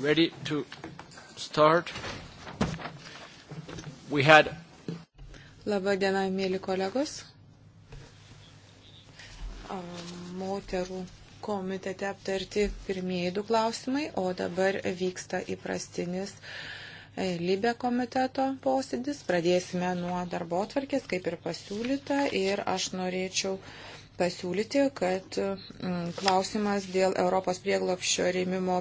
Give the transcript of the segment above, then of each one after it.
ready to start. We had. Labą dieną, mėly kolegos. Moterų komitete aptarti pirmieji du klausimai, o dabar vyksta įprastinis e, Libė komiteto posėdis. Pradėsime nuo darbo atvarkės, kaip ir pasiūlyta, ir aš norėčiau uh, pasiūlyti, kad mm, klausimas dėl Europos prieglopščio rėmimo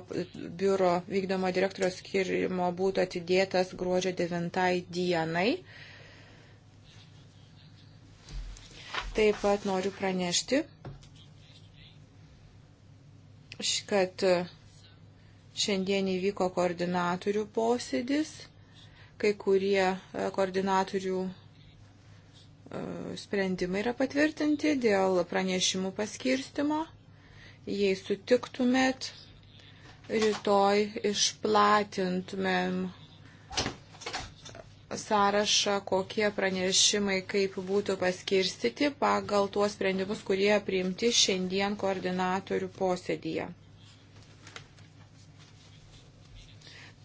biuro vykdomo direktorio skirimo būtų atidėtas gruodžio 9 dienai. Taip pat noriu pranešti, kad šiandien įvyko koordinatorių posėdis, kai kurie e, koordinatorių sprendimai yra patvirtinti dėl pranešimų paskirstimo. Jei sutiktumėt, rytoj išplatintumėm sąrašą, kokie pranešimai kaip būtų paskirstyti pagal tuos sprendimus, kurie priimti šiandien koordinatorių posėdėje.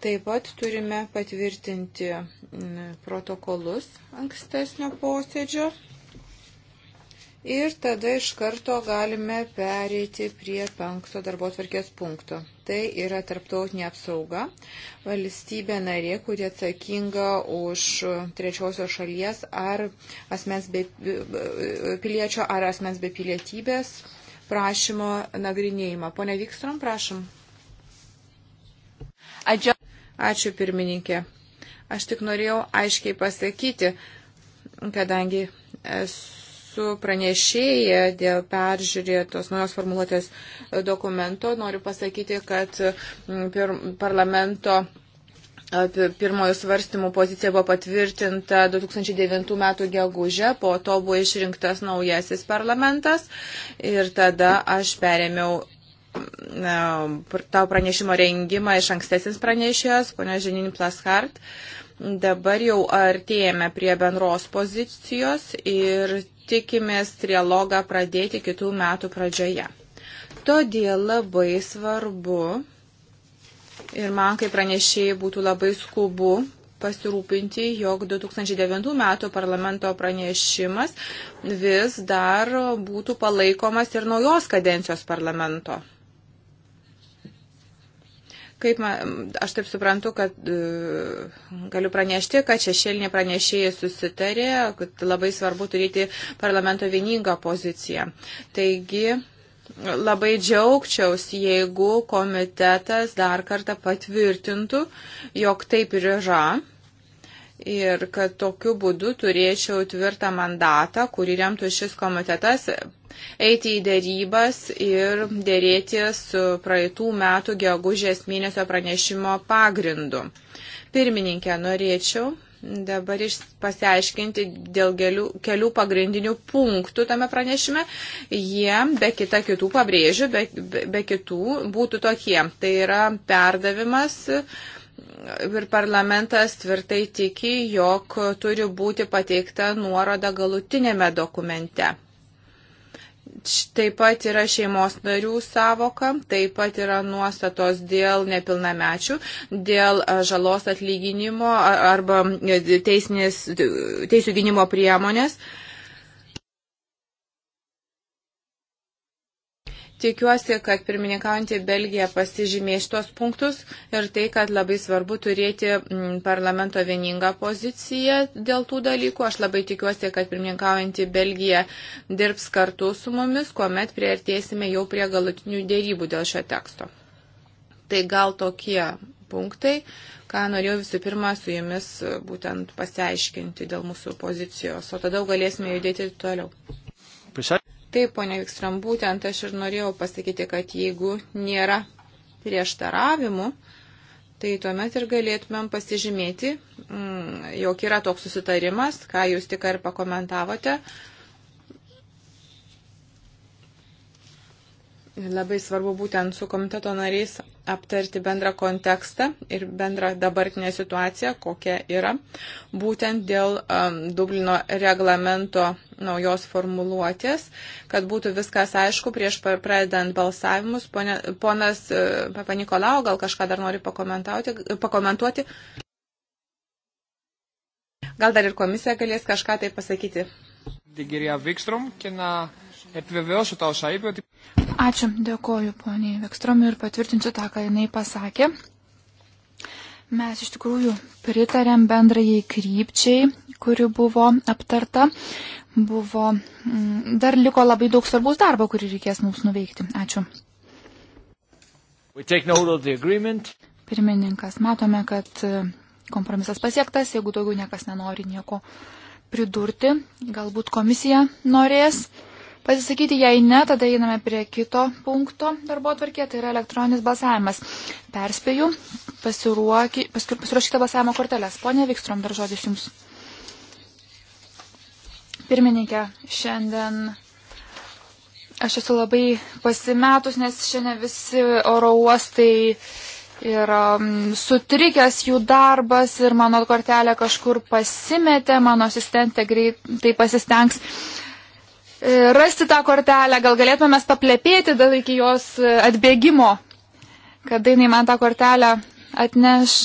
Taip pat turime patvirtinti mm, protokolus ankstesnio posėdžio. Ir tada iš karto galime pereiti prie penkto darbo tvarkės punkto. Tai yra tarptautinė apsauga, valstybė narė, kuri atsakinga už trečiosios šalies ar asmens be piliečio ar asmens be pilietybės prašymo nagrinėjimą. Pone Vikstrom, prašom. Adžia... Ačiū pirmininkė. Aš tik norėjau aiškiai pasakyti, kadangi esu pranešėję dėl peržiūrėtos naujos formuluotės dokumento, noriu pasakyti, kad mm, pir, parlamento pirmojo svarstymų pozicija buvo patvirtinta 2009 metų gegužę, po to buvo išrinktas naujasis parlamentas ir tada aš perėmiau tau pranešimo rengimą iš ankstesnis pranešėjos, ponia Žinin Plaskart. Dabar jau artėjame prie bendros pozicijos ir tikimės trialogą pradėti kitų metų pradžioje. Todėl labai svarbu ir man kaip pranešėjai būtų labai skubu pasirūpinti, jog 2009 metų parlamento pranešimas vis dar būtų palaikomas ir naujos kadencijos parlamento. Kaip man, aš taip suprantu, kad e, galiu pranešti, kad šešėlinė pranešėjai susitarė, kad labai svarbu turėti parlamento vieningą poziciją. Taigi, labai džiaugčiausi, jeigu komitetas dar kartą patvirtintų, jog taip ir yra. Ir kad tokiu būdu turėčiau tvirtą mandatą, kurį remtų šis komitetas eiti į dėrybas ir dėrėtis praeitų metų gegužės mėnesio pranešimo pagrindu. Pirmininkė, norėčiau dabar pasiaiškinti dėl gelių, kelių pagrindinių punktų tame pranešime. Jie, be kita kitų pabrėžių, be, be, be kitų būtų tokie. Tai yra perdavimas ir parlamentas tvirtai tiki, jog turi būti pateikta nuoroda galutinėme dokumente. Taip pat yra šeimos narių savoka, taip pat yra nuostatos dėl nepilnamečių, dėl žalos atlyginimo arba e, teisinės, e, teisų gynimo priemonės. Uh, Tikiuosi, kad pirmininkaujantį Belgiją pasižymė šitos punktus ir tai, kad labai svarbu turėti mm, parlamento vieningą poziciją dėl tų dalykų. Aš labai tikiuosi, kad pirmininkaujantį Belgiją dirbs kartu su mumis, kuomet prieartėsime jau prie galutinių dėrybų dėl šio teksto. Tai gal tokie punktai, ką norėjau visų pirma su jumis e, būtent pasiaiškinti dėl mūsų pozicijos, o tada galėsime judėti toliau. Taip, ponia Vikstram, būtent aš ir norėjau pasakyti, kad jeigu nėra prieštaravimų, tai tuomet ir galėtumėm pasižymėti, mm, jog yra toks susitarimas, ką jūs tik ir pakomentavote. Labai svarbu būtent su komiteto nariais aptarti bendrą kontekstą ir bendrą dabartinę situaciją, kokia yra, būtent dėl um, Dublino reglamento naujos formuluotės, kad būtų viskas aišku prieš pradedant balsavimus. Pone, ponas e, Papa Nikolau, gal kažką dar nori pakomentuoti? Gal dar ir komisija galės kažką tai pasakyti. Την κυρία Βίξτρομ και να επιβεβαιώσω τα όσα είπε ότι Ačiū, dėkoju poniai Vekstromui ir patvirtinsiu tą, ką jinai pasakė. Mes iš tikrųjų pritarėm bendrajai krypčiai, kuri buvo aptarta. Buvo, mm, dar liko labai daug svarbus darbo, kurį reikės mums nuveikti. Ačiū. Pirmininkas, matome, kad e, kompromisas pasiektas, jeigu daugiau niekas nenori nieko pridurti, galbūt komisija norės pasisakyti, jei ne, tada einame prie kito punkto darbo atvarkė, tai yra elektroninis balsavimas. Perspėju, pasiruoškite balsavimo korteles. Pone Vikstrom, dar žodis jums. Pirmininkė, šiandien aš esu labai pasimetus, nes šiandien visi oro uostai ir um, sutrikęs jų darbas ir mano kortelė kažkur pasimetė, mano asistentė greitai pasistengs E, rasti tą kortelę, gal galėtume mes paplepėti dėl iki jos e, atbėgimo, kada jinai man tą kortelę atneš.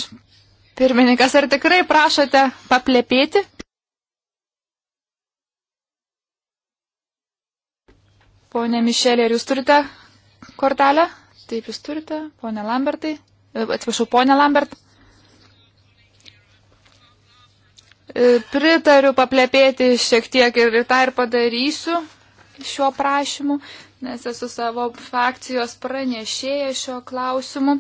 Pirmininkas, ar tikrai prašote paplepėti? Pone Mišelė, ar jūs turite kortelę? Taip, jūs turite, pone Lambertai. E, atsiprašau, pone Lambert. E, pritariu paplepėti šiek tiek ir, ir tą ir padarysiu šiuo prašymu, nes esu savo frakcijos pranešėję šio klausimu.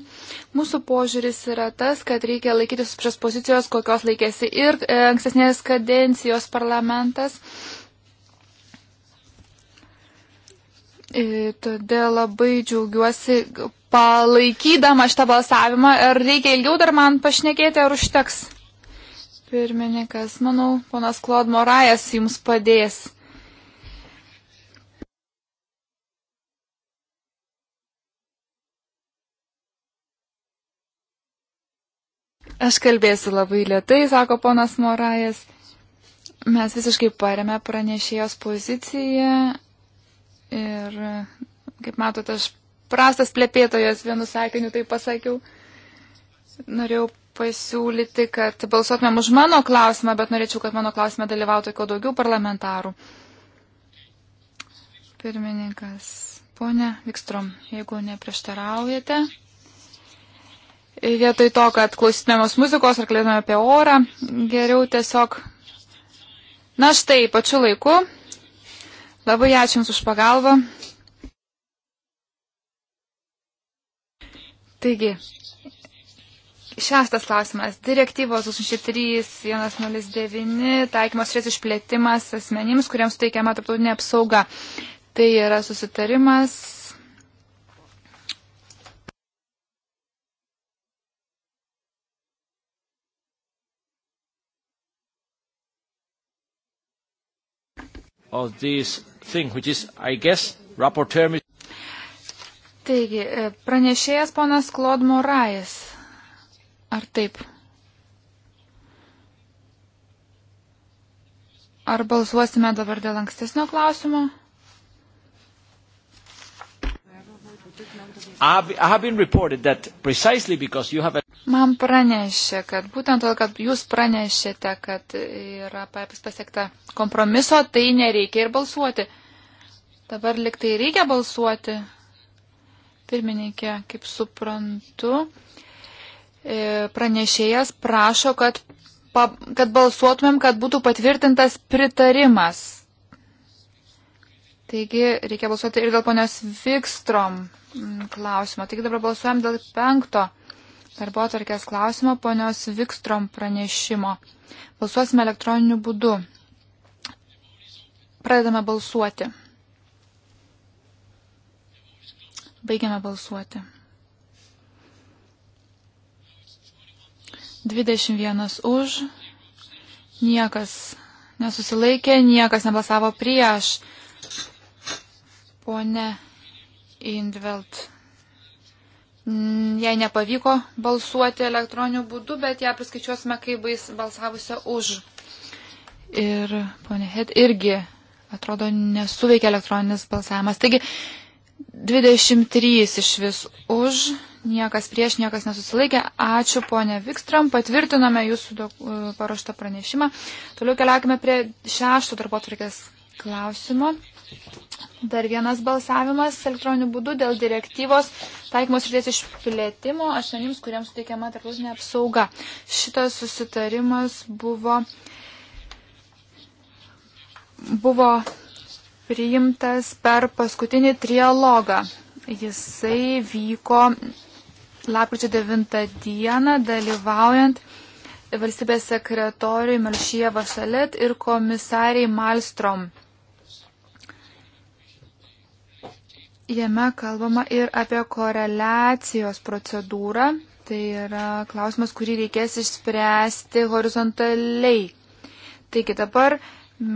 Mūsų požiūris yra tas, kad reikia laikytis prieš pozicijos, kokios laikėsi ir e, ankstesnės kadencijos parlamentas. Ir e, todėl labai džiaugiuosi palaikydama šitą balsavimą. Ar reikia ilgiau dar man pašnekėti, ar užteks? pirmininkas. Manau, ponas Klod Morajas jums padės. Aš kalbėsiu labai lietai, sako ponas Morajas. Mes visiškai paremė pranešėjos poziciją ir, kaip matote, aš prastas plėpėtojas vienu sakiniu tai pasakiau. Norėjau pasiūlyti, kad balsuotumėm už mano klausimą, bet norėčiau, kad mano klausime dalyvautų kuo daugiau parlamentarų. Pirmininkas, ponė Vikstrom, jeigu neprieštaraujate, vietoj to, kad klausytumėmos muzikos ar kalbėtumėm apie orą, geriau tiesiog. Na štai, pačiu laiku. Labai ačiū Jums už pagalbą. Taigi, Šeštas klausimas. Direktyvos 2003-109 taikymas šis išplėtimas asmenims, kuriems suteikiama tarptautinė apsauga. Tai yra susitarimas. Thing, is, guess, Taigi, pranešėjas ponas Klod Morais Ar taip? Ar balsuosime dabar dėl ankstesnio klausimo? Man pranešė, kad būtent todėl, kad jūs pranešėte, kad yra pasiekta kompromiso, tai nereikia ir balsuoti. Dabar liktai reikia balsuoti. Pirmininkė, kaip suprantu, E, pranešėjas prašo, kad, pa, kad balsuotumėm, kad būtų patvirtintas pritarimas. Taigi reikia balsuoti ir dėl ponios Vikstrom mm, klausimo. Taigi dabar balsuojam dėl penkto darbo atvarkės klausimo ponios Vikstrom pranešimo. Balsuosime elektroniniu būdu. Pradedame balsuoti. Baigiame balsuoti. 21 už, niekas nesusilaikė, niekas nebalsavo prieš. Pone Indvelt. Jei nepavyko balsuoti elektroniniu būdu, bet ją priskaičiuosime, kaip bais balsavusią už. Ir ponė Het irgi, atrodo, nesuveikia elektroninis balsavimas. Taigi 23 iš vis už, niekas prieš, niekas nesusilaikė. Ačiū ponė Vikstram, patvirtiname jūsų e, paruoštą pranešimą. Toliau keliaukime prie šešto darbotvarkės klausimo. Dar vienas balsavimas elektroniniu būdu dėl direktyvos taikymos ryties išplėtimo asmenims, kuriems suteikiama tarptautinė apsauga. Šitas susitarimas buvo, buvo priimtas per paskutinį trialogą. Jisai vyko lapkričio 9 dieną dalyvaujant valstybės sekretoriui Melšyje Vašalet ir komisariai Malstrom. Jame kalbama ir apie koreliacijos procedūrą. Tai yra klausimas, kurį reikės išspręsti horizontaliai. Taigi dabar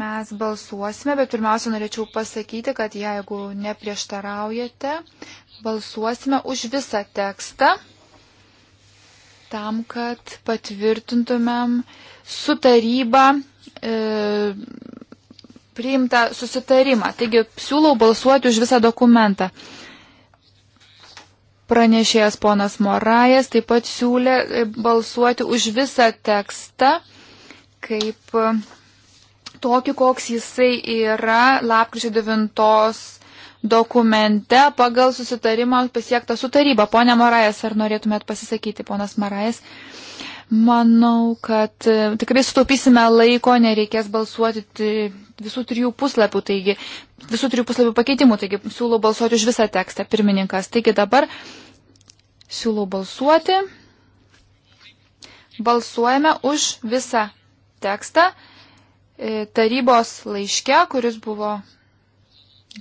mes balsuosime, bet pirmiausia norėčiau pasakyti, kad jeigu neprieštaraujate, balsuosime už visą tekstą tam, kad patvirtintumėm su taryba e, priimtą susitarimą. Taigi siūlau balsuoti už visą dokumentą. Pranešėjas ponas Morajas taip pat siūlė e, balsuoti už visą tekstą, kaip e, tokį, koks jisai yra lapkričio 9 dokumente pagal susitarimą pasiektą su taryba. Pone Marajas, ar norėtumėt pasisakyti, ponas Marajas? Manau, kad e, tikrai sutaupysime laiko, nereikės balsuoti visų trijų puslapių, taigi visų trijų puslapių pakeitimų, taigi siūlau balsuoti už visą tekstą, pirmininkas. Taigi dabar siūlau balsuoti. Balsuojame už visą tekstą e, tarybos laiške, kuris buvo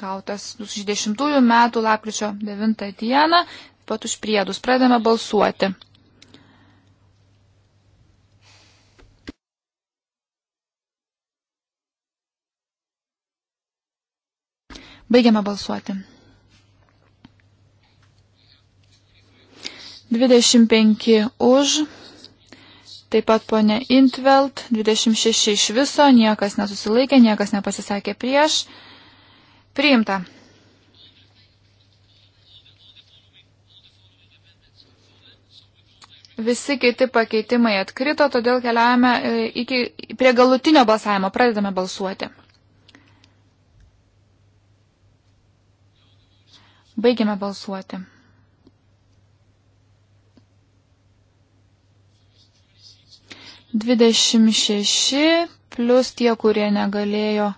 gautas 2010 metų lapkričio 9 dieną, pat už priedus. Pradame balsuoti. Baigiame balsuoti. 25 už, taip pat ponė Intvelt, 26 iš viso, niekas nesusilaikė, niekas nepasisakė prieš. Priimta. Visi kiti pakeitimai atkrito, todėl keliavame e, iki, prie galutinio balsavimo. Pradedame balsuoti. Baigiame balsuoti. Dvidešimt šeši plus tie, kurie negalėjo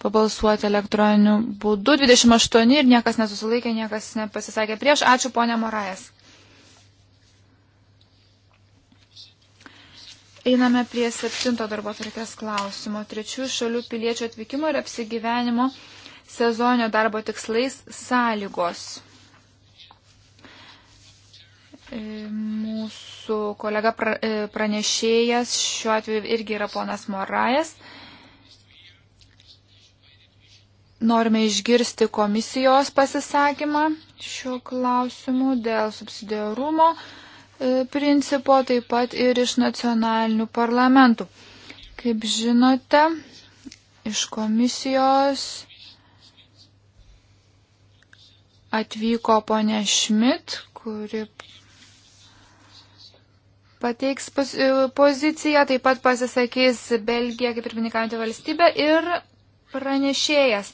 pabalsuoti elektroniniu būdu. 28 ir niekas nesusilaikė, niekas nepasisakė prieš. Ačiū, ponė Morajas. Einame prie septinto darbo tvarkės klausimo. Trečių šalių piliečių atvykimo ir apsigyvenimo sezoninio darbo tikslais sąlygos. E, mūsų kolega e, pranešėjas šiuo atveju irgi yra ponas Morajas. Norime išgirsti komisijos pasisakymą šiuo klausimu dėl subsidiarumo e, principo, taip pat ir iš nacionalinių parlamentų. Kaip žinote, iš komisijos atvyko ponė Šmit, kuri pateiks e, poziciją, taip pat pasisakys Belgija kaip ir minikaujantį valstybę ir pranešėjas.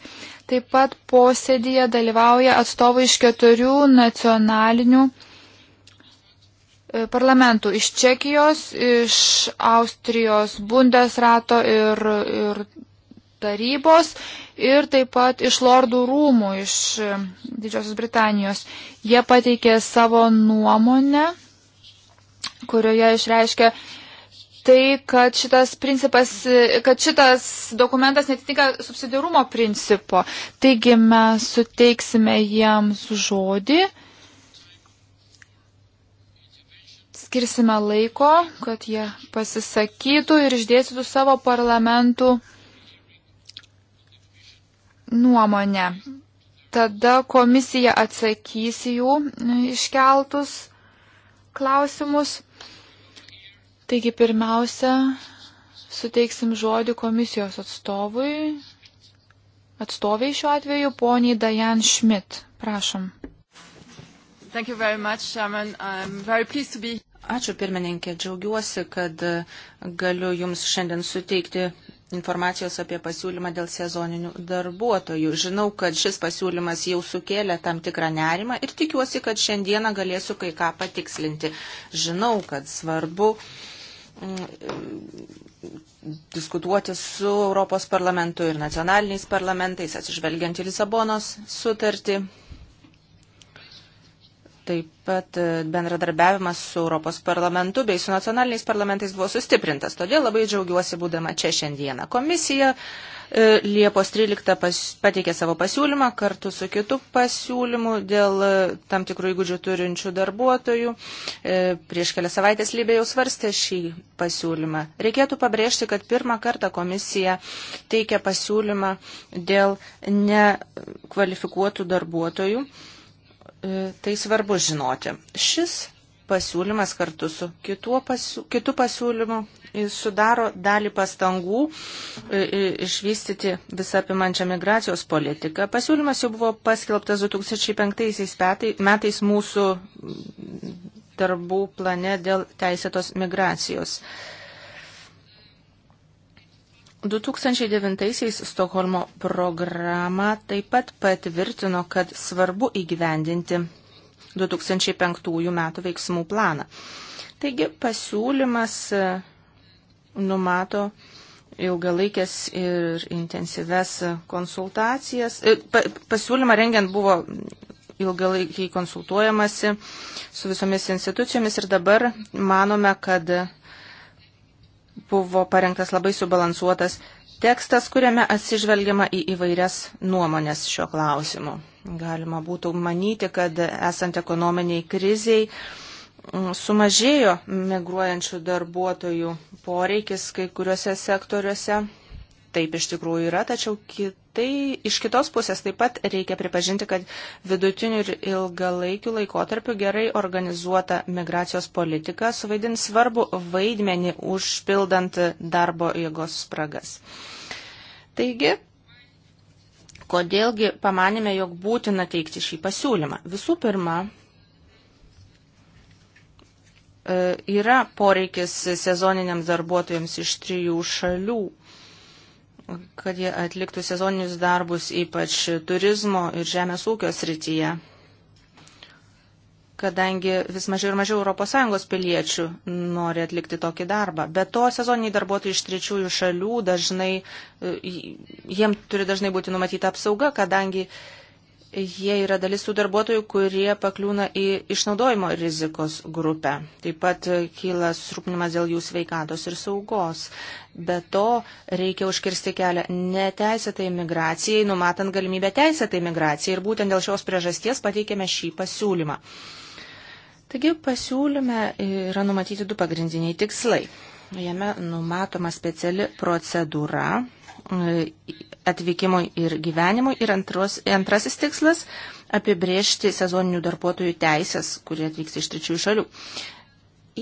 Taip pat posėdėje dalyvauja atstovai iš keturių nacionalinių e, parlamentų - iš Čekijos, iš Austrijos Bundesrato ir, ir tarybos ir taip pat iš Lordų rūmų iš e, Didžiosios Britanijos. Jie pateikė savo nuomonę, kurioje išreiškė tai, kad šitas, principas, kad šitas dokumentas netitinka subsidiarumo principo. Taigi mes suteiksime jiems žodį, skirsime laiko, kad jie pasisakytų ir išdėstytų savo parlamentų nuomonę. Tada komisija atsakys jų iškeltus klausimus. Taigi pirmiausia, suteiksim žodį komisijos atstovui, atstoviai šiuo atveju, poniai Dajan Schmidt. Prašom. Much, Ačiū pirmininkė, džiaugiuosi, kad galiu Jums šiandien suteikti informacijos apie pasiūlymą dėl sezoninių darbuotojų. Žinau, kad šis pasiūlymas jau sukėlė tam tikrą nerimą ir tikiuosi, kad šiandieną galėsiu kai ką patikslinti. Žinau, kad svarbu uh, diskutuoti su Europos parlamentu ir nacionaliniais parlamentais, atsižvelgiant į Lisabonos sutartį. Taip pat e, bendradarbiavimas su Europos parlamentu bei su nacionaliniais parlamentais buvo sustiprintas. Todėl labai džiaugiuosi būdama čia šiandieną. Komisija e, Liepos 13 pas, pateikė savo pasiūlymą kartu su kitu pasiūlymu dėl e, tam tikrų įgūdžių turinčių darbuotojų. Prieš kelias savaitės Lybė jau svarstė šį pasiūlymą. Reikėtų pabrėžti, kad pirmą kartą komisija teikia pasiūlymą dėl nekvalifikuotų darbuotojų E, tai svarbu žinoti. Šis pasiūlymas kartu su kitu, pasiū, kitu pasiūlymu e, sudaro dalį pastangų e, išvystyti visapimančią migracijos politiką. Pasiūlymas jau buvo paskelbtas 2005 metais mūsų darbų plane dėl teisėtos migracijos. 2009-aisiais Stokholmo programą taip pat patvirtino, kad svarbu įgyvendinti 2005 metų veiksmų planą. Taigi pasiūlymas e, numato ilgalaikės ir intensyves konsultacijas. E, pasiūlymą rengiant buvo ilgalaikiai konsultuojamasi su visomis institucijomis ir dabar manome, kad buvo parengtas labai subalansuotas tekstas, kuriame atsižvelgiama į įvairias nuomonės šio klausimu. Galima būtų manyti, kad esant ekonominiai kriziai mm, sumažėjo migruojančių darbuotojų poreikis kai kuriuose sektoriuose taip iš tikrųjų yra, tačiau kitai, iš kitos pusės taip pat reikia pripažinti, kad vidutiniu ir ilgalaikiu laikotarpiu gerai organizuota migracijos politika suvaidins svarbu vaidmenį užpildant darbo jėgos spragas. Taigi, kodėlgi pamanėme, jog būtina teikti šį pasiūlymą. Visų pirma, e, yra poreikis sezoniniams darbuotojams iš trijų šalių kad jie atliktų sezoninius darbus, ypač turizmo ir žemės ūkio srityje, kadangi vis mažiau ir mažiau ES piliečių nori atlikti tokį darbą. Be to, sezoniniai darbuotojai iš trečiųjų šalių dažnai, e, jiem turi dažnai būti numatyta apsauga, kadangi jie yra dalis tų darbuotojų, kurie pakliūna į išnaudojimo rizikos grupę. Taip pat kyla susirūpinimas dėl jų sveikatos ir saugos. Be to, reikia užkirsti kelią neteisėtai migracijai, numatant galimybę teisėtai migracijai. Ir būtent dėl šios priežasties pateikėme šį pasiūlymą. Taigi pasiūlyme yra numatyti du pagrindiniai tikslai. Jame numatoma speciali procedūra atvykimui ir gyvenimui. Ir antros, antrasis tikslas - apibriežti sezoninių darbuotojų teisės, kurie atvyks iš trečiųjų šalių.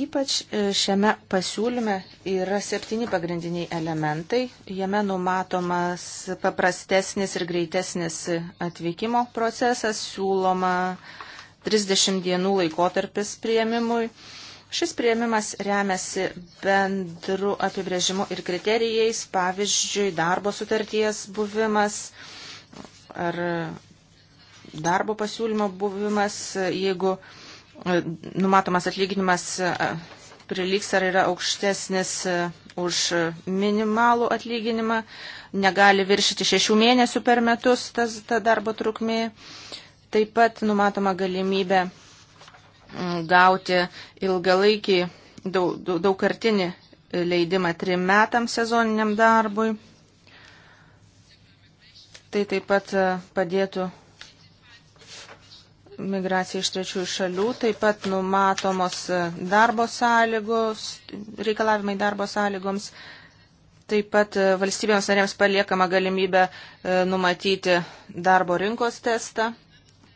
Ypač e, šiame pasiūlyme yra septyni pagrindiniai elementai. Jame numatomas paprastesnis ir greitesnis atvykimo procesas, siūloma 30 dienų laikotarpis prieimimui Šis prieimimas remiasi bendru apibrėžimu ir kriterijais, pavyzdžiui, darbo sutarties buvimas ar darbo pasiūlymo buvimas, jeigu e, numatomas atlyginimas e, priliks ar yra aukštesnis e, už minimalų atlyginimą, negali viršyti šešių mėnesių per metus tas, ta darbo trukmė. Taip pat numatoma galimybė Mm, gauti ilgalaikį daug, daugkartinį leidimą trim metam sezoniniam darbui. Tai taip pat e, padėtų migracija iš trečiųjų šalių, taip pat numatomos e, darbo sąlygos, reikalavimai darbo sąlygoms, taip pat e, valstybėms narėms paliekama galimybė numatyti darbo rinkos testą.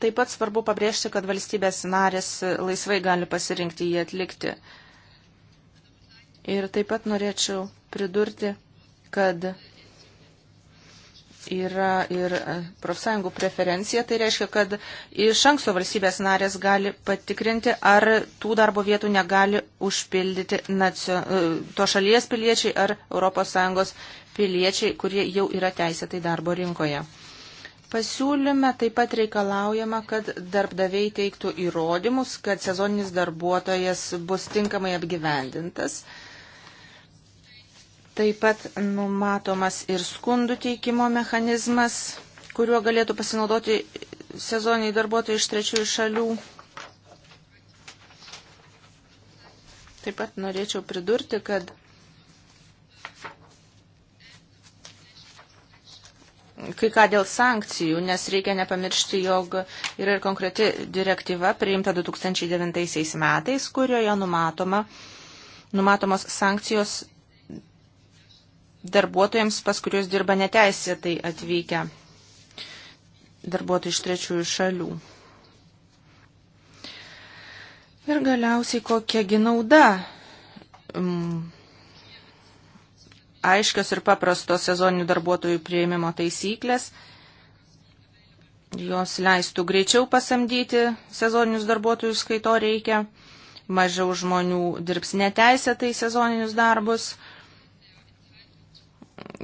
Taip pat svarbu pabrėžti, kad valstybės narės laisvai gali pasirinkti jį atlikti. Ir taip pat norėčiau pridurti, kad yra ir profsąjungų preferencija, tai reiškia, kad iš anksto valstybės narės gali patikrinti, ar tų darbo vietų negali užpildyti nacio, e, to šalies piliečiai ar ES piliečiai, kurie jau yra teisėtai darbo rinkoje. Pasiūlyme taip pat reikalaujama, kad darbdaviai teiktų įrodymus, kad sezoninis darbuotojas bus tinkamai apgyvendintas. Taip pat numatomas ir skundų teikimo mechanizmas, kuriuo galėtų pasinaudoti sezoniniai darbuotojai iš trečiųjų šalių. Taip pat norėčiau pridurti, kad kai ką dėl sankcijų, nes reikia nepamiršti, jog yra ir konkreti direktyva priimta 2009 metais, kurioje numatoma, numatomos sankcijos darbuotojams, pas kuriuos dirba neteisėtai atvykę darbuotojai iš trečiųjų šalių. Ir galiausiai kokiagi nauda mm, aiškios ir paprastos sezoninių darbuotojų prieimimo taisyklės. Jos leistų greičiau pasamdyti sezoninius darbuotojus, kai to reikia. Mažiau žmonių dirbs neteisėtai sezoninius darbus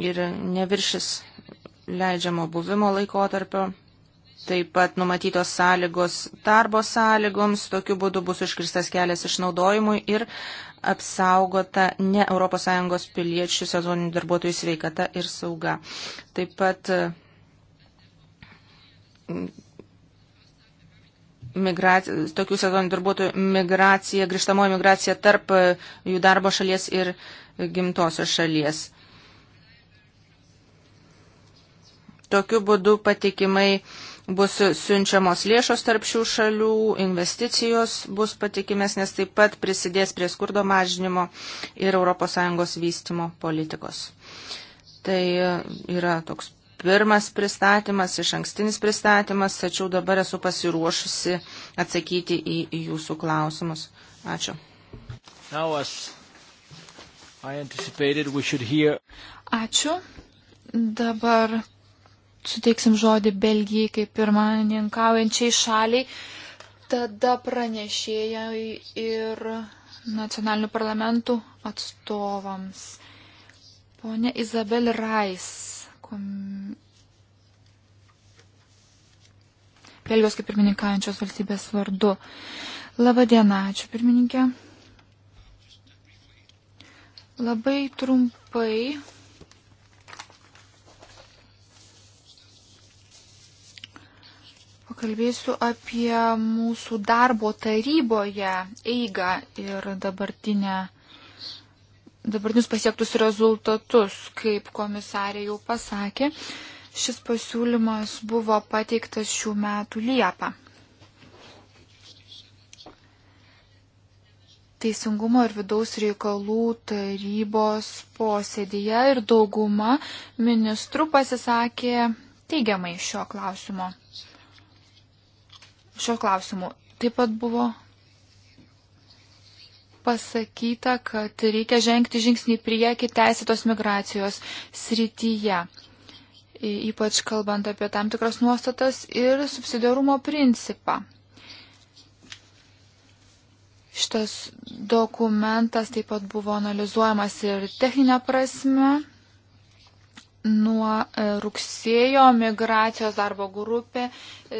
ir neviršis leidžiamo buvimo laikotarpio. Taip pat numatytos sąlygos darbo sąlygoms, tokiu būdu bus užkristas kelias išnaudojimui ir apsaugota ne ES piliečių sezoninių darbuotojų sveikata ir sauga. Taip pat mm, migrac... tokių sezoninių darbuotojų migracija, grįžtamoji migracija tarp e, jų darbo šalies ir gimtosios šalies. Tokiu būdu patikimai bus siunčiamos lėšos tarp šių šalių, investicijos bus patikimesnės, taip pat prisidės prie skurdo mažinimo ir ES vystimo politikos. Tai yra toks pirmas pristatymas, iš ankstinis pristatymas, tačiau dabar esu pasiruošusi atsakyti į, į jūsų klausimus. Ačiū. Ačiū. Dabar suteiksim žodį Belgijai kaip pirmaninkaujančiai šaliai, tada pranešėjai ir nacionalinių parlamentų atstovams. Pone Izabel Rais, kom... Belgijos kaip pirmininkaujančios valstybės vardu. Labadiena, ačiū pirmininkė. Labai trumpai Pakalbėsiu apie mūsų darbo taryboje eigą ir dabartinę, dabartinius pasiektus rezultatus, kaip komisarė jau pasakė. Šis pasiūlymas buvo pateiktas šių metų Liepą. Teisingumo ir vidaus reikalų tarybos posėdėje ir dauguma ministrų pasisakė teigiamai šio klausimo šio klausimu. Taip pat buvo pasakyta, kad reikia žengti žingsnį prieki teisėtos migracijos srityje, ypač kalbant apie tam tikras nuostatas ir subsidiarumo principą. Šitas dokumentas taip pat buvo analizuojamas ir techninė prasme. Nuo e, rugsėjo migracijos darbo grupė e,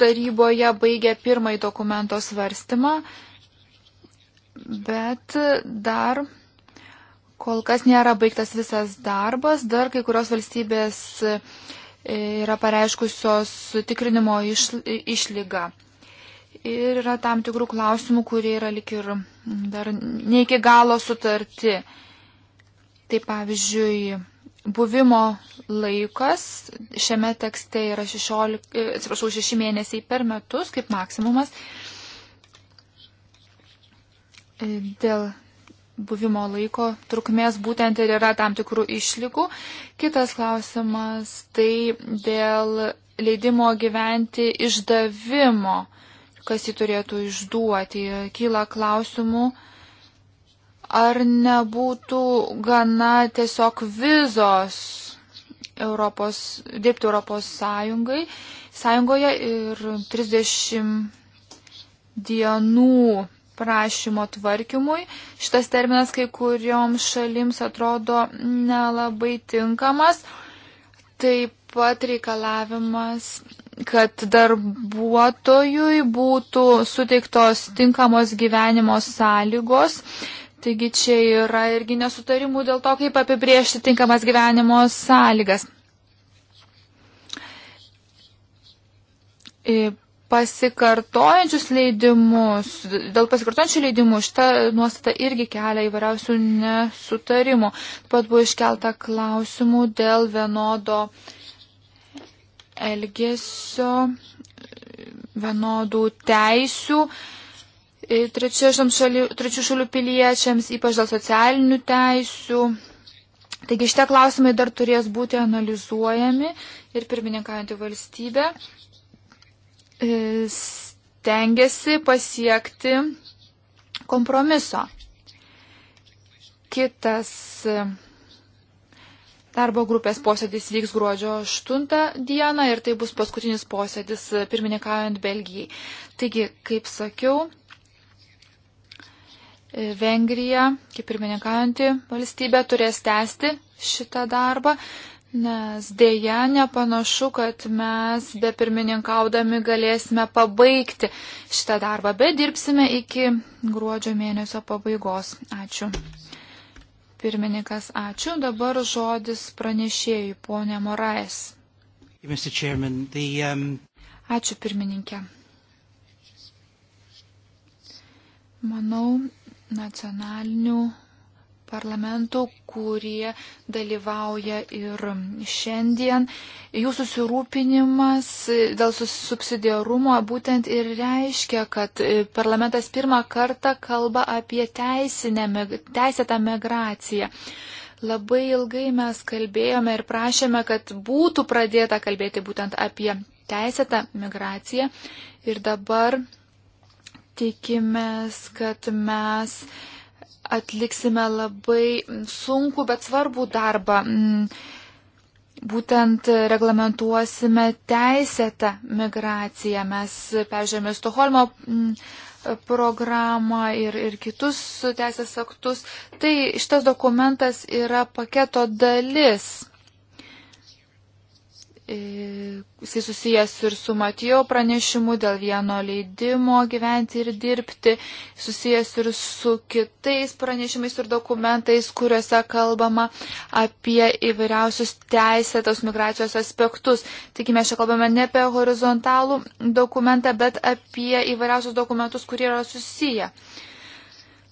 taryboje baigė pirmąjį dokumento svarstymą, bet dar kol kas nėra baigtas visas darbas, dar kai kurios valstybės e, yra pareiškusios tikrinimo išlygą. Ir yra tam tikrų klausimų, kurie yra lik ir dar ne iki galo sutarti. Tai pavyzdžiui, buvimo laikas šiame tekste yra 16, e, atsiprašau, 6 mėnesiai per metus kaip maksimumas. E, dėl buvimo laiko trukmės būtent ir yra tam tikrų išlygų. Kitas klausimas tai dėl leidimo gyventi išdavimo, kas jį turėtų išduoti. Kyla klausimų Ar nebūtų gana tiesiog vizos Europos, dirbti Europos Sąjungai, Sąjungoje ir 30 dienų prašymo tvarkymui. Šitas terminas kai kurioms šalims atrodo nelabai tinkamas. Taip pat reikalavimas, kad darbuotojui būtų suteiktos tinkamos gyvenimo sąlygos Taigi čia yra irgi nesutarimų dėl to, kaip apibriežti tinkamas gyvenimo sąlygas. Pasikartojančius leidimus, dėl pasikartojančių leidimų šita nuostata irgi kelia įvairiausių nesutarimų. Taip pat buvo iškelta klausimų dėl vienodo elgesio, vienodų teisių E, šalių, trečių šalių piliečiams, ypač dėl socialinių teisių. Taigi šitie klausimai dar turės būti analizuojami ir pirmininkaujantį valstybę e, stengiasi pasiekti kompromiso. Kitas e, Darbo grupės posėdis vyks gruodžio 8 dieną ir tai bus paskutinis posėdis pirmininkaujant Belgijai. Taigi, kaip sakiau, Vengrija, kaip pirmininkaujanti valstybė, turės tęsti šitą darbą, nes dėja nepanašu, kad mes be pirmininkaudami galėsime pabaigti šitą darbą, bet dirbsime iki gruodžio mėnesio pabaigos. Ačiū. Pirmininkas, ačiū. Dabar žodis pranešėjai, ponė Morais. Um, ačiū pirmininkė. Manau, nacionalinių parlamentų, kurie dalyvauja ir šiandien. Jų susirūpinimas dėl subsidiarumo būtent ir reiškia, kad e, parlamentas pirmą kartą kalba apie teisinę, teisėtą migraciją. Labai ilgai mes kalbėjome ir prašėme, kad būtų pradėta kalbėti būtent apie teisėtą migraciją. Ir dabar tikimės, kad mes atliksime labai sunku, bet svarbų darbą. Mm, būtent reglamentuosime teisėtą migraciją. Mes peržiūrėjome Stoholmo mm, programą ir, ir kitus teisės aktus. Tai šitas dokumentas yra paketo dalis. E, jisai susijęs ir su Matijo pranešimu dėl vieno leidimo gyventi ir dirbti, susijęs ir su kitais pranešimais ir dokumentais, kuriuose kalbama apie įvairiausius teisėtos migracijos aspektus. Taigi mes čia kalbame ne apie horizontalų dokumentą, bet apie įvairiausius dokumentus, kurie yra susiję.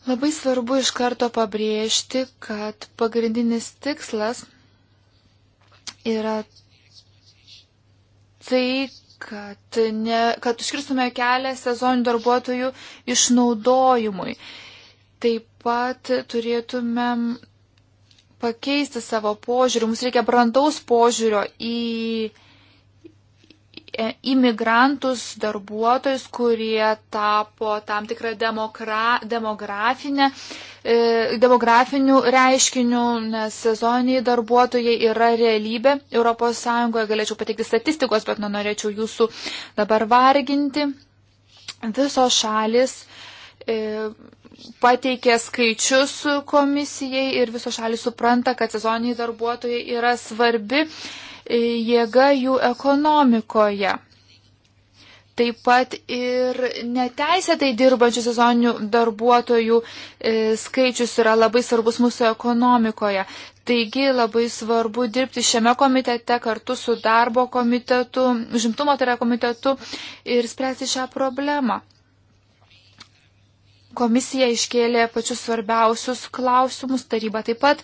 Labai svarbu iš karto pabrėžti, kad pagrindinis tikslas yra tai, kad, ne, kad užkirstume kelią sezoninių darbuotojų išnaudojimui. Taip pat turėtumėm pakeisti savo požiūrį. Mums reikia brandaus požiūrio į E, imigrantus, darbuotojus, kurie tapo tam tikrą demokra, demografinę, e, demografinių reiškinių, nes sezoniniai darbuotojai yra realybė. ES galėčiau pateikti statistikos, bet nenorėčiau jūsų dabar varginti. Visos šalis e, pateikė skaičius komisijai ir visos šalis supranta, kad sezoniniai darbuotojai yra svarbi jėga jų ekonomikoje. Taip pat ir neteisėtai dirbančių sezoninių darbuotojų e, skaičius yra labai svarbus mūsų ekonomikoje. Taigi labai svarbu dirbti šiame komitete kartu su darbo komitetu, žimtumo tai yra komitetu ir spręsti šią problemą. Komisija iškėlė pačius svarbiausius klausimus, taryba taip pat.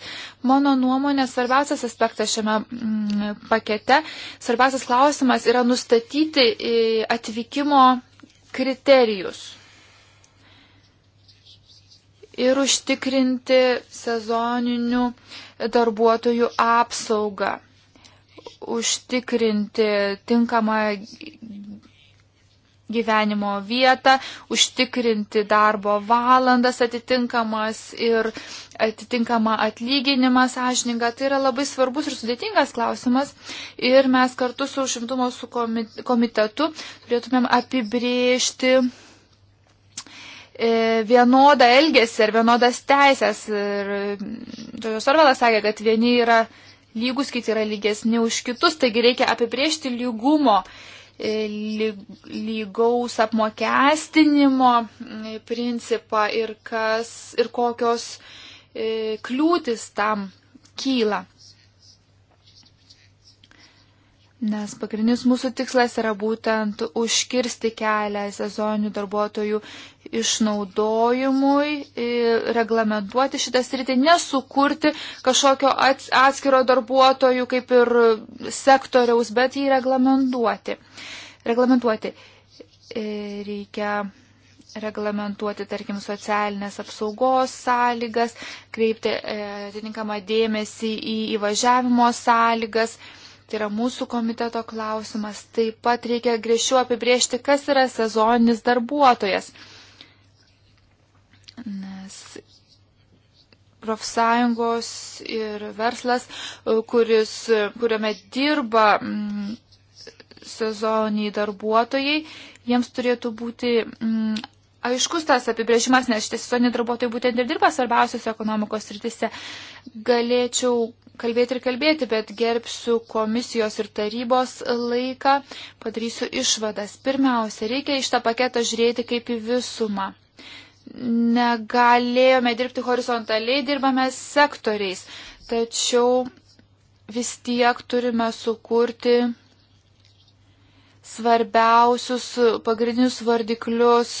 Mano nuomonė, svarbiausias aspektas šiame mm, pakete, svarbiausias klausimas yra nustatyti e, atvykimo kriterijus ir užtikrinti sezoninių darbuotojų apsaugą, užtikrinti tinkamą gyvenimo vietą, užtikrinti darbo valandas atitinkamas ir atitinkamą atlyginimą sąžiningą. Tai yra labai svarbus ir sudėtingas klausimas. Ir mes kartu su užimtumo su komitetu turėtumėm apibriežti e, vienodą elgesį ir vienodas teisės. Ir mm, Džojo Sorvelas sakė, kad vieni yra lygus, kiti yra lygesni už kitus, taigi reikia apibriežti lygumo lygaus apmokestinimo mm, principą ir, kas, ir kokios e, kliūtis tam kyla. Nes pagrindinis mūsų tikslas yra būtent užkirsti kelią sezoninių darbuotojų išnaudojimui, reglamentuoti šitą sritį, nesukurti kažkokio atskiro darbuotojų kaip ir sektoriaus, bet jį reglamentuoti. Reglamentuoti e, reikia reglamentuoti, tarkim, socialinės apsaugos sąlygas, kreipti e, atitinkamą dėmesį į įvažiavimo sąlygas. E, tai yra mūsų komiteto klausimas. Taip pat reikia griežčiau apibriežti, kas yra sezoninis darbuotojas. Nes profsąjungos ir verslas, kuris, kuriame dirba mm, sezoniniai darbuotojai, jiems turėtų būti mm, aiškus tas apibrėžimas, nes šitie sezoniniai darbuotojai būtent ir dirba svarbiausiose ekonomikos rytise. Galėčiau kalbėti ir kalbėti, bet gerbsiu komisijos ir tarybos laiką, padarysiu išvadas. Pirmiausia, reikia iš tą paketą žiūrėti kaip į visumą. Negalėjome dirbti horizontaliai, dirbame sektoriais, tačiau vis tiek turime sukurti svarbiausius pagrindinius vardiklius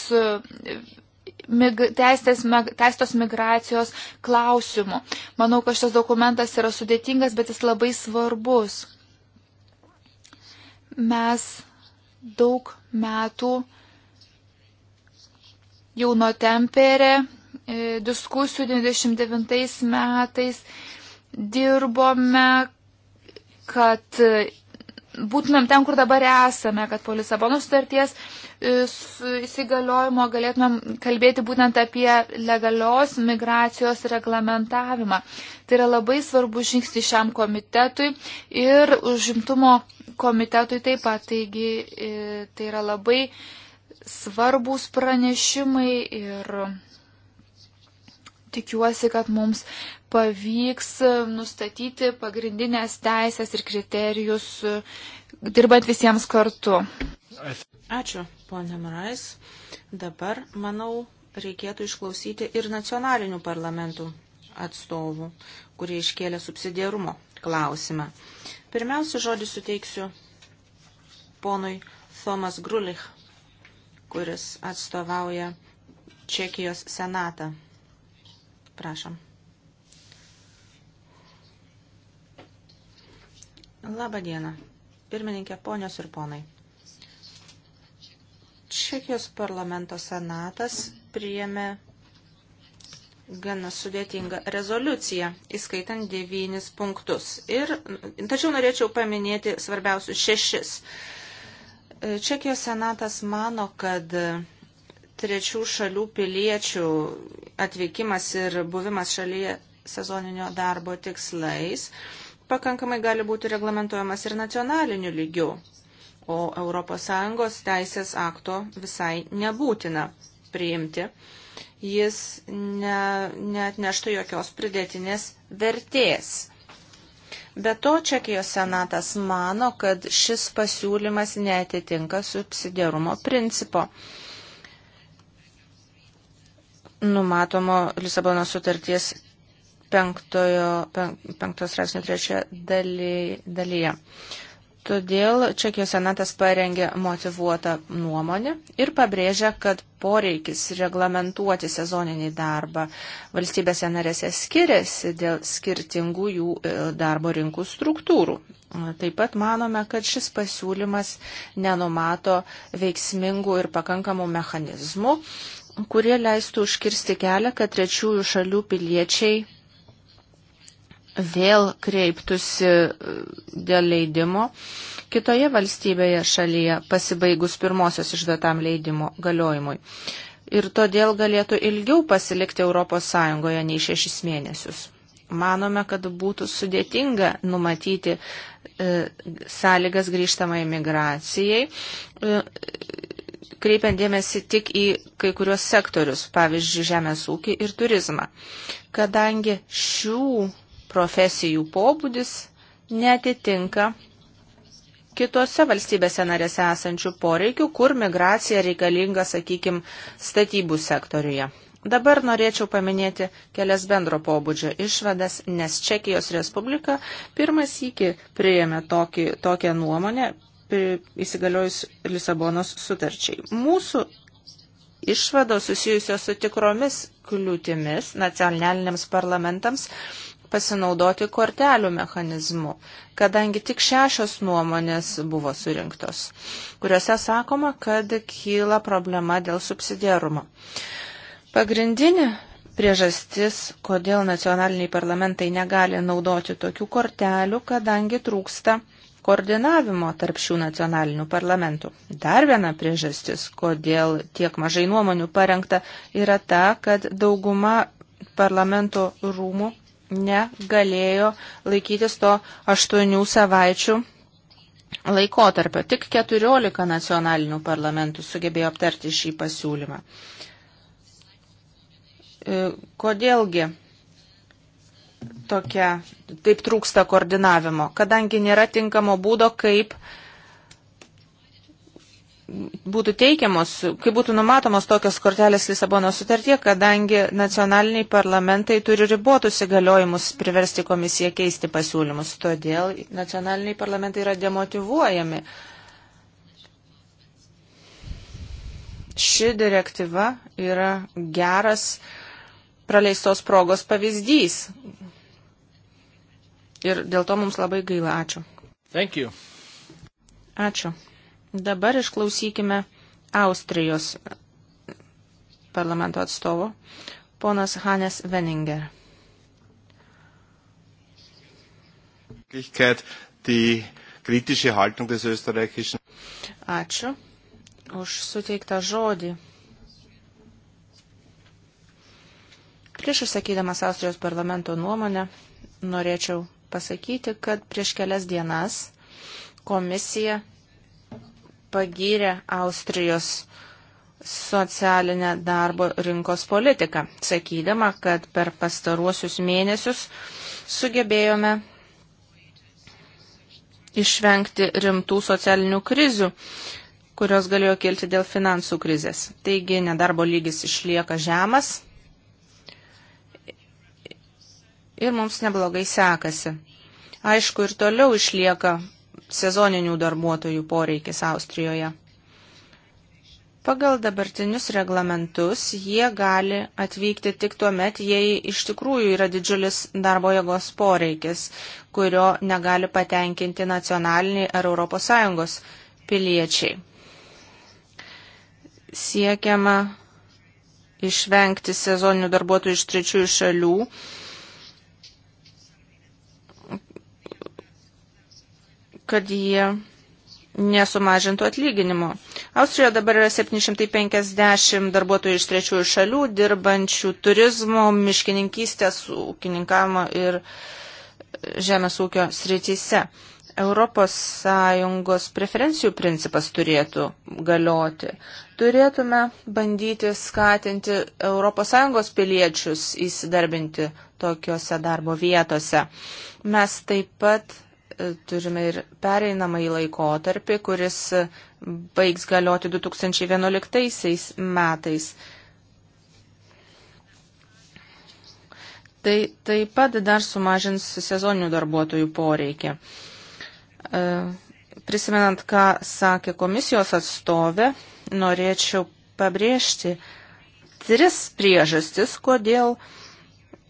mig, teistės, mig, teistos migracijos klausimų. Manau, kad šitas dokumentas yra sudėtingas, bet jis labai svarbus. Mes daug metų jau nuo temperė e, diskusijų 99 metais dirbome, kad būtumėm ten, kur dabar esame, kad po Lisabonos sutarties e, įsigaliojimo galėtumėm kalbėti būtent apie legalios migracijos reglamentavimą. Tai yra labai svarbu žingsnis šiam komitetui ir užimtumo komitetui taip pat. Taigi e, tai yra labai svarbus pranešimai ir tikiuosi, kad mums pavyks e, nustatyti pagrindinės teisės ir kriterijus, e, dirbant visiems kartu. Ačiū, ponė Marais. Dabar, manau, reikėtų išklausyti ir nacionalinių parlamentų atstovų, kurie iškėlė subsidiarumo klausimą. Pirmiausia, žodį suteiksiu ponui Thomas Grulich, kuris atstovauja Čekijos senatą. Prašom. Labą dieną. Pirmininkė, ponios ir ponai. Čekijos parlamento senatas priėmė gana sudėtingą rezoliuciją, įskaitant devynis punktus. Ir, tačiau norėčiau paminėti svarbiausius šešis. Čekijos senatas mano, kad trečių šalių piliečių atvykimas ir buvimas šalyje sezoninio darbo tikslais pakankamai gali būti reglamentuojamas ir nacionaliniu lygiu, o ES teisės akto visai nebūtina priimti. Jis ne, neatneštų jokios pridėtinės vertės. Be to, Čekijos senatas mano, kad šis pasiūlymas netitinka subsidiarumo principo numatomo Lisabono sutarties penktojo, penktos straipsnio trečioje dalyje. Todėl Čekijos senatas parengė motivuotą nuomonę ir pabrėžia, kad poreikis reglamentuoti sezoninį darbą valstybėse narėse skiriasi dėl skirtingų jų e, darbo rinkų struktūrų. Taip pat manome, kad šis pasiūlymas nenumato veiksmingų ir pakankamų mechanizmų, kurie leistų užkirsti kelią, kad trečiųjų šalių piliečiai vėl kreiptųsi e, dėl leidimo kitoje valstybėje šalyje pasibaigus pirmosios išduotam leidimo galiojimui. Ir todėl galėtų ilgiau pasilikti ES nei šešis mėnesius. Manome, kad būtų sudėtinga numatyti e, sąlygas grįžtamai migracijai, e, kreipiant dėmesį tik į kai kuriuos sektorius, pavyzdžiui, žemės ūkį ir turizmą, kadangi šių profesijų pobūdis netitinka kitose valstybėse narėse esančių poreikių, kur migracija reikalinga, sakykime, statybų sektoriuje. Dabar norėčiau paminėti kelias bendro pobūdžio išvadas, nes Čekijos Respublika pirmas iki priėmė tokį, tokią nuomonę įsigaliojus Lisabonos sutarčiai. Mūsų išvados susijusios su tikromis kliūtimis nacionaliniams parlamentams pasinaudoti kortelių mechanizmu, kadangi tik šešios nuomonės buvo surinktos, kuriuose sakoma, kad kyla problema dėl subsidiarumo. Pagrindinė priežastis, kodėl nacionaliniai parlamentai negali naudoti tokių kortelių, kadangi trūksta koordinavimo tarp šių nacionalinių parlamentų. Dar viena priežastis, kodėl tiek mažai nuomonių parengta, yra ta, kad dauguma parlamento rūmų negalėjo laikytis to aštuonių savaičių laikotarpio. Tik 14 nacionalinių parlamentų sugebėjo aptarti šį pasiūlymą. E, kodėlgi tokia, taip trūksta koordinavimo, kadangi nėra tinkamo būdo, kaip būtų teikiamos, kaip būtų numatomos tokios kortelės Lisabono sutartie, kadangi nacionaliniai parlamentai turi ribotus įgaliojimus priversti komisiją keisti pasiūlymus. Todėl nacionaliniai parlamentai yra demotivuojami. Ši direktyva yra geras praleistos progos pavyzdys, Ir dėl to mums labai gaila. Ačiū. Thank you. Ačiū. Dabar išklausykime Austrijos parlamento atstovo, ponas Hanes Veninger. Ačiū už suteiktą žodį. Prieš išsakydamas Austrijos parlamento nuomonę, norėčiau pasakyti, kad prieš kelias dienas komisija pagyrė Austrijos socialinę darbo rinkos politiką, sakydama, kad per pastaruosius mėnesius sugebėjome išvengti rimtų socialinių krizių, kurios galėjo kilti dėl finansų krizės. Taigi nedarbo lygis išlieka žemas, ir mums neblogai sekasi. Aišku, ir toliau išlieka sezoninių darbuotojų poreikis Austrijoje. Pagal dabartinius reglamentus jie gali atvykti tik tuo met, jei iš tikrųjų yra didžiulis darbo jėgos poreikis, kurio negali patenkinti nacionaliniai ar ES piliečiai. Siekiama išvengti sezoninių darbuotojų iš trečiųjų šalių kad jie nesumažintų atlyginimo. Austrijoje dabar yra 750 darbuotojų iš trečiųjų šalių, dirbančių turizmo, miškininkystės, ūkininkavimo ir žemės ūkio srityse. Europos Sąjungos preferencijų principas turėtų galioti. Turėtume bandyti skatinti Europos Sąjungos piliečius įsidarbinti tokiuose darbo vietose. Mes taip pat turime ir pereinamąjį laikotarpį, kuris baigs galioti 2011 metais. Tai taip pat dar sumažins sezoninių darbuotojų poreikį. E, prisimenant, ką sakė komisijos atstovė, norėčiau pabrėžti tris priežastis, kodėl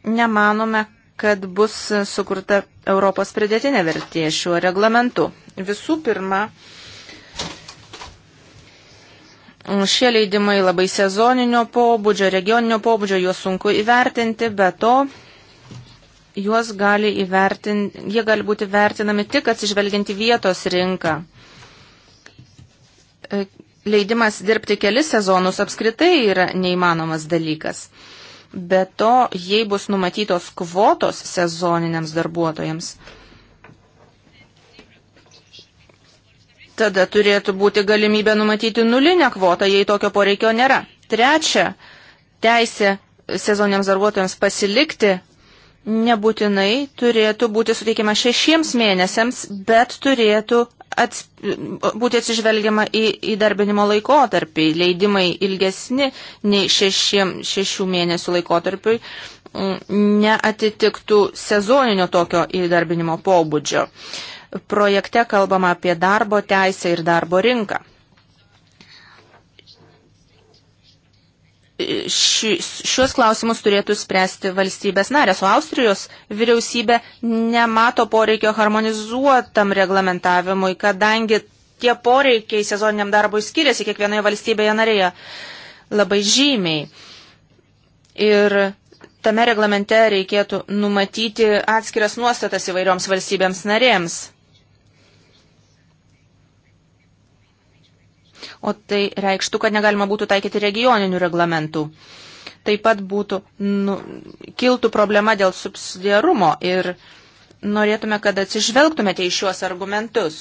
nemanome, kad bus sukurta Europos pridėtinė vertė šiuo reglamentu. Visų pirma, Šie leidimai labai sezoninio pobūdžio, regioninio pobūdžio, juos sunku įvertinti, bet to juos gali įvertinti, jie gali būti vertinami tik atsižvelginti vietos rinką. E, leidimas dirbti kelis sezonus apskritai yra neįmanomas dalykas. Be to, jei bus numatytos kvotos sezoniniams darbuotojams, tada turėtų būti galimybė numatyti nulinę kvotą, jei tokio poreikio nėra. Trečia, teisė sezoniniams darbuotojams pasilikti nebūtinai turėtų būti suteikiama šešiems mėnesiams, bet turėtų ats, būti atsižvelgiama į įdarbinimo laikotarpį. Leidimai ilgesni nei šešiem, šešių mėnesių laikotarpiui mm, neatitiktų sezoninio tokio įdarbinimo pobūdžio. Projekte kalbama apie darbo teisę ir darbo rinką. ši, šios klausimus turėtų spręsti valstybės narės, o Austrijos vyriausybė nemato poreikio harmonizuotam reglamentavimui, kadangi tie poreikiai sezoniniam darbui skiriasi kiekvienoje valstybėje narėje labai žymiai. Ir tame reglamente reikėtų numatyti atskiras nuostatas įvairioms valstybėms narėms. o tai reikštų, kad negalima būtų taikyti regioninių reglamentų. Taip pat būtų, nu, kiltų problema dėl subsidiarumo ir norėtume, kad atsižvelgtumėte į šiuos argumentus.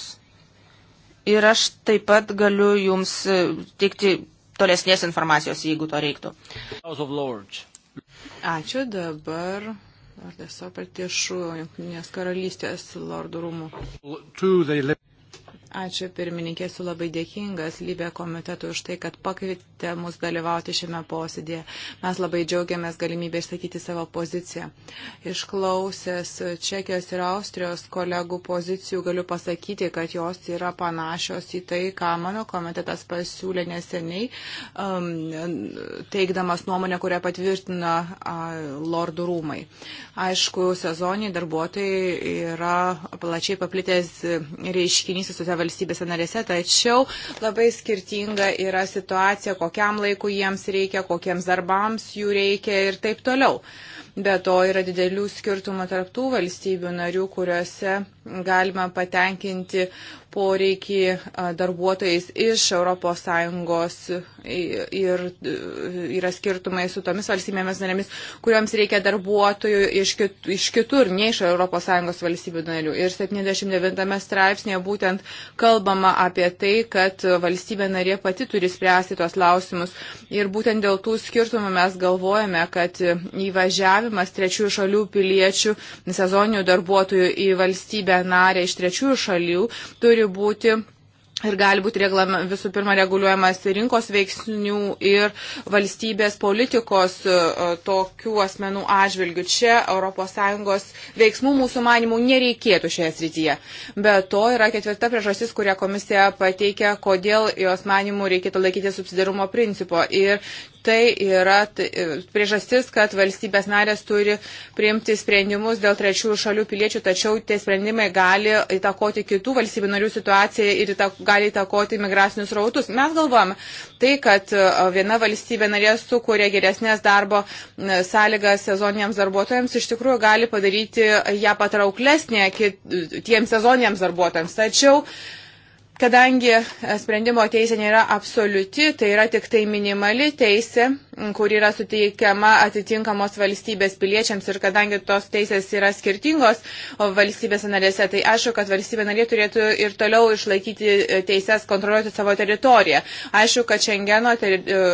Ir aš taip pat galiu jums e, teikti tolesnės informacijos, jeigu to reiktų. Ačiū dabar. Ar tiesiog prieš Junktinės karalystės lordų rūmų. Ačiū pirmininkė, esu labai dėkingas Lybė komitetui už tai, kad pakvietė mus dalyvauti šiame posėdėje. Mes labai džiaugiamės galimybę išsakyti savo poziciją. Išklausęs Čekijos ir Austrijos kolegų pozicijų galiu pasakyti, kad jos yra panašios į tai, ką mano komitetas pasiūlė neseniai, um, teikdamas nuomonę, kurią patvirtina uh, lordų rūmai. Aišku, sezoniniai darbuotojai yra plačiai paplitęs reiškinys visose valstybėse narėse, tačiau labai skirtinga yra situacija, kokiam laiku jiems reikia, kokiems darbams jų reikia ir taip toliau. Be to yra didelių skirtumų tarptų valstybių narių, kuriuose galima patenkinti poreikį darbuotojais iš ES ir e, yra skirtumai su tomis valstybėmis narėmis, kuriuoms reikia darbuotojų iš, kit, iš kitur, ne iš ES valstybių narių. Ir 79 straipsnėje būtent kalbama apie tai, kad valstybė narė pati turi spręsti tuos klausimus. Ir būtent dėl tų skirtumų mes galvojame, kad įvažiavimas trečiųjų šalių piliečių, sezoninių darbuotojų į valstybę narę iš trečiųjų šalių turi turi būti Ir gali būti reglame, visų pirma reguliuojamas rinkos veiksnių ir valstybės politikos e, tokių asmenų atžvilgių. Čia ES veiksmų mūsų manimų nereikėtų šioje srityje. Be to yra ketvirta priežastis, kurią komisija pateikia, kodėl jos manimų reikėtų laikyti subsidarumo principo. Ir tai yra priežastis, kad valstybės narės turi priimti sprendimus dėl trečiųjų šalių piliečių, tačiau tie sprendimai gali įtakoti kitų valstybių narių situaciją ir įtak, gali įtakoti migracinius rautus. Mes galvom tai, kad e, viena valstybė narė sukuria geresnės darbo e, sąlygas sezoniniams darbuotojams, iš tikrųjų gali padaryti ją patrauklesnė tiems sezoniniams darbuotojams. Tačiau Kadangi e, sprendimo teisė nėra absoliuti, tai yra tik tai minimali teisė, kur yra suteikiama atitinkamos valstybės piliečiams ir kadangi tos teisės yra skirtingos valstybės narėse, tai aišku, kad valstybė narė turėtų ir toliau išlaikyti e, teises kontroliuoti savo teritoriją. Aišku, kad Šengeno teri... E,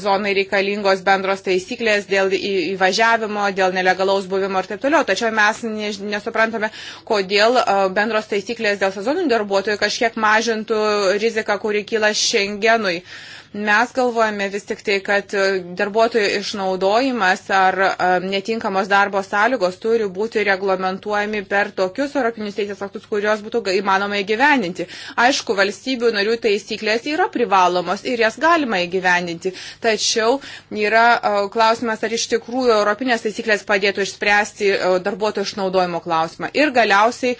zonai reikalingos bendros taisyklės dėl įvažiavimo, dėl nelegalaus buvimo ir taip toliau. Tačiau mes nesuprantame, kodėl bendros taisyklės dėl sezoninių darbuotojų kažkiek mažintų riziką, kuri kyla Šengenui. Uh, Mes galvojame vis tik tai, kad e, darbuotojų išnaudojimas ar e, netinkamos darbo sąlygos turi būti reglamentuojami per tokius europinius teisės aktus, kuriuos būtų įmanoma įgyveninti. Aišku, valstybių narių taisyklės yra privalomos ir jas galima įgyveninti, tačiau yra e, klausimas, ar iš tikrųjų europinės taisyklės padėtų išspręsti darbuotojų išnaudojimo klausimą. Ir galiausiai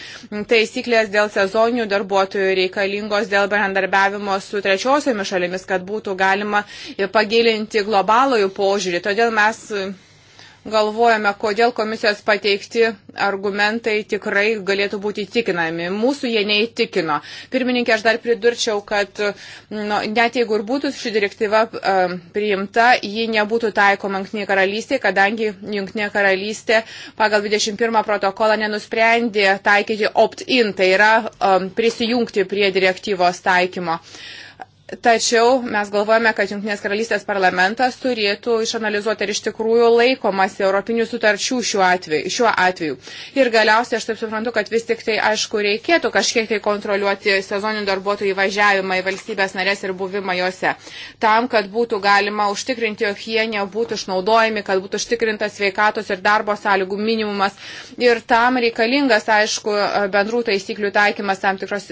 taisyklės dėl sezoninių darbuotojų reikalingos dėl bendradarbiavimo su trečiosiomis šalimis, kad būtų būtų galima pagilinti globalojų požiūrį. Todėl mes galvojame, kodėl komisijos pateikti argumentai tikrai galėtų būti įtikinami. Mūsų jie neįtikino. Pirmininkė, aš dar pridurčiau, kad nu, net jeigu ir būtų ši direktyva uh, priimta, ji nebūtų taikoma Junktinė karalystė, kadangi Junktinė karalystė pagal 21 protokolą nenusprendė taikyti opt-in, tai yra um, prisijungti prie direktyvos taikymo. Uh, Tačiau mes galvojame, kad Junktinės karalystės parlamentas turėtų išanalizuoti ir iš tikrųjų laikomas europinių sutarčių šiuo atveju, šiuo atveju. Ir galiausiai aš taip suprantu, kad vis tik tai, aišku, reikėtų kažkiek tai kontroliuoti sezoninių darbuotojų įvažiavimą į valstybės narės ir buvimą juose. Tam, kad būtų galima užtikrinti, jog jie nebūtų išnaudojami, kad būtų užtikrintas sveikatos ir darbo sąlygų minimumas. Ir tam reikalingas, aišku, bendrų taisyklių taikymas tam tikros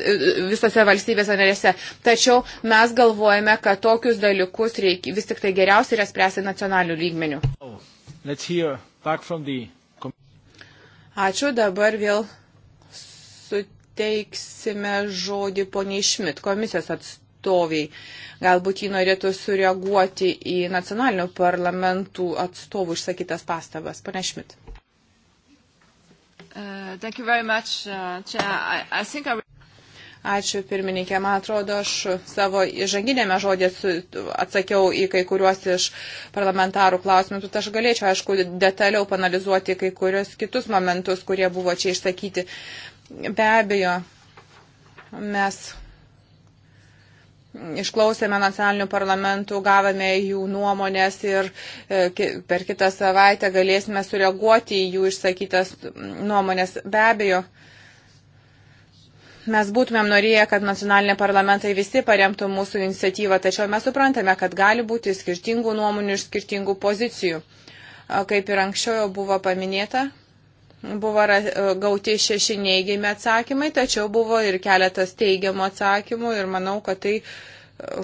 visose valstybėse narėse. Tačiau mes mes galvojame, kad tokius dalykus reikia, vis tik tai geriausiai yra spręsti nacionalių lygmenių. Ačiū, dabar vėl suteiksime žodį poniai Šmit, komisijos atstoviai. Galbūt jį norėtų sureaguoti į nacionalinių parlamentų atstovų išsakytas pastabas. Pane Šmit. Uh, much, uh, I, I I... Ačiū pirmininkė. Man atrodo, aš savo žanginėme žodė atsakiau į kai kuriuos iš parlamentarų klausimų. Tad aš galėčiau, aišku, detaliau panalizuoti kai kurios kitus momentus, kurie buvo čia išsakyti. Be abejo, mes išklausėme nacionalinių parlamentų, gavome jų nuomonės ir e, per kitą savaitę galėsime sureaguoti į jų išsakytas nuomonės. Be abejo, Mes būtumėm norėję, kad nacionaliniai parlamentai visi paremtų mūsų iniciatyvą, tačiau mes suprantame, kad gali būti skirtingų nuomonių ir skirtingų pozicijų. Kaip ir anksčiau jau buvo paminėta, buvo e, gauti šeši neigiami atsakymai, tačiau buvo ir keletas teigiamų atsakymų ir manau, kad tai e,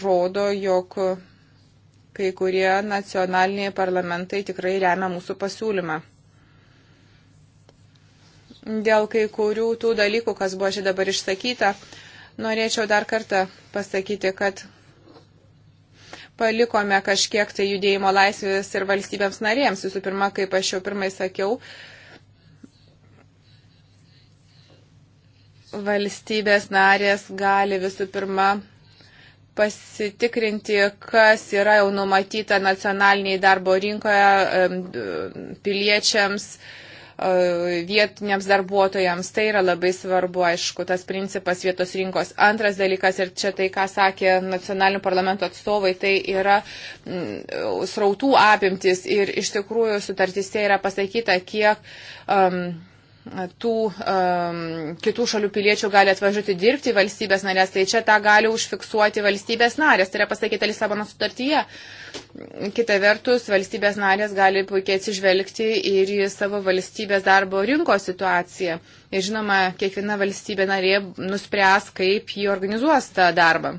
rodo, jog kai kurie nacionaliniai parlamentai tikrai remia mūsų pasiūlymą dėl kai kurių tų dalykų, kas buvo čia dabar išsakyta, norėčiau dar kartą pasakyti, kad palikome kažkiek tai judėjimo laisvės ir valstybėms narėms. Visų pirma, kaip aš jau pirmai sakiau, valstybės narės gali visų pirma pasitikrinti, kas yra jau numatyta nacionaliniai darbo rinkoje piliečiams vietiniams darbuotojams. Tai yra labai svarbu, aišku, tas principas vietos rinkos. Antras dalykas, ir čia tai, ką sakė nacionalinių parlamento atstovai, tai yra mm, srautų apimtis ir iš tikrųjų sutartys yra pasakyta, kiek. Um, tų um, kitų šalių piliečių gali atvažiuoti dirbti į valstybės narės, tai čia tą gali užfiksuoti valstybės narės, tai yra pasakyta Lisabono sutartyje. Kita vertus, valstybės narės gali puikiai atsižvelgti ir į savo valstybės darbo rinkos situaciją. Ir žinoma, kiekviena valstybė narė nuspręs, kaip jį organizuos tą darbą.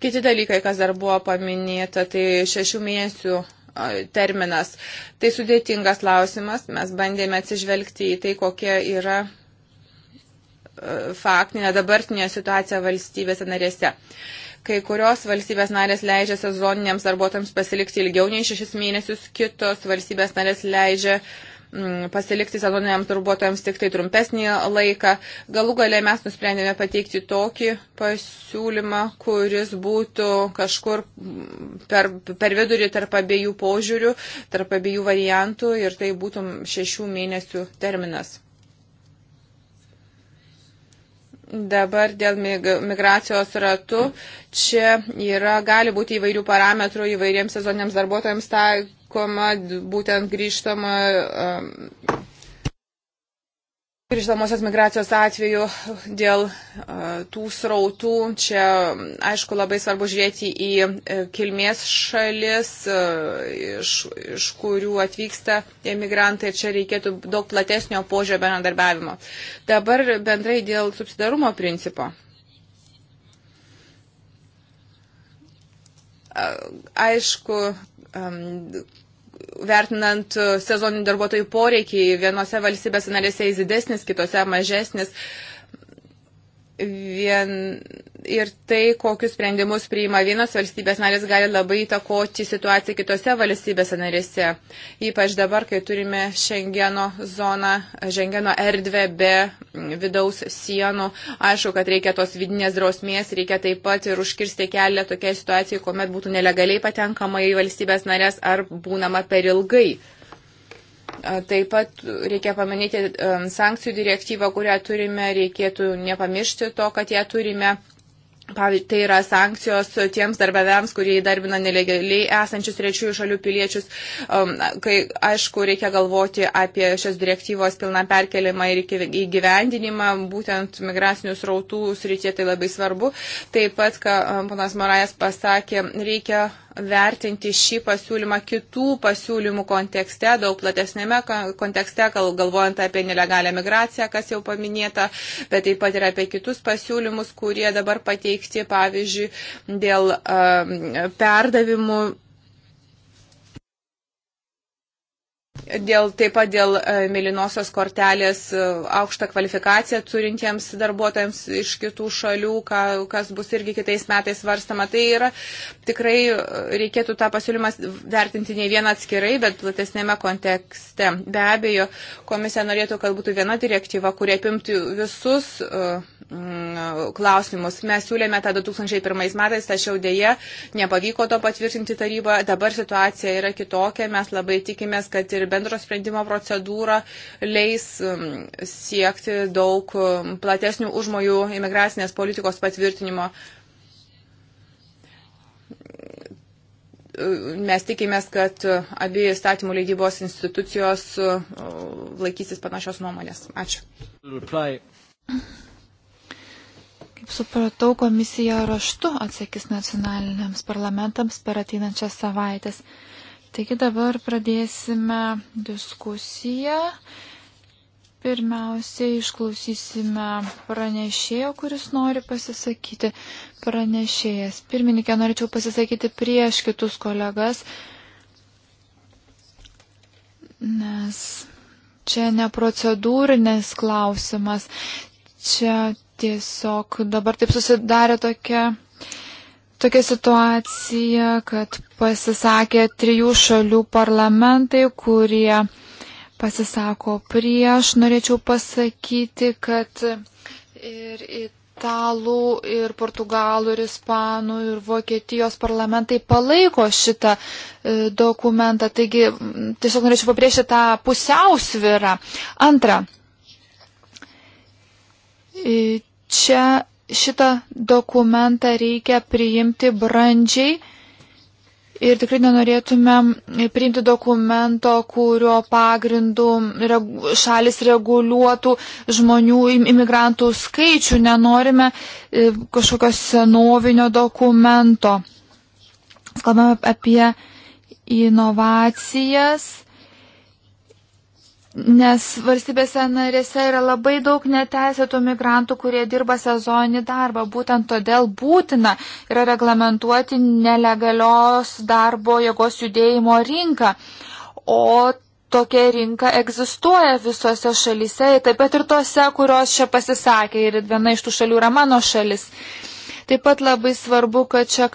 Kiti dalykai, kas dar buvo paminėta, tai šešių mėnesių terminas. Tai sudėtingas klausimas, mes bandėme atsižvelgti į tai, kokia yra e, faktinė dabartinė situacija valstybėse narėse. Kai kurios valstybės narės leidžia sezoniniams darbuotojams pasilikti ilgiau nei šešis mėnesius, kitos valstybės narės leidžia uh, Mm, pasilikti sezoniniams darbuotojams tik tai trumpesnį laiką. Galų galę mes nusprendėme pateikti tokį pasiūlymą, kuris būtų kažkur per, per vidurį tarp abiejų požiūrių, tarp abiejų variantų ir tai būtų šešių mėnesių terminas. Dabar dėl migracijos ratų čia yra, gali būti įvairių parametrų įvairiems sezoniniams darbuotojams taikyti taikoma būtent grįžtama. Um, Grįžtamosios migracijos atveju dėl tų srautų čia, aišku, labai svarbu žiūrėti į e, kilmės šalis, iš, iš kurių atvyksta emigrantai ir čia reikėtų daug platesnio požio bendradarbiavimo. Dabar bendrai dėl subsidarumo principo. Aišku, vertinant e, sezoninių darbuotojų poreikį, vienose valstybės narėse jis didesnis, kitose mažesnis. Uh, vien ir tai, kokius sprendimus priima vienas valstybės narės, gali labai įtakoti situaciją kitose valstybėse narėse. Ypač dabar, kai turime Šengeno zoną, Šengeno erdvę be vidaus sienų. Aišku, kad reikia tos vidinės drausmės, reikia taip pat ir užkirsti kelią tokiai situacijai, kuomet būtų nelegaliai patenkama į valstybės narės ar būnama per ilgai. Taip pat reikia paminėti sankcijų direktyvą, kurią turime, reikėtų nepamiršti to, kad ją turime. Pavyzdžiui, tai yra sankcijos tiems darbdaviams, kurie įdarbina nelegaliai esančius trečiųjų šalių piliečius. Kai, aišku, reikia galvoti apie šios direktyvos pilną perkelimą ir įgyvendinimą, būtent migracinių srautų srityje tai labai svarbu. Taip pat, ką ponas Morajas pasakė, reikia vertinti šį pasiūlymą kitų pasiūlymų kontekste, daug platesnėme kontekste, galvojant apie nelegalią migraciją, kas jau paminėta, bet taip pat ir apie kitus pasiūlymus, kurie dabar pateikti, pavyzdžiui, dėl um, perdavimų Dėl, taip pat dėl e, mėlynosios kortelės e, aukštą kvalifikaciją turintiems darbuotojams iš kitų šalių, ka, kas bus irgi kitais metais varstama. Tai yra tikrai e, reikėtų tą pasiūlymą vertinti ne vieną atskirai, bet platesnėme kontekste. Be abejo, komisija norėtų, kad būtų viena direktyva, kurie apimtų visus. Uh, Mm, klausimus. Mes siūlėme tą 2001 metais, tačiau dėje nepavyko to patvirtinti tarybą. Dabar situacija yra kitokia. Mes labai tikimės, kad ir bendro sprendimo procedūra leis mm, siekti daug mm, platesnių užmojų imigracinės politikos patvirtinimo. mes tikimės, kad abi statymų leidybos institucijos laikysis panašios nuomonės. Ačiū. Reply. Kaip supratau, komisija raštu atsakys nacionaliniams parlamentams per ateinančias savaitės. Taigi dabar pradėsime diskusiją. Pirmiausia, išklausysime pranešėjo, kuris nori pasisakyti. Pranešėjas. Pirmininkė, norėčiau pasisakyti prieš kitus kolegas, nes čia ne procedūrinis klausimas, čia Tiesiog dabar taip susidarė tokia, tokia situacija, kad pasisakė trijų šalių parlamentai, kurie pasisako prieš. Norėčiau pasakyti, kad ir italų, ir portugalų, ir ispanų, ir vokietijos parlamentai palaiko šitą e, dokumentą. Taigi tiesiog norėčiau pabrėžti tą pusiausvyrą. Antra. E, čia šitą dokumentą reikia priimti brandžiai ir tikrai nenorėtumėm priimti dokumento, kurio pagrindu šalis reguliuotų žmonių imigrantų skaičių, nenorime e, kažkokio senovinio dokumento. Kalbame apie inovacijas Nes valstybėse narėse yra labai daug neteisėtų migrantų, kurie dirba sezoninį darbą. Būtent todėl būtina yra reglamentuoti nelegalios darbo jėgos judėjimo rinką. O tokia rinka egzistuoja visose šalyse, taip pat ir tose, kurios čia pasisakė. Ir viena iš tų šalių yra mano šalis. Taip pat labai svarbu, kad čia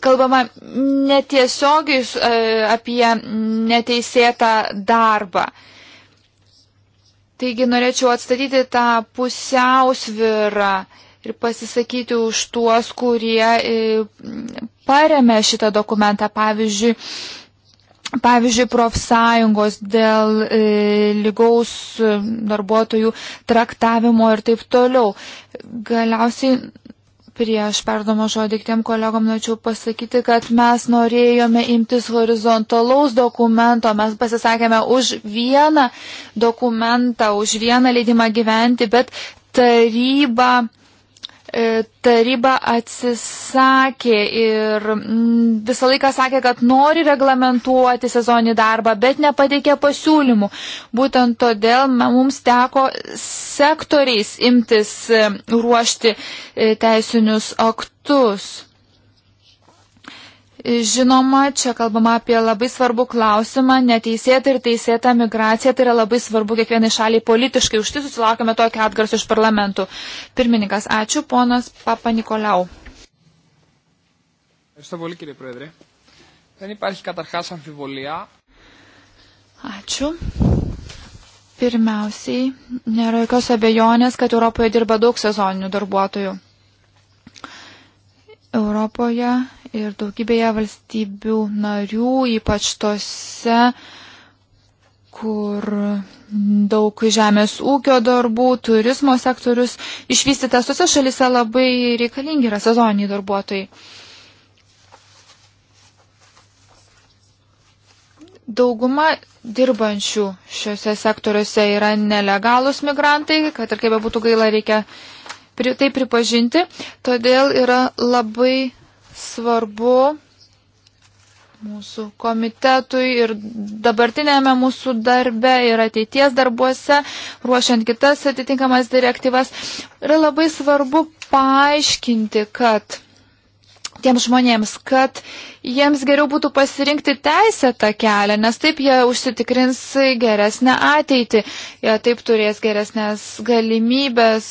kalbama netiesiogiai e, apie neteisėtą darbą. Taigi norėčiau atstatyti tą pusiausvyrą ir pasisakyti už tuos, kurie e, paremė šitą dokumentą. Pavyzdžiui, Pavyzdžiui, profsąjungos dėl e, lygaus darbuotojų traktavimo ir taip toliau. Galiausiai Prieš perdama žodį tiem kolegom norėčiau pasakyti, kad mes norėjome imtis horizontalaus dokumento, mes pasisakėme už vieną dokumentą, už vieną leidimą gyventi, bet taryba E, taryba atsisakė ir mm, visą laiką sakė, kad nori reglamentuoti sezoninį darbą, bet nepateikė pasiūlymų. Būtent todėl mums teko sektoriais imtis e, ruošti e, teisinius aktus. Žinoma, čia kalbama apie labai svarbų klausimą, neteisėta ir teisėta migracija, tai yra labai svarbu kiekvienai šaliai politiškai, už tai susilaukime tokio atgarsio iš parlamentų. Pirmininkas, ačiū, ponas Papa Nikolau. Ačiū. Pirmiausiai, nėra jokios abejonės, kad Europoje dirba daug sezoninių darbuotojų. Europoje ir daugybėje valstybių narių, ypač tose, kur daug žemės ūkio darbų, turizmo sektorius išvystytas, tose šalise labai reikalingi yra sezoniniai darbuotojai. Dauguma dirbančių šiuose sektoriuose yra nelegalus migrantai, kad ir kaip bebūtų gaila, reikia pri, tai pripažinti, todėl yra labai svarbu mūsų komitetui ir dabartinėme mūsų darbe ir ateities darbuose, ruošiant kitas atitinkamas direktyvas, yra labai svarbu paaiškinti, kad tiems žmonėms, kad jiems geriau būtų pasirinkti teisę tą kelią, nes taip jie užsitikrins geresnę ateitį, jie taip turės geresnės galimybės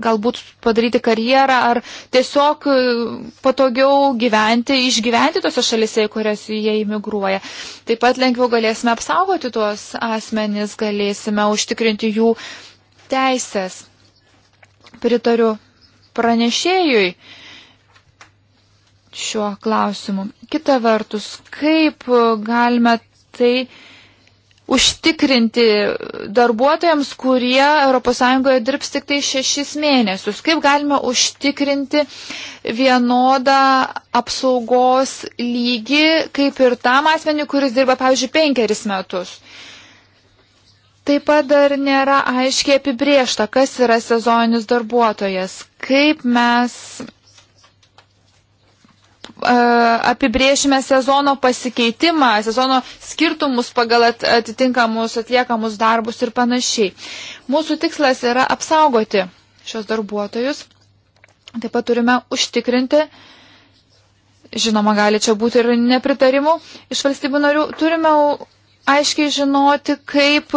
galbūt padaryti karjerą ar tiesiog e, patogiau gyventi, išgyventi tose šalise, į kurias jie imigruoja. Taip pat lengviau galėsime apsaugoti tuos asmenis, galėsime užtikrinti jų teisės. Pritariu pranešėjui šiuo klausimu. Kita vertus, kaip galime tai užtikrinti darbuotojams, kurie ES dirbs tik tai šešis mėnesius? Kaip galima užtikrinti vienodą apsaugos lygį, kaip ir tam asmeniu, kuris dirba, pavyzdžiui, penkeris metus? Taip pat dar nėra aiškiai apibriešta, kas yra sezoninis darbuotojas. Kaip mes apibriešime sezono pasikeitimą, sezono skirtumus pagal atitinkamus atliekamus darbus ir panašiai. Mūsų tikslas yra apsaugoti šios darbuotojus. Taip pat turime užtikrinti, žinoma, gali čia būti ir nepritarimų iš valstybių narių, turime aiškiai žinoti, kaip,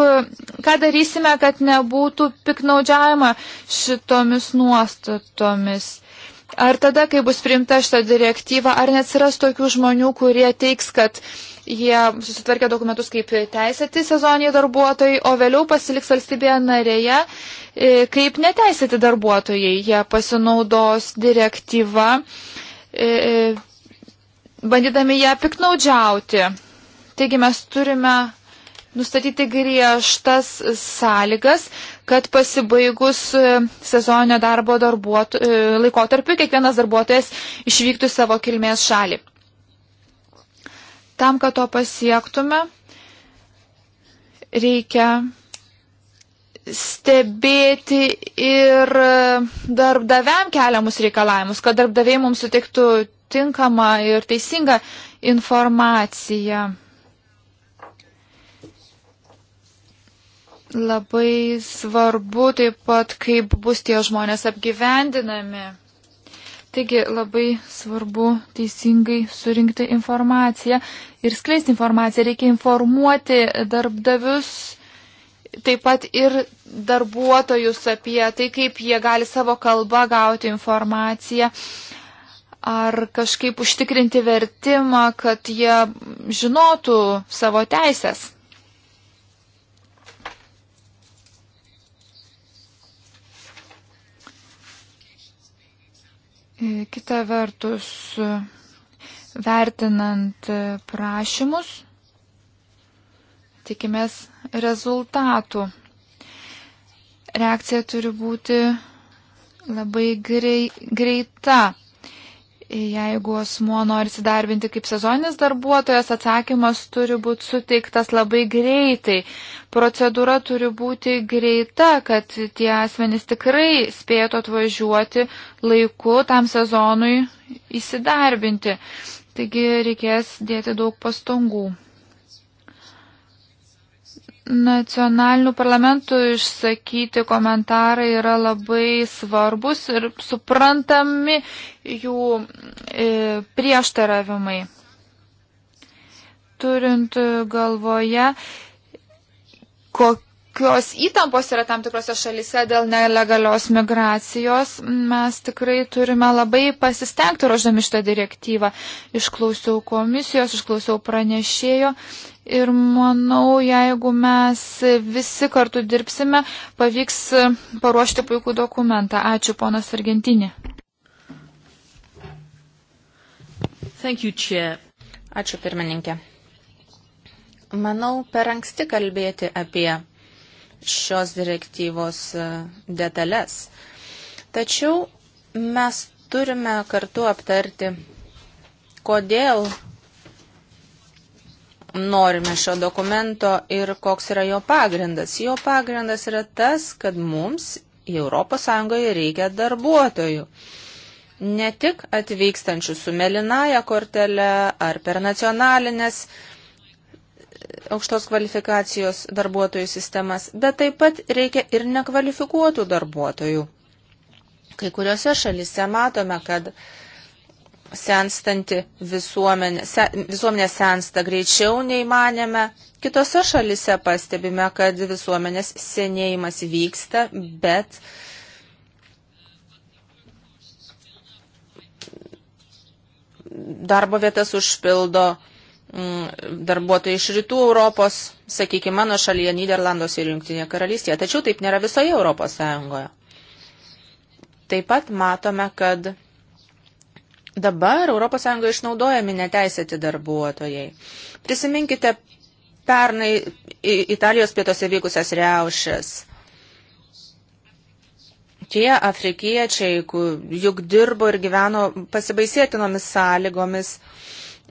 ką darysime, kad nebūtų piknaudžiavimą šitomis nuostatomis. Ar tada, kai bus priimta šita direktyva, ar neatsiras tokių žmonių, kurie teiks, kad jie susitvarkė dokumentus kaip teisėti sezoniniai darbuotojai, o vėliau pasiliks valstybėje narėje e, kaip neteisėti darbuotojai. Jie pasinaudos direktyvą, e, e, bandydami ją piknaudžiauti. Taigi mes turime nustatyti griežtas sąlygas, kad pasibaigus e, sezoninio darbo e, laikotarpiu kiekvienas darbuotojas išvyktų savo kilmės šalį. Tam, kad to pasiektume, reikia stebėti ir darbdaviam keliamus reikalavimus, kad darbdaviai mums sutiktų tinkamą ir teisingą informaciją. Labai svarbu taip pat, kaip bus tie žmonės apgyvendinami. Taigi labai svarbu teisingai surinkti informaciją ir skleisti informaciją. Reikia informuoti darbdavius, taip pat ir darbuotojus apie tai, kaip jie gali savo kalbą gauti informaciją. Ar kažkaip užtikrinti vertimą, kad jie žinotų savo teisės. E, kita vertus, e, vertinant e, prašymus, tikimės rezultatų. Reakcija turi būti labai grei, greita. Jeigu asmuo nori įsidarbinti kaip sezoninis darbuotojas, atsakymas turi būti suteiktas labai greitai. Procedūra turi būti greita, kad tie asmenys tikrai spėtų atvažiuoti laiku tam sezonui įsidarbinti. Taigi reikės dėti daug pastangų nacionalinių parlamentų išsakyti komentarai yra labai svarbus ir suprantami jų e, prieštaravimai. Turint galvoje, kokios įtampos yra tam tikrose šalise dėl nelegalios migracijos, mes tikrai turime labai pasistengti ruoždami šitą direktyvą. Išklausiau komisijos, išklausiau pranešėjo Ir manau, jeigu mes visi kartu dirbsime, pavyks paruošti puikų dokumentą. Ačiū, ponas Argentinė. Ačiū, pirmininkė. Manau, per anksti kalbėti apie šios direktyvos e, detalės. Tačiau mes turime kartu aptarti, kodėl norime šio dokumento ir koks yra jo pagrindas. Jo pagrindas yra tas, kad mums į ES reikia darbuotojų. Ne tik atvykstančių su melinaja kortelė ar per nacionalinės aukštos kvalifikacijos darbuotojų sistemas, bet taip pat reikia ir nekvalifikuotų darbuotojų. Kai kuriuose šalise matome, kad uh, senstanti visuomenė, se, visuomenė sensta greičiau nei manėme. Kitose šalise pastebime, kad visuomenės senėjimas vyksta, bet darbo vietas užpildo mm, darbuotojai iš rytų Europos, sakykime, mano šalyje Niderlandos ir Junktinė karalystė. Tačiau taip nėra visoje Europos Sąjungoje. Taip pat matome, kad Dabar ES išnaudojami neteisėti darbuotojai. Prisiminkite pernai Italijos pietose vykusias riaušės. Tie afrikiečiai, juk dirbo ir gyveno pasibaisėtinomis sąlygomis,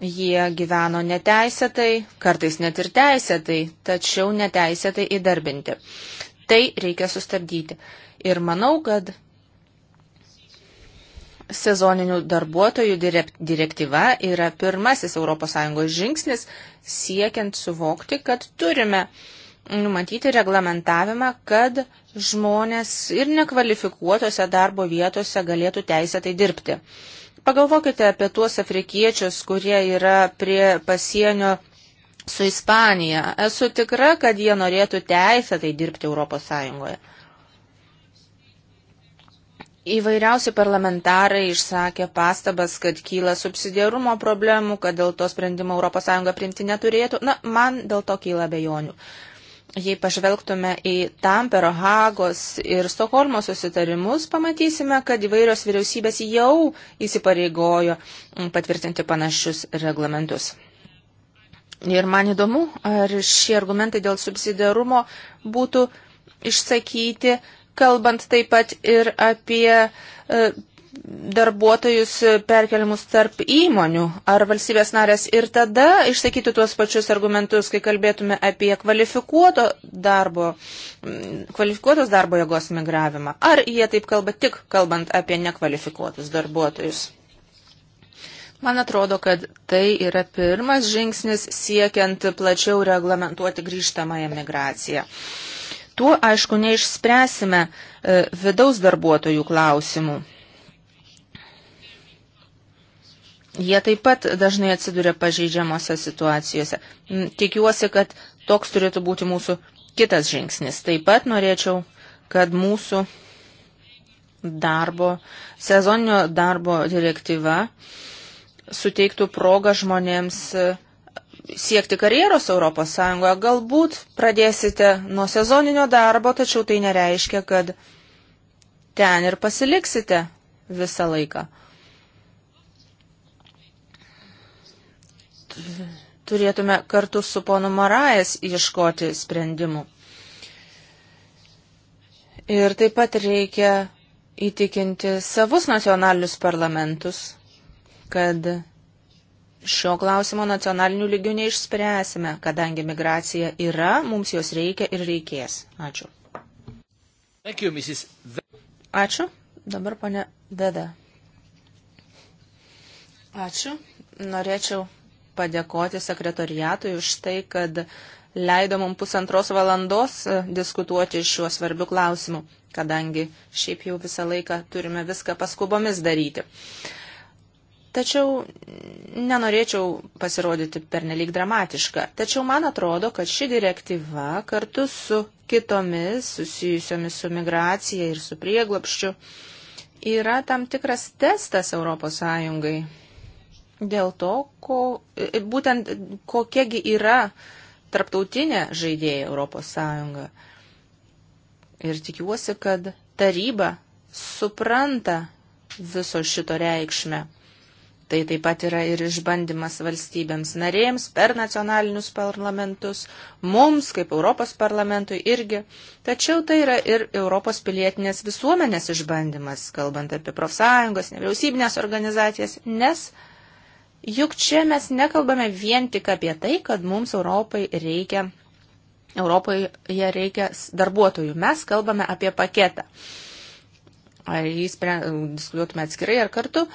jie gyveno neteisėtai, kartais net ir teisėtai, tačiau neteisėtai įdarbinti. Tai reikia sustabdyti. Ir manau, kad Sezoninių darbuotojų direktyva yra pirmasis ES žingsnis siekiant suvokti, kad turime numatyti reglamentavimą, kad žmonės ir nekvalifikuotose darbo vietose galėtų teisėtai dirbti. Pagalvokite apie tuos afrikiečius, kurie yra prie pasienio su Ispanija. Esu tikra, kad jie norėtų teisėtai dirbti Europos Sąjungoje. Įvairiausi parlamentarai išsakė pastabas, kad kyla subsidiarumo problemų, kad dėl to sprendimo ES priimti neturėtų. Na, man dėl to kyla bejonių. Jei pažvelgtume į Tampero, Hagos ir Stokholmo susitarimus, pamatysime, kad įvairios vyriausybės jau įsipareigojo patvirtinti panašius reglamentus. Ir man įdomu, ar šie argumentai dėl subsidiarumo būtų išsakyti kalbant taip pat ir apie e, darbuotojus perkeliamus tarp įmonių ar valstybės narės ir tada išsakyti tuos pačius argumentus, kai kalbėtume apie kvalifikuoto darbo, kvalifikuotos darbo jėgos migravimą. Ar jie taip kalba tik kalbant apie nekvalifikuotus darbuotojus? Man atrodo, kad tai yra pirmas žingsnis siekiant plačiau reglamentuoti grįžtamąją migraciją. Uh, Tuo, aišku, neišspręsime e, vidaus darbuotojų klausimų. Jie taip pat dažnai atsiduria pažeidžiamose situacijose. Tikiuosi, kad toks turėtų būti mūsų kitas žingsnis. Taip pat norėčiau, kad mūsų darbo, sezoninio darbo direktyva suteiktų progą žmonėms e, siekti karjeros ES, galbūt pradėsite nuo sezoninio darbo, tačiau tai nereiškia, kad ten ir pasiliksite visą laiką. Turėtume kartu su ponu Marajas ieškoti sprendimų. Ir taip pat reikia įtikinti savus nacionalinius parlamentus, kad šio klausimo nacionaliniu lygiu neišspręsime, kadangi migracija yra, mums jos reikia ir reikės. Ačiū. You, Ačiū. Dabar pane Veda. Ačiū. Norėčiau padėkoti sekretoriatui už tai, kad leido mums pusantros valandos e, diskutuoti šiuo svarbiu klausimu, kadangi šiaip jau visą laiką turime viską paskubomis daryti. Uh, Tačiau nenorėčiau pasirodyti pernelyg dramatišką. Tačiau man atrodo, kad ši direktyva kartu su kitomis susijusiomis su migracija ir su prieglapščiu yra tam tikras testas ES. Dėl to, ko, būtent kokiegi yra tarptautinė žaidėja ES. Ir tikiuosi, kad taryba supranta viso šito reikšmę Tai taip pat yra ir išbandymas valstybėms narėms per nacionalinius parlamentus, mums kaip Europos parlamentui irgi. Tačiau tai yra ir Europos pilietinės visuomenės išbandymas, kalbant apie profsąjungas, nevyriausybinės organizacijas, nes juk čia mes nekalbame vien tik apie tai, kad mums Europai reikia, Europoje reikia darbuotojų. Mes kalbame apie paketą. Ar jį diskutuotume atskirai ar kartu.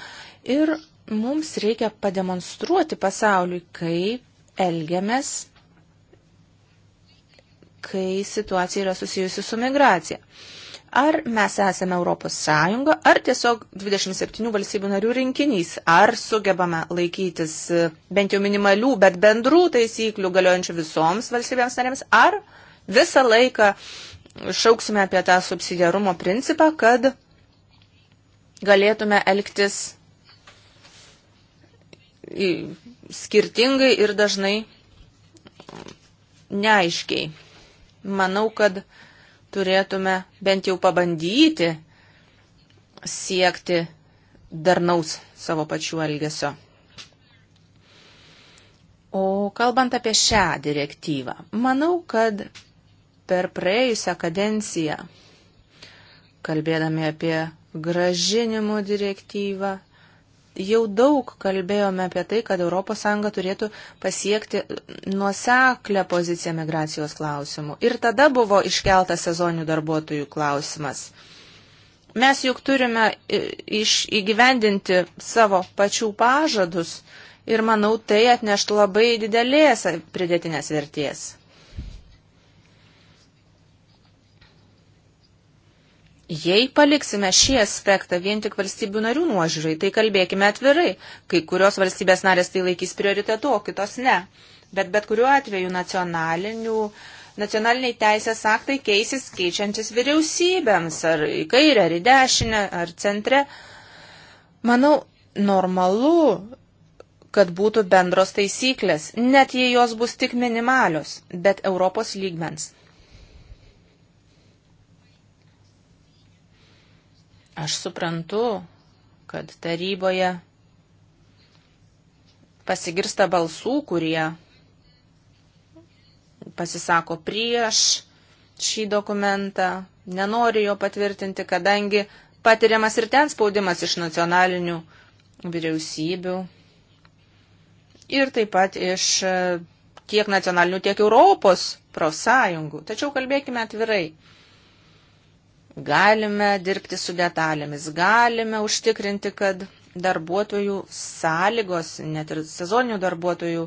Ir mums reikia pademonstruoti pasauliui, kaip elgiamės, kai situacija yra susijusi su migracija. Ar mes esame Europos Sąjunga, ar tiesiog 27 valstybių narių rinkinys, ar sugebame laikytis e, bent jau minimalių, bet bendrų taisyklių galiojančių visoms valstybėms narėms, ar visą laiką šauksime apie tą subsidiarumo principą, kad galėtume elgtis skirtingai ir dažnai neaiškiai. Manau, kad turėtume bent jau pabandyti siekti darnaus savo pačių elgesio. O kalbant apie šią direktyvą, manau, kad per praėjusią kadenciją, kalbėdami apie gražinimo direktyvą Jau daug kalbėjome apie tai, kad ES turėtų pasiekti nuoseklę poziciją migracijos klausimų. Ir tada buvo iškeltas sezoninių darbuotojų klausimas. Mes juk turime iš, įgyvendinti savo pačių pažadus ir manau tai atneštų labai didelės pridėtinės vertės. Jei paliksime šį aspektą vien tik valstybių narių nuožiūrai, tai kalbėkime atvirai. Kai kurios valstybės narės tai laikys prioritetu, o kitos ne. Bet bet kuriuo atveju nacionalinių, nacionaliniai teisės aktai keisis keičiantis vyriausybėms, ar į kairę, ar į dešinę, ar centre. Manau, normalu, kad būtų bendros taisyklės, net jei jos bus tik minimalios, bet Europos lygmens. Aš suprantu, kad taryboje pasigirsta balsų, kurie pasisako prieš šį dokumentą, nenori jo patvirtinti, kadangi patiriamas ir ten spaudimas iš nacionalinių vyriausybių ir taip pat iš tiek nacionalinių, tiek Europos profsąjungų. Tačiau kalbėkime atvirai. Galime dirbti su detalėmis, galime užtikrinti, kad darbuotojų sąlygos, net ir sezoninių darbuotojų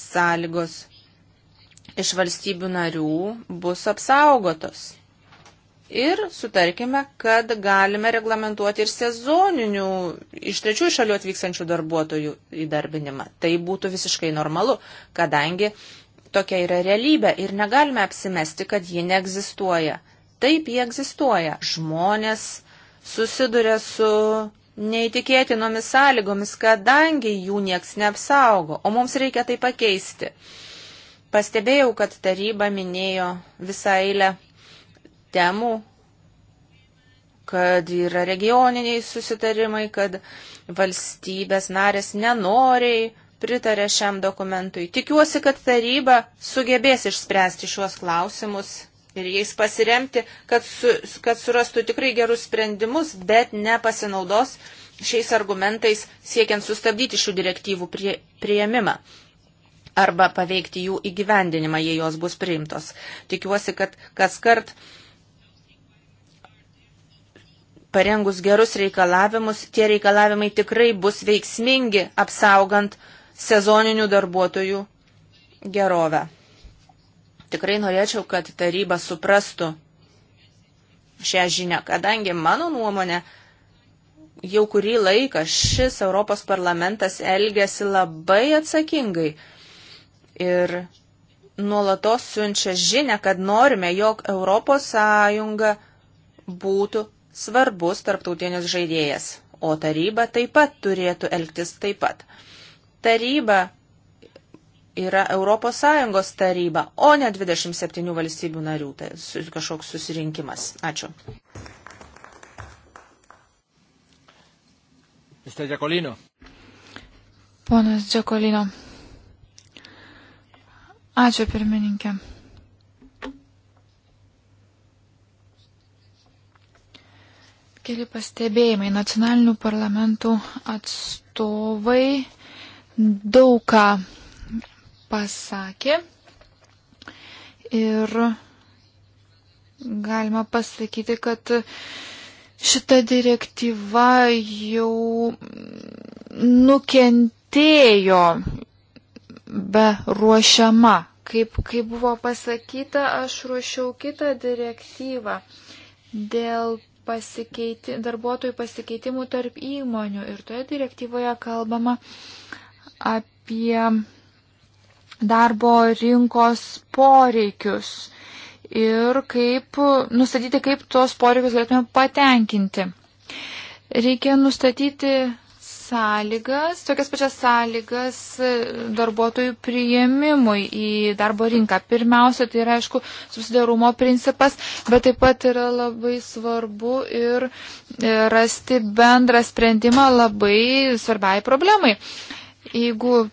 sąlygos iš valstybių narių bus apsaugotos. Ir sutarkime, kad galime reglamentuoti ir sezoninių iš trečiųjų šalių atvykstančių darbuotojų įdarbinimą. Tai būtų visiškai normalu, kadangi tokia yra realybė ir negalime apsimesti, kad ji neegzistuoja. Taip jie egzistuoja. Žmonės susiduria su neįtikėtinomis sąlygomis, kadangi jų nieks neapsaugo, o mums reikia tai pakeisti. Pastebėjau, kad taryba minėjo visą eilę temų, kad yra regioniniai susitarimai, kad valstybės narės nenoriai pritarė šiam dokumentui. Tikiuosi, kad taryba sugebės išspręsti šiuos klausimus ir jais pasiremti, kad, su, kad surastų tikrai gerus sprendimus, bet nepasinaudos šiais argumentais siekiant sustabdyti šių direktyvų prie, prieimimą arba paveikti jų įgyvendinimą, jei jos bus priimtos. Tikiuosi, kad kas kart parengus gerus reikalavimus, tie reikalavimai tikrai bus veiksmingi apsaugant sezoninių darbuotojų gerovę. Tikrai norėčiau, kad taryba suprastų šią žinią, kadangi mano nuomonė, jau kurį laiką šis Europos parlamentas elgesi labai atsakingai ir nuolatos siunčia žinę, kad norime, jog Europos Sąjunga būtų svarbus tarptautinis žaidėjas, o taryba taip pat turėtų elgtis taip pat. Taryba yra ES taryba, o ne 27 valstybių narių. Tai kažkoks susirinkimas. Ačiū. Mr. Giacolino. Ponas Džekolino. Ačiū pirmininkė. Keli pastebėjimai. Nacionalinių parlamentų atstovai daug ką pasakė. Ir galima pasakyti, kad šita direktyva jau nukentėjo be ruošiama. Kaip, kaip buvo pasakyta, aš ruošiau kitą direktyvą dėl pasikeiti, darbuotojų pasikeitimų tarp įmonių. Ir toje direktyvoje kalbama apie darbo rinkos poreikius ir kaip nustatyti, kaip tuos poreikius galėtume patenkinti. Reikia nustatyti sąlygas, tokias pačias sąlygas darbuotojų priėmimui į darbo rinką. Pirmiausia, tai yra, aišku, susidarumo principas, bet taip pat yra labai svarbu ir e, rasti bendrą sprendimą labai svarbiai problemai. Jeigu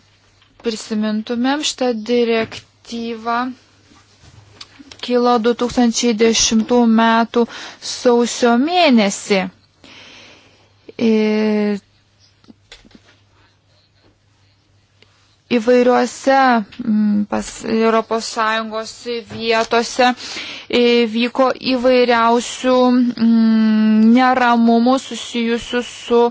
prisimintumėm šitą direktyvą kilo 2010 metų sausio mėnesį. Ir įvairiuose mm, pas ES vietose e, vyko įvairiausių mm, neramumų susijusių su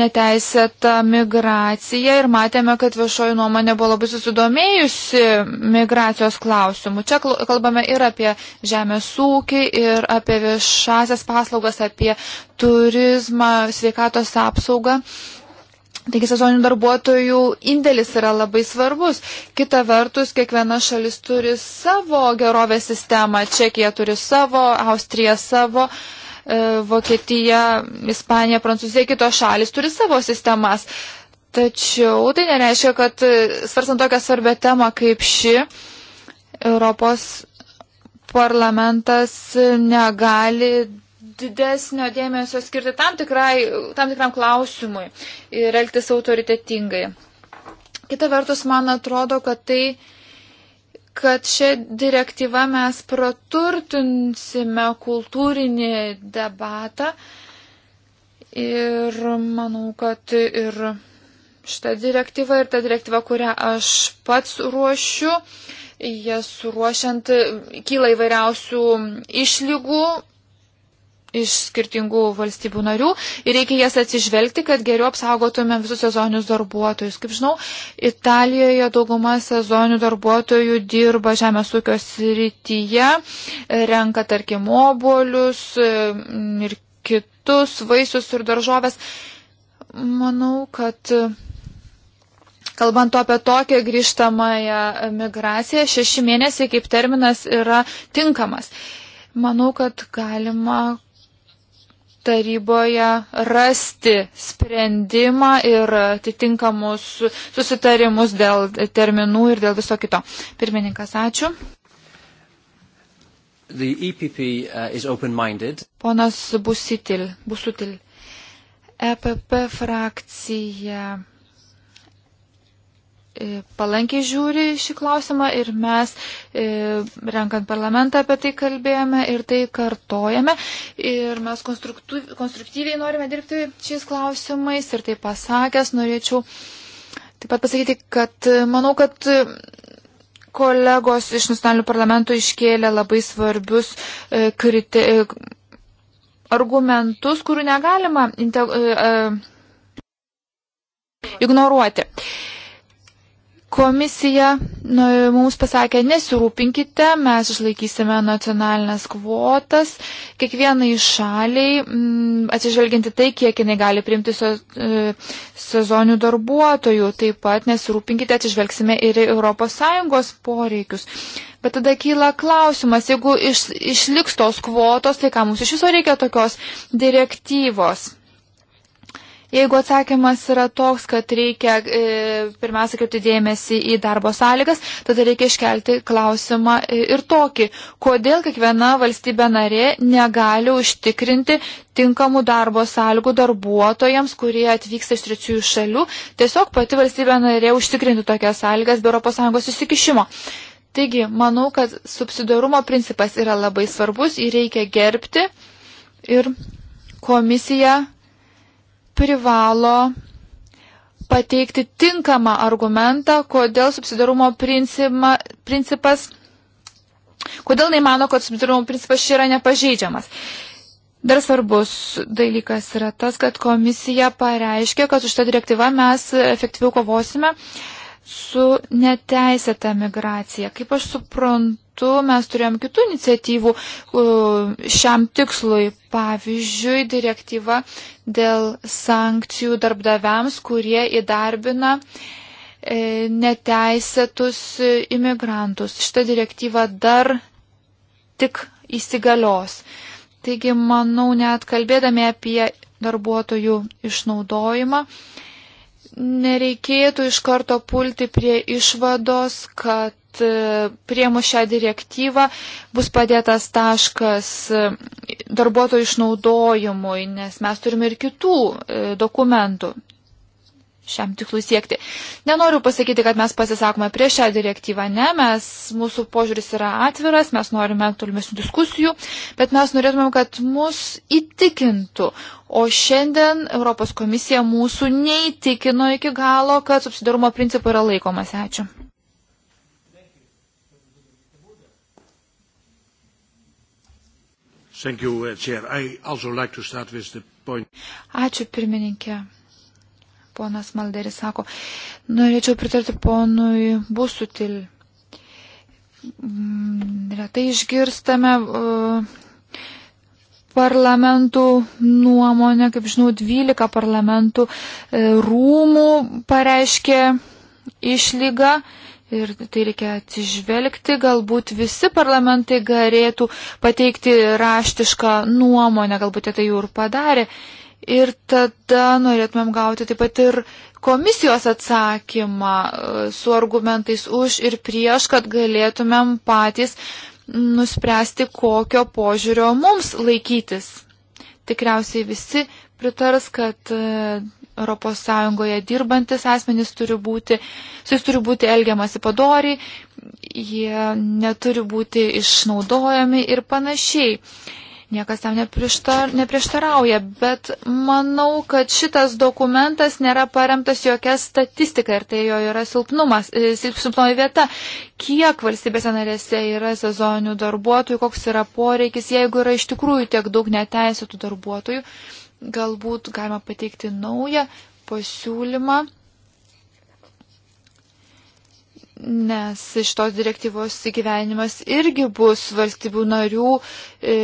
neteisėtą migraciją ir matėme, kad viešoji nuomonė buvo labai susidomėjusi migracijos klausimų. Čia kalbame ir apie žemės ūkį, ir apie viešasias paslaugas, apie turizmą, sveikatos apsaugą. Taigi sezoninių darbuotojų indėlis yra labai svarbus. Kita vertus, kiekviena šalis turi savo gerovės sistemą. Čekija turi savo, Austrija savo. Uh, E, Vokietija, Ispanija, Prancūzija, kitos šalis turi savo sistemas. Tačiau tai nereiškia, kad e, svarstant tokią svarbę temą kaip ši, Europos parlamentas negali didesnio dėmesio skirti tam, tikrai, tam tikram klausimui ir elgtis autoritetingai. Kita vertus, man atrodo, kad tai kad šią direktyvą mes praturtinsime kultūrinį debatą ir manau, kad ir šitą direktyvą ir tą direktyvą, kurią aš pats ruošiu, jas ruošiant kyla įvairiausių išlygų, iš skirtingų valstybių narių ir reikia jas atsižvelgti, kad geriau apsaugotume visus sezoninius darbuotojus. Kaip žinau, Italijoje dauguma sezoninių darbuotojų dirba žemės ūkio srityje, renka tarkim obolius mm, ir kitus vaisius ir daržovės. Manau, kad Kalbant apie tokią grįžtamąją migraciją, šeši mėnesiai kaip terminas yra tinkamas manau, kad galima taryboje rasti sprendimą ir atitinkamus susitarimus dėl terminų ir dėl viso kito. Pirmininkas, ačiū. EPP e uh, Ponas Busitil, Busutil, EPP frakcija E, palankiai žiūri šį klausimą ir mes, e, renkant parlamentą, apie tai kalbėjome ir tai kartojame. Ir mes konstruktyviai norime dirbti šiais klausimais ir tai pasakęs norėčiau taip pat pasakyti, kad e, manau, kad kolegos iš nacionalinių parlamentų iškėlė labai svarbius kriti... argumentus, kurių negalima. Inte... Ignoruoti. Komisija nu, mums pasakė, nesirūpinkite, mes išlaikysime nacionalinės kvotas, kiekvienai šaliai, m, mm, atsižvelginti tai, kiek jinai gali priimti so, e, sezonių darbuotojų, taip pat nesirūpinkite, atsižvelgsime ir ES poreikius. Bet tada kyla klausimas, jeigu iš, išliks tos kvotos, tai ką mums iš viso reikia tokios direktyvos? Jeigu atsakymas yra toks, kad reikia e, pirmiausia kreipti dėmesį į darbo sąlygas, tada reikia iškelti klausimą e, ir tokį, kodėl kiekviena valstybė narė negali užtikrinti tinkamų darbo sąlygų darbuotojams, kurie atvyksta iš trečiųjų šalių, tiesiog pati valstybė narė užtikrinti tokias sąlygas be ES įsikišimo. Taigi, manau, kad subsidarumo principas yra labai svarbus, jį reikia gerbti ir komisija privalo pateikti tinkamą argumentą, kodėl subsidarumo principa, principas, kodėl neįmano, kad subsidarumo principas čia yra nepažeidžiamas. Dar svarbus dalykas yra tas, kad komisija pareiškė, kad už tą direktyvą mes efektyviau kovosime su neteisėta migracija. Kaip aš suprantu, metu mes turėjom kitų iniciatyvų e, šiam tikslui. Pavyzdžiui, direktyva dėl sankcijų darbdaviams, kurie įdarbina e, neteisėtus imigrantus. Šitą direktyvą dar tik įsigalios. Taigi, manau, net kalbėdami apie darbuotojų išnaudojimą, nereikėtų iš karto pulti prie išvados, kad E, priemu šią direktyvą bus padėtas taškas e, darbuotojų išnaudojimui, nes mes turime ir kitų e, dokumentų šiam tikslui siekti. Nenoriu pasakyti, kad mes pasisakome prieš šią direktyvą, ne, mes, mūsų požiūris yra atviras, mes norime tolimesnių diskusijų, bet mes norėtumėm, kad mus įtikintų. O šiandien Europos komisija mūsų neįtikino iki galo, kad subsidarumo principų yra laikomas. Ačiū. Thank you, uh, Chair. I also like to start with the point. Ačiū pirmininkė. Ponas Malderis sako, norėčiau pritarti ponui Busutil. Mm, retai išgirstame uh, parlamentų nuomonę, kaip žinau, 12 parlamentų uh, rūmų pareiškė išlygą Ir tai reikia atsižvelgti, galbūt visi parlamentai galėtų pateikti raštišką nuomonę, galbūt tai jau ir padarė. Ir tada norėtumėm gauti taip pat ir komisijos atsakymą e, su argumentais už ir prieš, kad galėtumėm patys nuspręsti, kokio požiūrio mums laikytis. Tikriausiai visi pritars, kad e, ES dirbantis asmenys turi būti, su jais turi būti elgiamasi padoriai, jie neturi būti išnaudojami ir panašiai. Niekas tam neprieštar, neprieštarauja, bet manau, kad šitas dokumentas nėra paremtas jokia statistika ir tai jo yra silpnumas, e, silpnoji vieta. Kiek valstybėse narėse yra sezoninių darbuotojų, koks yra poreikis, jeigu yra iš tikrųjų tiek daug neteisėtų darbuotojų, galbūt galima pateikti naują pasiūlymą, nes šitos direktyvos įgyvenimas irgi bus valstybių narių e,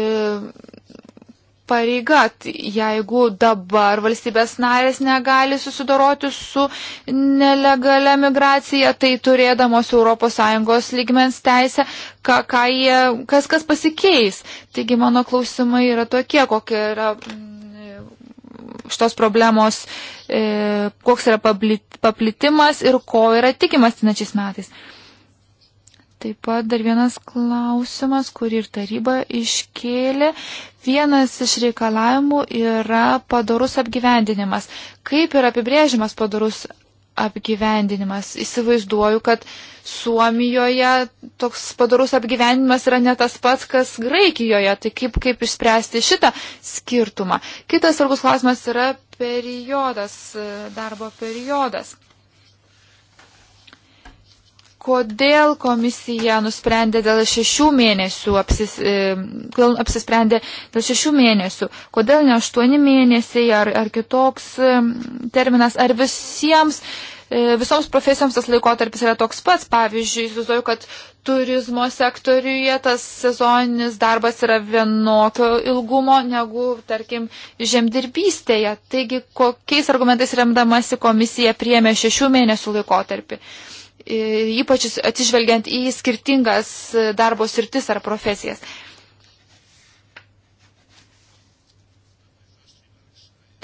pareiga. Tai jeigu dabar valstybės narės negali susidoroti su nelegalia migracija, tai turėdamos ES lygmens teisę, ką, ką jie, kas kas pasikeis. Taigi mano klausimai yra tokie, kokia yra. Mm, šitos problemos, e, koks yra paplitimas ir ko yra tikimas tinačiais metais. Taip pat dar vienas klausimas, kurį ir taryba iškėlė. Vienas iš reikalavimų yra padarus apgyvendinimas. Kaip yra apibrėžimas padarus apgyvendinimas. Įsivaizduoju, kad Suomijoje toks padarus apgyvendinimas yra ne tas pats, kas Graikijoje. Tai kaip, kaip išspręsti šitą skirtumą? Kitas svarbus klausimas yra periodas, darbo periodas kodėl komisija nusprendė dėl šešių mėnesių, apsis, e, apsisprendė dėl šešių mėnesių, kodėl ne aštuoni mėnesiai ar, ar kitoks e, terminas, ar visiems, e, visoms profesijoms tas laikotarpis yra toks pats. Pavyzdžiui, įsivaizduoju, kad turizmo sektoriuje tas sezoninis darbas yra vienokio ilgumo negu, tarkim, žemdirbystėje. Taigi, kokiais argumentais remdamasi komisija priemė šešių mėnesių laikotarpį. Uh, E, ypač atsižvelgiant į skirtingas darbo sritis ar profesijas.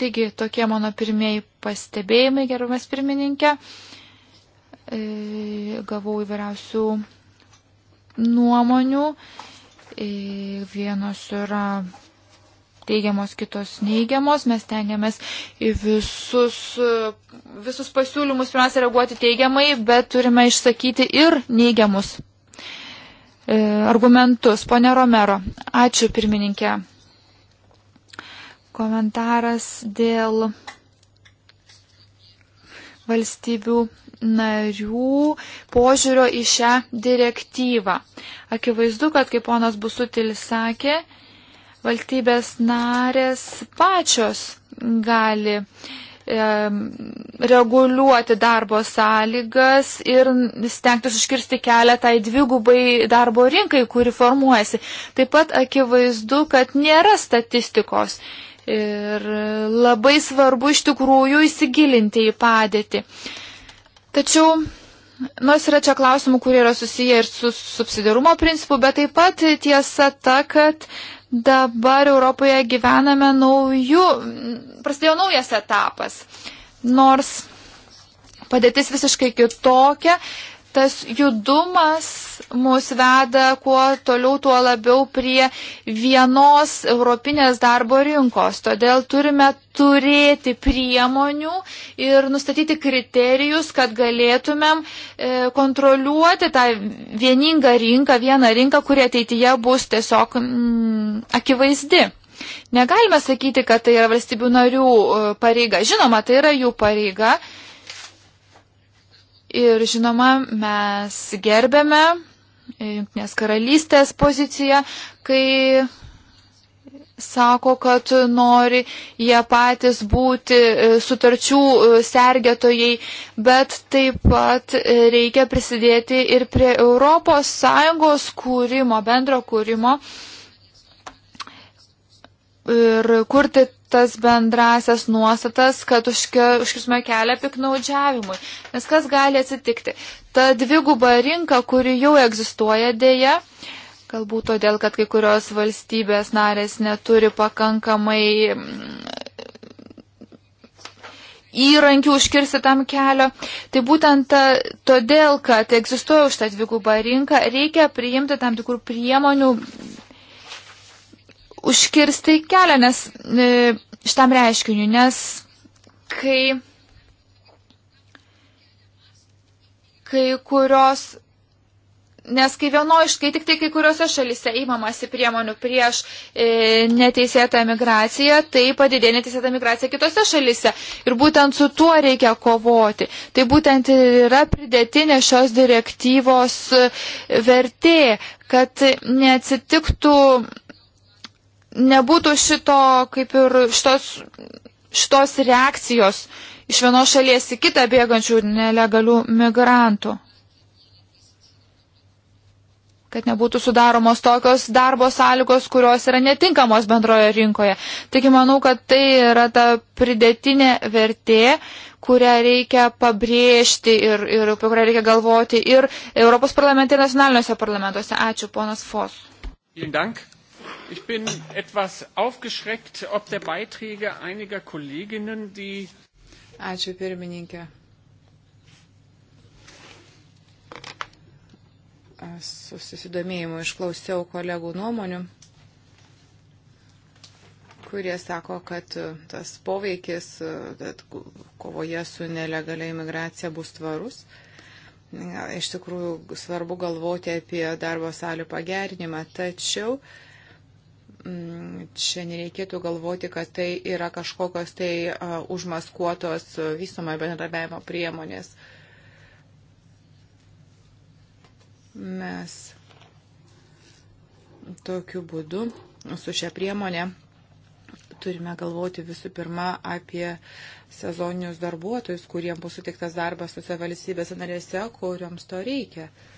Taigi tokie mano pirmieji pastebėjimai, gerumas pirmininkė. E, gavau įvairiausių nuomonių. E, vienos yra teigiamos, kitos neigiamos. Mes tengiamės į visus, visus pasiūlymus pirmiausia reaguoti teigiamai, bet turime išsakyti ir neigiamus e, argumentus. Pone Romero, ačiū pirmininkė. Komentaras dėl valstybių narių požiūrio į šią direktyvą. Akivaizdu, kad kaip ponas Busutilis sakė, valstybės narės pačios gali reguliuoti darbo sąlygas ir stengtis užkirsti kelią tai dvigubai darbo rinkai, kuri formuojasi. Taip pat akivaizdu, kad nėra statistikos ir labai svarbu iš tikrųjų įsigilinti į padėtį. Tačiau Nors yra čia klausimų, kurie yra susiję ir su subsidiarumo principu, bet taip pat tiesa ta, kad dabar Europoje gyvename naujų, prasidėjo naujas etapas. Nors padėtis visiškai kitokia, tas judumas mus veda kuo toliau, tuo labiau prie vienos europinės darbo rinkos. Todėl turime turėti priemonių ir nustatyti kriterijus, kad galėtumėm e, kontroliuoti tą vieningą rinką, vieną rinką, kuri ateityje bus tiesiog mm, akivaizdi. Negalime sakyti, kad tai yra valstybių narių e, pareiga. Žinoma, tai yra jų pareiga. Ir žinoma, mes gerbėme Junktinės karalystės poziciją, kai sako, kad nori jie patys būti e, sutarčių e, sergėtojai, bet taip pat e, reikia prisidėti ir prie ES kūrimo, bendro kūrimo ir kurti tas bendrasias nuostatas, kad užkirsime kelią piknaudžiavimui. Nes kas gali atsitikti? Ta dviguba rinka, kuri jau egzistuoja dėja, galbūt todėl, kad kai kurios valstybės narės neturi pakankamai mm, įrankių užkirsti tam kelio. Tai būtent ta, todėl, kad egzistuoja už tą dvigubą rinką, reikia priimti tam tikrų priemonių užkirsti kelią nes, e, šitam reiškiniu, nes kai, kai kurios Nes kai vienoiš, kai tik tai kai kuriuose šalise įmamasi priemonių prieš e, neteisėtą migraciją, tai padidėja neteisėta migracija kitose šalise. Ir būtent su tuo reikia kovoti. Tai būtent yra pridėtinė šios direktyvos e, vertė, kad neatsitiktų nebūtų šito, kaip ir šitos, šitos reakcijos iš vienos šalies į kitą bėgančių nelegalių migrantų. Kad nebūtų sudaromos tokios darbo sąlygos, kurios yra netinkamos bendroje rinkoje. Taigi manau, kad tai yra ta pridėtinė vertė, kurią reikia pabrėžti ir, ir apie kurią reikia galvoti ir Europos parlamente ir nacionaliniuose parlamentuose. Ačiū, ponas Fos. Vielen Dank. Ich bin etwas aufgeschreckt, ob der Beiträge einiger Kolleginnen, die. Ačiū pirmininkė. Su susidomėjimu išklausiau kolegų nuomonių, kurie sako, kad e, tas poveikis e, kad kovoje su nelegalia imigracija bus tvarus. Iš tikrųjų svarbu galvoti apie darbo salių pagerinimą, tačiau uh, Mm, čia nereikėtų galvoti, kad tai yra kažkokios tai užmaskuotos visomai bendradarbiavimo priemonės. Mes tokiu būdu su šia priemonė turime galvoti visų pirma apie sezoninius darbuotojus, kuriems bus sutiktas darbas tose valstybėse narėse, kuriuoms to reikia. Uh,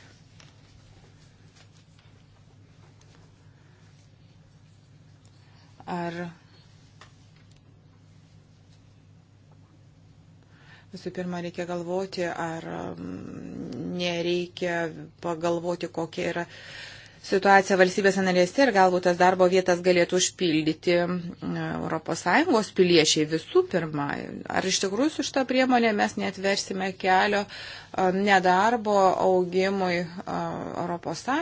Ar Visų pirma, reikia galvoti, ar mm, nereikia pagalvoti, kokia yra situaciją valstybės narėse ir galbūt tas darbo vietas galėtų užpildyti ES piliečiai visų pirma. Ar iš tikrųjų su šitą priemonę mes netversime kelio e, nedarbo augimui ES?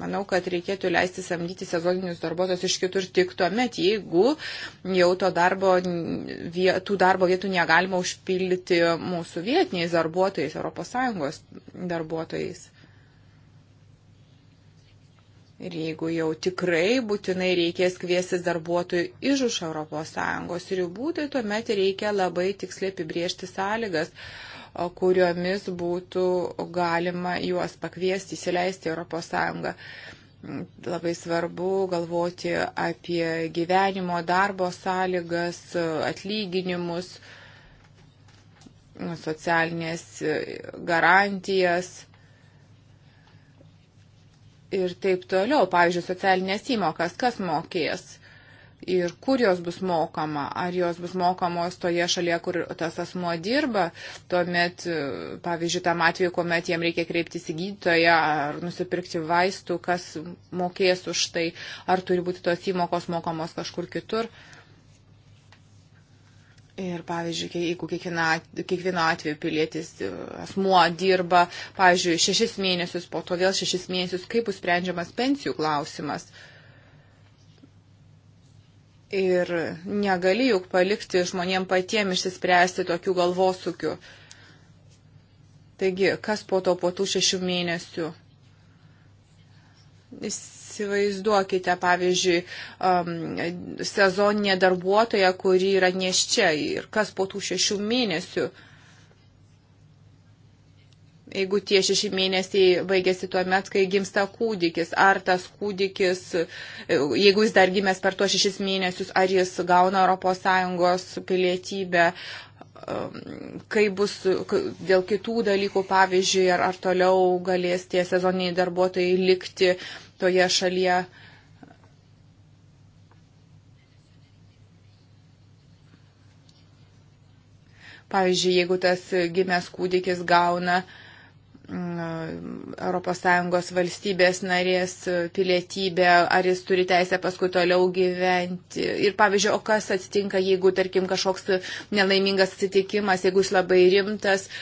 Manau, kad reikėtų leisti samdyti sezoninius darbuotojus iš kitur tik tuomet, jeigu jau to darbo, tų darbo vietų negalima užpildyti mūsų vietiniais darbuotojais, ES darbuotojais. Ir jeigu jau tikrai būtinai reikės kviestis darbuotojų iš už ES ribų, tai tuomet reikia labai tiksliai apibriežti sąlygas, kuriomis būtų galima juos pakviesti, įsileisti ES. Mm, labai svarbu galvoti apie gyvenimo, darbo sąlygas, atlyginimus, socialinės garantijas ir taip toliau. Pavyzdžiui, socialinės įmokas, kas mokės ir kur jos bus mokama, ar jos bus mokamos toje šalyje, kur tas asmuo dirba, tuomet, pavyzdžiui, tam atveju, kuomet jiem reikia kreiptis į gydytoją ar nusipirkti vaistų, kas mokės už tai, ar turi būti tos įmokos mokamos kažkur kitur. Uh, Ir pavyzdžiui, jeigu kiekviena, kiekvieno atveju pilietis e, asmuo dirba, pavyzdžiui, šešis mėnesius, po to vėl šešis mėnesius, kaip bus sprendžiamas pensijų klausimas. Ir negali juk palikti žmonėm patiem išsispręsti tokių galvosukių. Taigi, kas po to po tų šešių mėnesių? Jis Įsivaizduokite, pavyzdžiui, um, sezoninė darbuotoja, kuri yra neščia ir kas po tų šešių mėnesių. Jeigu tie šeši mėnesiai baigėsi tuo met, kai gimsta kūdikis, ar tas kūdikis, jeigu jis dar gimęs per tuos šešis mėnesius, ar jis gauna ES pilietybę, um, kai bus dėl kitų dalykų, pavyzdžiui, ar, ar toliau galės tie sezoniniai darbuotojai likti toje šalyje. Pavyzdžiui, jeigu tas gimęs kūdikis gauna mm, ES valstybės narės pilietybę, ar jis turi teisę paskui toliau gyventi. Ir pavyzdžiui, o kas atsitinka, jeigu, tarkim, kažkoks nelaimingas atsitikimas, jeigu jis labai rimtas, uh,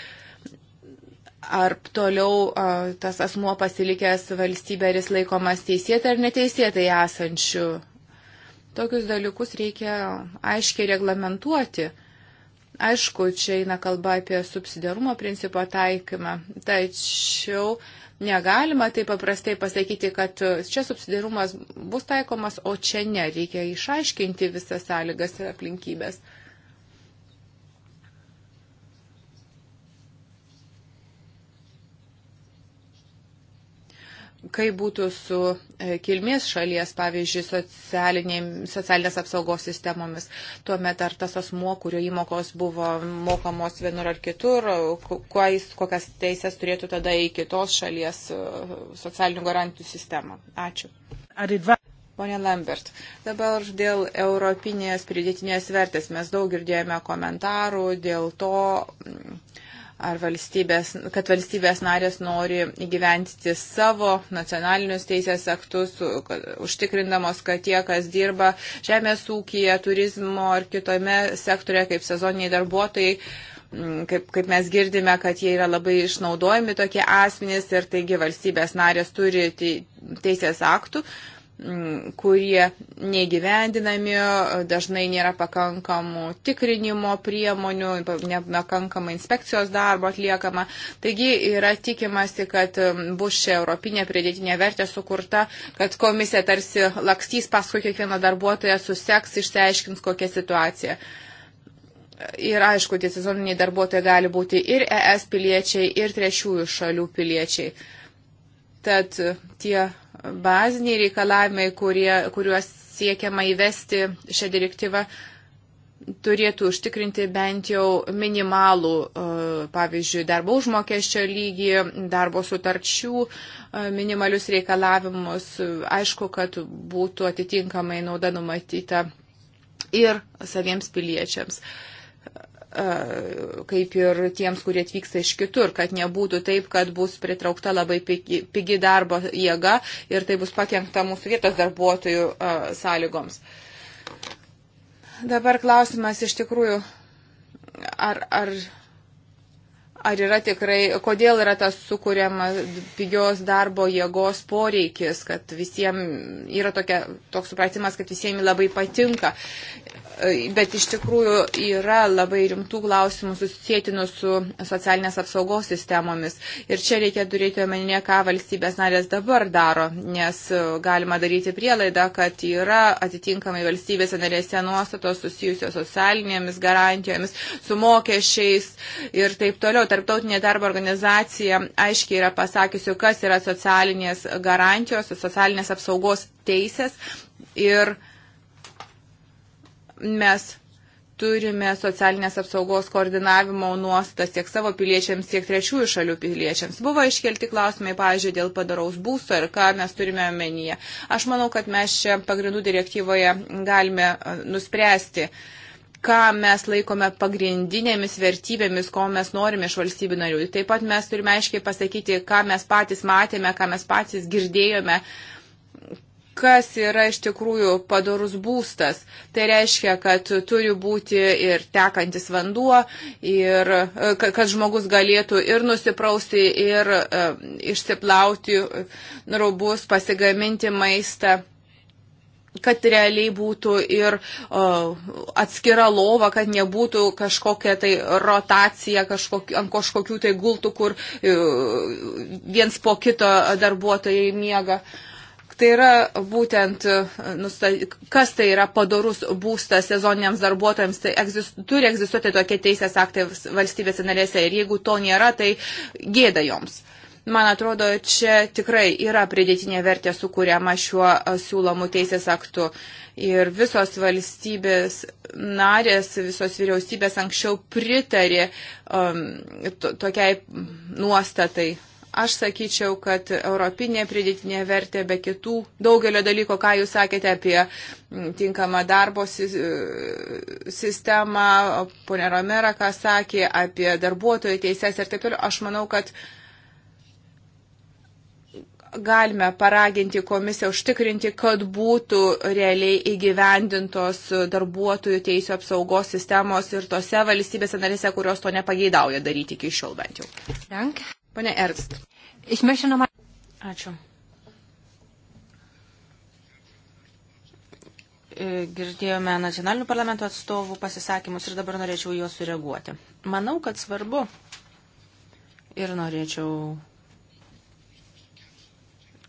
ar toliau a, tas asmuo pasilikęs valstybė ir jis laikomas teisėtai ar neteisėtai esančių. Tokius dalykus reikia aiškiai reglamentuoti. Aišku, čia eina kalba apie subsidiarumo principo taikymą, tačiau negalima taip paprastai pasakyti, kad čia subsidiarumas bus taikomas, o čia ne. Reikia išaiškinti visas sąlygas ir aplinkybės. kaip būtų su e, kilmės šalies, pavyzdžiui, socialinės apsaugos sistemomis. Tuomet ar tas asmuo, kurio įmokos buvo mokamos vienur ar kitur, kuais, kokias teisės turėtų tada į kitos šalies e, socialinių garantijų sistemą. Ačiū. Pone Lambert, dabar dėl europinės pridėtinės vertės mes daug girdėjome komentarų dėl to ar valstybės, kad valstybės narės nori įgyventyti savo nacionalinius teisės aktus, užtikrindamos, kad tie, kas dirba žemės ūkija, turizmo ar kitome sektorė, kaip sezoniniai darbuotojai, kaip, kaip mes girdime, kad jie yra labai išnaudojami tokie asmenys ir taigi valstybės narės turi teisės aktų, Mm, kurie negyvendinami, dažnai nėra pakankamų tikrinimo priemonių, nepakankamai inspekcijos darbo atliekama. Taigi yra tikimasi, kad mm, bus čia europinė pridėtinė vertė sukurta, kad komisija tarsi lakstys paskui kiekvieną darbuotoją, suseks, išsiaiškins kokią situaciją. Ir aišku, tie sezoniniai darbuotojai gali būti ir ES piliečiai, ir trečiųjų šalių piliečiai. Tad tie baziniai reikalavimai, kurie, kuriuos siekiama įvesti šią direktyvą, turėtų užtikrinti bent jau minimalų, e, pavyzdžiui, darbo užmokesčio lygį, darbo sutarčių e, minimalius reikalavimus. Aišku, kad būtų atitinkamai nauda numatyta ir saviems piliečiams. E, kaip ir tiems, kurie atvyksta iš kitur, kad nebūtų taip, kad bus pritraukta labai pigi, pigi darbo jėga ir tai bus pakengta mūsų vietos darbuotojų e, sąlygoms. Dabar klausimas iš tikrųjų, ar, ar Ar yra tikrai, kodėl yra tas sukūriama pigios darbo jėgos poreikis, kad visiems yra tokia, toks supratimas, kad visiems labai patinka. Bet iš tikrųjų yra labai rimtų klausimų susijėtinų su socialinės apsaugos sistemomis. Ir čia reikia turėti omenyje, ką valstybės narės dabar daro, nes galima daryti prielaidą, kad yra atitinkamai valstybėse narėse nuostatos susijusios socialinėmis garantijomis, su mokesčiais ir taip toliau tarptautinė darbo organizacija aiškiai yra pasakiusi, kas yra socialinės garantijos, socialinės apsaugos teisės ir mes turime socialinės apsaugos koordinavimo nuostas tiek savo piliečiams, tiek trečiųjų šalių piliečiams. Buvo iškelti klausimai, pavyzdžiui, dėl padaraus būsto ir ką mes turime omenyje. Aš manau, kad mes čia pagrindų direktyvoje galime nuspręsti, uh, ką mes laikome pagrindinėmis vertybėmis, ko mes norime iš valstybių narių. Taip pat mes turime aiškiai pasakyti, ką mes patys matėme, ką mes patys girdėjome, kas yra iš tikrųjų padarus būstas. Tai reiškia, kad turi būti ir tekantis vanduo, ir e, kad žmogus galėtų ir nusiprausti, ir e, išsiplauti e, rubus, pasigaminti maistą kad realiai būtų ir o, atskira lova, kad nebūtų kažkokia tai rotacija kažkok, ant kažkokių tai gultų, kur o, e, viens po kito darbuotojai miega. Tai yra būtent, e, kas tai yra padarus būstas sezoniniams darbuotojams, tai egzist, turi egzistuoti tokie teisės aktai valstybėse narėse ir jeigu to nėra, tai gėda joms. Uh, Man atrodo, čia tikrai yra pridėtinė vertė sukūriama šiuo siūlomu teisės aktu. Ir visos valstybės narės, visos vyriausybės anksčiau pritarė um, to, tokiai nuostatai aš sakyčiau, kad europinė pridėtinė vertė be kitų daugelio dalyko, ką jūs sakėte apie tinkamą darbo e, sistemą, ponė Romera, ką sakė apie darbuotojų teises ir taip toliau, aš manau, kad uh, galime paraginti komisiją užtikrinti, kad būtų realiai įgyvendintos darbuotojų teisų apsaugos sistemos ir tose valstybėse narėse, kurios to nepageidauja daryti iki šiol bent jau. Dank. Pane Ernst. Ačiū. E, girdėjome nacionalinių parlamento atstovų pasisakymus ir dabar norėčiau juos sureaguoti. Manau, kad svarbu ir norėčiau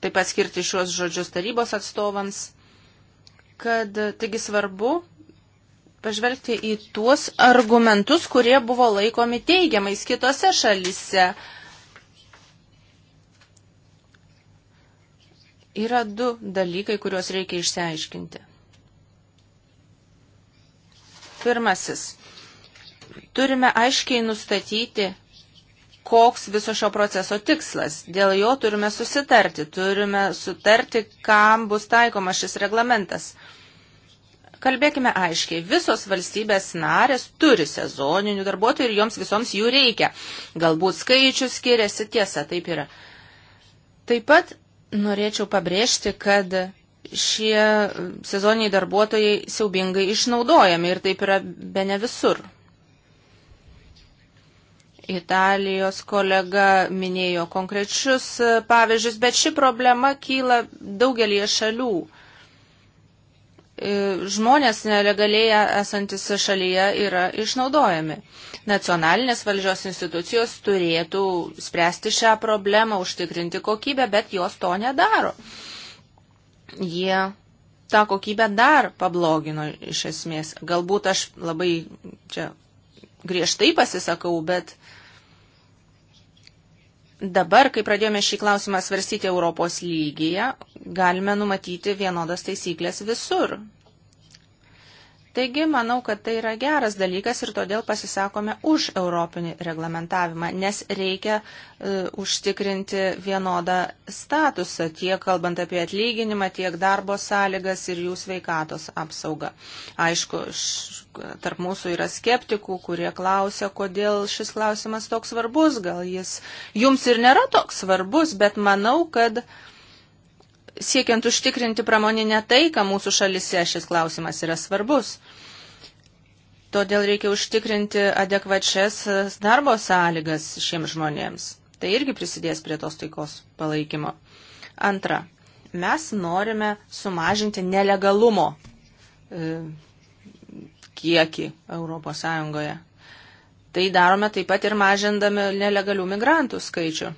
taip pat skirti šios žodžius tarybos atstovams, kad taigi svarbu pažvelgti į tuos argumentus, kurie buvo laikomi teigiamais kitose šalise. Yra du dalykai, kuriuos reikia išsiaiškinti. Pirmasis. Turime aiškiai nustatyti, koks viso šio proceso tikslas. Dėl jo turime susitarti, turime sutarti, kam bus taikoma šis reglamentas. Kalbėkime aiškiai, visos valstybės narės turi sezoninių darbuotojų ir joms visoms jų reikia. Galbūt skaičius skiriasi, tiesa, taip yra. Taip pat norėčiau pabrėžti, kad šie sezoniniai darbuotojai siaubingai išnaudojami ir taip yra be ne visur. Italijos kolega minėjo konkrečius e, pavyzdžius, bet ši problema kyla daugelį šalių. E, žmonės nelegaliai esantis šalyje yra išnaudojami. Nacionalinės valdžios institucijos turėtų spręsti šią problemą, užtikrinti kokybę, bet jos to nedaro. Jie tą kokybę dar pablogino iš esmės. Galbūt aš labai čia griežtai pasisakau, bet uh, Dabar, kai pradėjome šį klausimą svarstyti Europos lygyje, galime numatyti vienodas taisyklės visur. Taigi, manau, kad tai yra geras dalykas ir todėl pasisakome už europinį reglamentavimą, nes reikia uh, užtikrinti vienodą statusą, tiek kalbant apie atlyginimą, tiek darbo sąlygas ir jų sveikatos apsaugą. Aišku, š, tarp mūsų yra skeptikų, kurie klausia, kodėl šis klausimas toks svarbus, gal jis jums ir nėra toks svarbus, bet manau, kad uh, siekiant užtikrinti pramoninę taiką mūsų šalise šis klausimas yra svarbus. Todėl reikia užtikrinti adekvačias darbo sąlygas šiems žmonėms. Tai irgi prisidės prie tos taikos palaikymo. Antra, mes norime sumažinti nelegalumo e, kiekį Europos Sąjungoje. Tai darome taip pat ir mažindami nelegalių migrantų skaičių.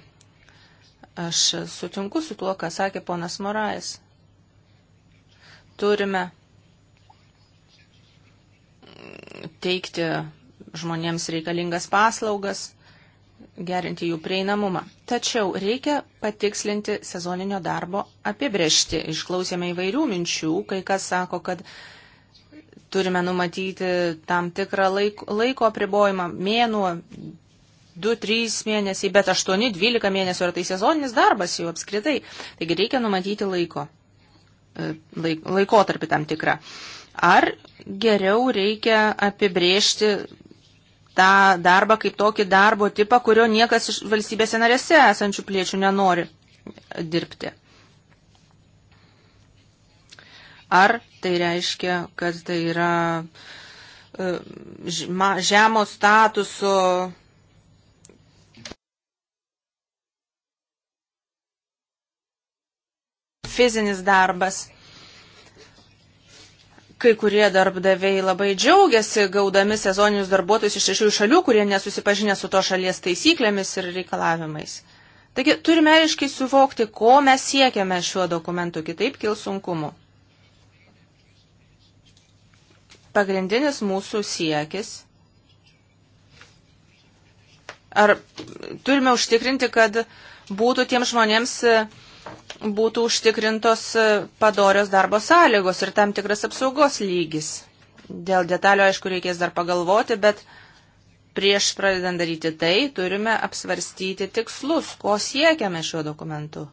Aš sutinku su tuo, ką sakė ponas Morais. Turime teikti žmonėms reikalingas paslaugas, gerinti jų prieinamumą. Tačiau reikia patikslinti sezoninio darbo apibrėžti. Išklausėme įvairių minčių, kai kas sako, kad turime numatyti tam tikrą laiko, laiko apribojimą, mėnuo, 2-3 mėnesiai, bet 8-12 mėnesių yra tai sezoninis darbas jau apskritai. Taigi reikia numatyti laiko, e, laik, laikotarpį tam tikrą. Ar geriau reikia apibriežti tą darbą kaip tokį darbo tipą, kurio niekas iš valstybėse narėse esančių pliečių nenori dirbti? Ar tai reiškia, kad tai yra e, žemo statuso fizinis darbas. Kai kurie darbdaviai labai džiaugiasi gaudami sezoninius darbuotojus iš šešių šalių, kurie nesusipažinę su to šalies taisyklėmis ir reikalavimais. Taigi turime aiškiai suvokti, ko mes siekiame šiuo dokumentu, kitaip kil sunkumu. Pagrindinis mūsų siekis Ar turime užtikrinti, kad būtų tiems žmonėms būtų užtikrintos e, padorios darbo sąlygos ir tam tikras apsaugos lygis. Dėl detalio, aišku, reikės dar pagalvoti, bet prieš pradedant daryti tai, turime apsvarstyti tikslus, ko siekiame šiuo dokumentu.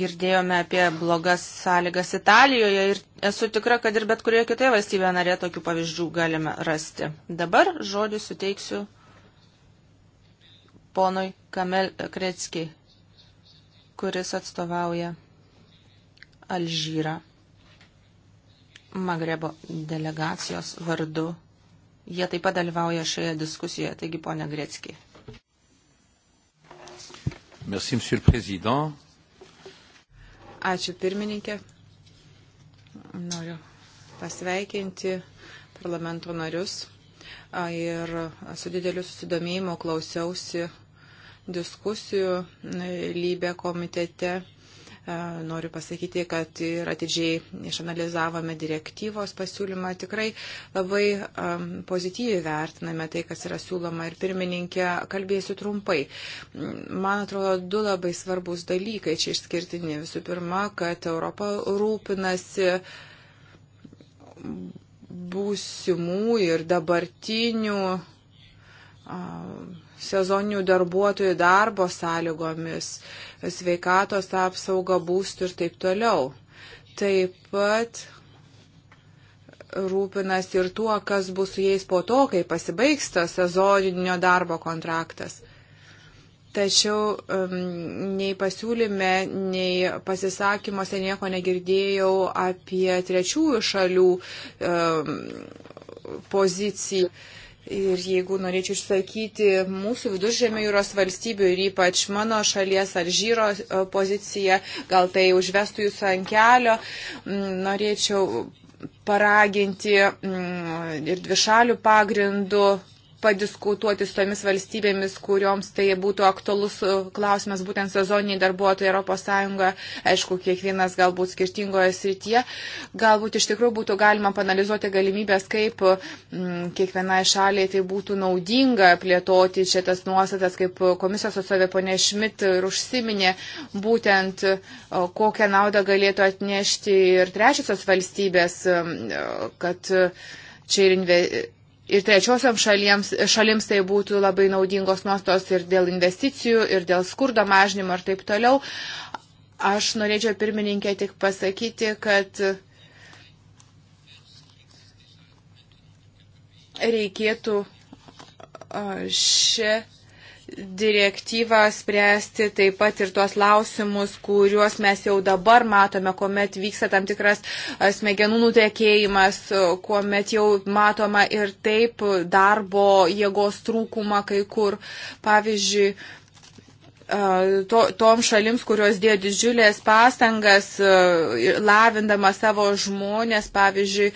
Girdėjome apie blogas sąlygas Italijoje ir esu tikra, kad ir bet kurioje kitoje valstybėje narė tokių pavyzdžių galime rasti. Dabar žodį suteiksiu ponui Kamel Kretski, kuris atstovauja Alžyrą Magrebo delegacijos vardu. Jie taip pat dalyvauja šioje diskusijoje, taigi ponia Gretski. Merci, monsieur le président. Ačiū pirmininkė. Noriu pasveikinti parlamento narius ir su dideliu susidomėjimu klausiausi diskusijų e, lybė komitete. E, noriu pasakyti, kad ir atidžiai išanalizavome direktyvos pasiūlymą. Tikrai labai um, pozityviai vertiname tai, kas yra siūloma ir pirmininkė, kalbėsiu trumpai. Man atrodo, du labai svarbus dalykai čia išskirtini. Visų pirma, kad Europa rūpinasi būsimų ir dabartinių sezoninių darbuotojų darbo sąlygomis, sveikatos apsauga būstų ir taip toliau. Taip pat rūpinasi ir tuo, kas bus su jais po to, kai pasibaigs tas sezoninio darbo kontraktas. Tačiau um, nei pasiūlyme, nei pasisakymuose nieko negirdėjau apie trečiųjų šalių um, poziciją. Uh, Ir jeigu norėčiau išsakyti mūsų viduržėmio jūros valstybių ir ypač mano šalies ar žyro e, poziciją, gal tai užvestų jūsų ant kelio, mm, norėčiau paraginti mm, ir dvišalių pagrindų padiskutuoti su tomis valstybėmis, kurioms tai būtų aktualus e, klausimas, būtent sezoniniai darbuotojai Europos Sąjungoje, aišku, kiekvienas galbūt skirtingoje srityje. Galbūt iš tikrųjų būtų galima panalizuoti galimybės, kaip m, mm, kiekvienai šaliai tai būtų naudinga plėtoti čia tas nuostatas, kaip komisijos atstovė ponė Šmit ir užsiminė, būtent e, kokią naudą galėtų atnešti ir trečiosios valstybės, e, kad čia ir investicijos ir trečiosiam šalims, šalims tai būtų labai naudingos nuostos ir dėl investicijų, ir dėl skurdo mažnymo ir taip toliau. Aš norėčiau pirmininkė tik pasakyti, kad reikėtų šią direktyvą spręsti taip pat ir tuos lausimus, kuriuos mes jau dabar matome, kuomet vyksta tam tikras e, smegenų nutekėjimas, e, kuomet jau matoma ir taip darbo jėgos trūkumą kai kur. Pavyzdžiui, to, tom šalims, kurios dėjo didžiulės pastangas, lavindama savo žmonės, pavyzdžiui,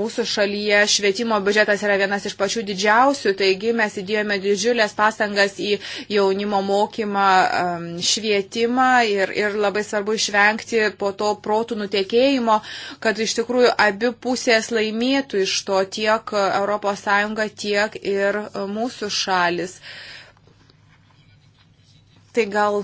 mūsų šalyje švietimo biudžetas yra vienas iš pačių didžiausių, taigi mes įdėjome didžiulės pastangas į jaunimo mokymą, švietimą ir, ir labai svarbu išvengti po to protų nutekėjimo, kad iš tikrųjų abi pusės laimėtų iš to tiek ES, tiek ir mūsų šalis. Uh, Tai gal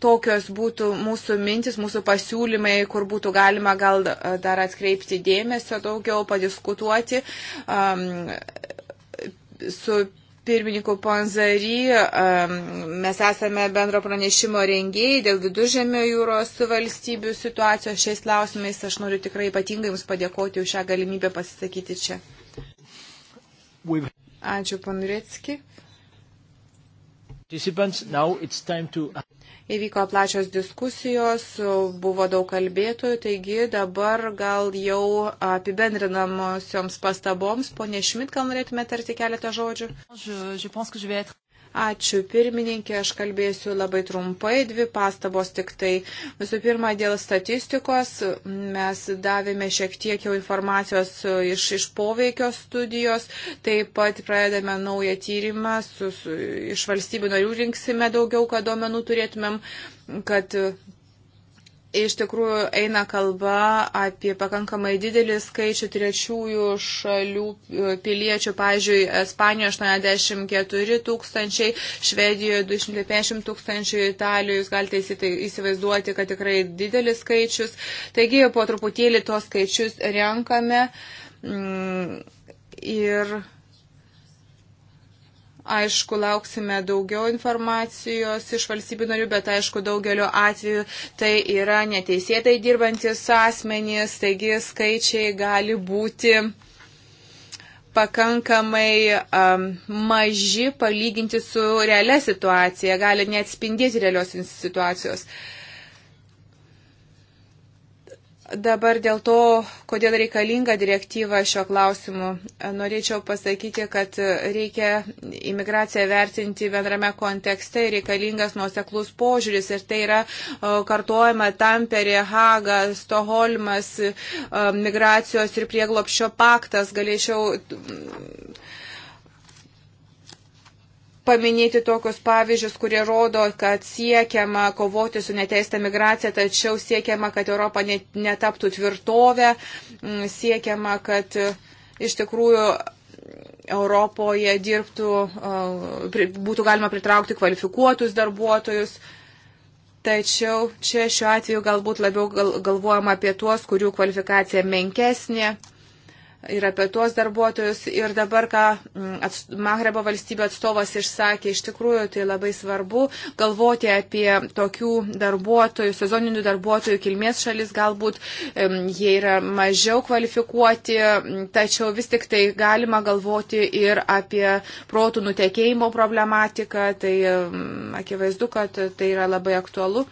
tokios būtų mūsų mintis, mūsų pasiūlymai, kur būtų galima gal e, dar atkreipti dėmesio daugiau, padiskutuoti um, su. Pirmininku Ponzary, um, mes esame bendro pranešimo rengėjai dėl viduržėmio jūros valstybių situacijos šiais klausimais. Aš noriu tikrai ypatingai Jums padėkoti už šią galimybę pasisakyti čia. Ačiū, Panretski. To... Įvyko plačios diskusijos, buvo daug kalbėtojų, taigi dabar gal jau apibendrinamosioms pastaboms, ponė Šmit, gal norėtume tarti keletą žodžių? Je, je pense, Ačiū pirmininkė, aš kalbėsiu labai trumpai, dvi pastabos tik tai. Visų pirma, dėl statistikos mes davėme šiek tiek jau informacijos iš, iš poveikio studijos, taip pat pradedame naują tyrimą, su, su, iš valstybių narių rinksime daugiau, kad duomenų turėtumėm, kad iš tikrųjų eina kalba apie pakankamai didelį skaičių trečiųjų šalių e, piliečių. Pavyzdžiui, Ispanijoje 84 tūkstančiai, Švedijoje 250 tūkstančių, Italijoje jūs galite įsivaizduoti, kad tikrai didelis skaičius. Taigi po truputėlį tos skaičius renkame. Mm, ir Aišku, lauksime daugiau informacijos iš valstybių narių, bet aišku, daugeliu atveju tai yra neteisėtai dirbantis asmenys, taigi skaičiai gali būti pakankamai um, maži palyginti su realia situacija, gali neatspindėti realios situacijos. Uh, Dabar dėl to, kodėl reikalinga direktyva šiuo klausimu, norėčiau pasakyti, kad reikia imigraciją vertinti bendrame kontekste ir reikalingas nuoseklus požiūris. Ir tai yra kartuojama Tamperė, Haga, Stoholmas, migracijos ir prieglopšio paktas. Galėčiau paminėti tokius pavyzdžius, kurie rodo, kad siekiama kovoti su neteista migracija, tačiau siekiama, kad Europa netaptų tvirtovę, mm, siekiama, kad e, iš tikrųjų Europoje dirbtų, e, būtų galima pritraukti kvalifikuotus darbuotojus. Tačiau čia šiuo atveju galbūt labiau galvojama apie tuos, kurių kvalifikacija menkesnė ir apie tuos darbuotojus. Ir dabar, ką mm, Magrebo valstybių atstovas išsakė, iš tikrųjų tai labai svarbu galvoti apie tokių darbuotojų, sezoninių darbuotojų kilmės šalis, galbūt jie yra mažiau kvalifikuoti, tačiau vis tik tai galima galvoti ir apie protų nutekėjimo problematiką. Tai akivaizdu, kad tai yra labai aktualu.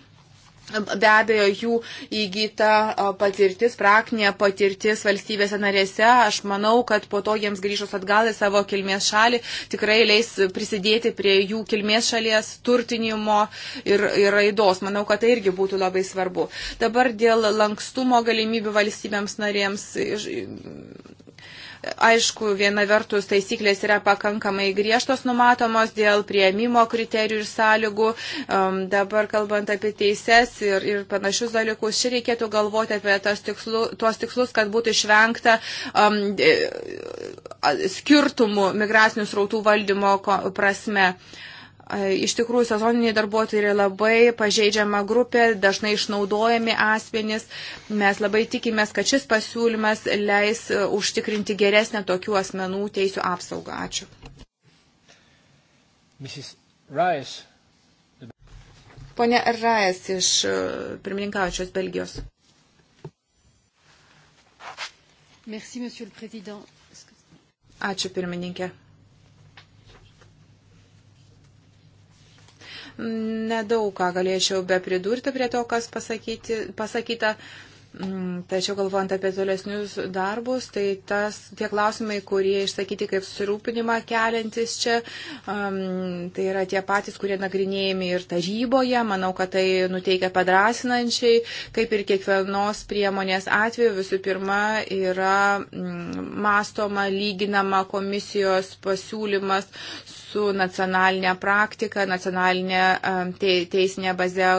Be abejo, jų įgyta patirtis, praktinė patirtis valstybėse narėse, aš manau, kad po to jiems grįžus atgal į savo kilmės šalį tikrai leis prisidėti prie jų kilmės šalies turtinimo ir, ir raidos. Manau, kad tai irgi būtų labai svarbu. Dabar dėl lankstumo galimybių valstybėms narėms Aišku, viena vertus taisyklės yra pakankamai griežtos numatomos dėl prieimimo kriterijų ir sąlygų. Um, dabar kalbant apie teises ir, ir panašius dalykus, šį reikėtų galvoti apie tikslu, tuos tikslus, kad būtų išvengta um, skirtumų migracinių srautų valdymo prasme. Uh, Iš tikrųjų, sezoniniai darbuotojai yra labai pažeidžiama grupė, dažnai išnaudojami asmenys. Mes labai tikimės, kad šis pasiūlymas leis e, užtikrinti geresnę tokių asmenų teisų apsaugą. Ačiū. Pone Rajas iš e, pirmininkaujančios Belgijos. Merci, Ačiū pirmininkė. Nedaug ką galėčiau be pridurti prie to, kas pasakyti, pasakyta. Mm, tačiau galvojant apie tolesnius darbus, tai tas, tie klausimai, kurie išsakyti kaip surūpinimą keliantis čia, um, tai yra tie patys, kurie nagrinėjami ir tažyboje. Manau, kad tai nuteikia padrasinančiai, kaip ir kiekvienos priemonės atveju. Visų pirma, yra um, mm, mastoma, lyginama komisijos pasiūlymas su nacionalinė praktika, nacionalinė teisinė bazė,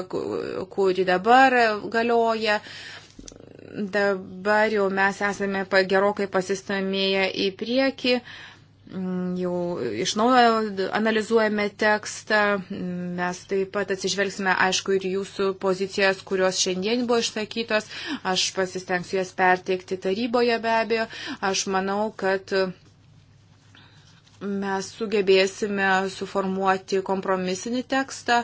kuri dabar galioja dabar jau mes esame gerokai pasistumėję į priekį, mm, jau iš naujo analizuojame tekstą, mes taip pat atsižvelgsime, aišku, ir jūsų pozicijas, kurios šiandien buvo išsakytos, aš pasistengsiu jas perteikti taryboje be abejo, aš manau, kad mes sugebėsime suformuoti kompromisinį tekstą,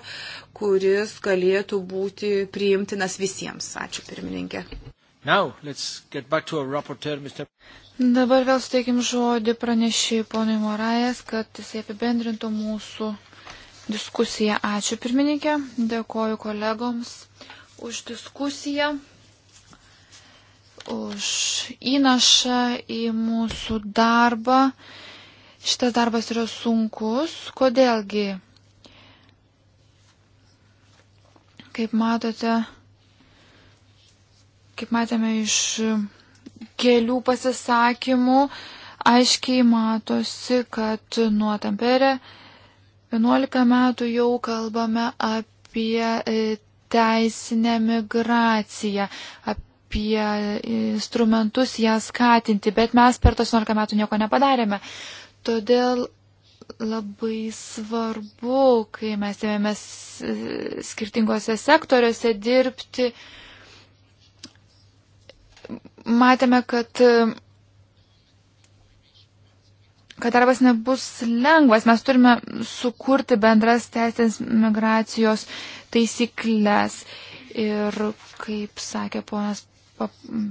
kuris galėtų būti priimtinas visiems. Ačiū pirmininkė. Now, reporter, Dabar vėl suteikim žodį pranešiai ponui Morajas, kad jisai apibendrintų mūsų diskusiją. Ačiū pirmininkė, dėkoju kolegoms už diskusiją už įnašą į mūsų darbą. Šitas darbas yra sunkus. Kodėlgi? Kaip matote, kaip matėme iš kelių pasisakymų, aiškiai matosi, kad nuo Tamperė 11 metų jau kalbame apie e, teisinę migraciją, apie apie instrumentus ją skatinti, bet mes per tos 11 metų nieko nepadarėme. Todėl labai svarbu, kai mes ėmėmės e, skirtingose sektoriuose dirbti, matėme, kad e, kad darbas nebus lengvas, mes turime sukurti bendras teisės migracijos taisyklės. Ir kaip sakė ponas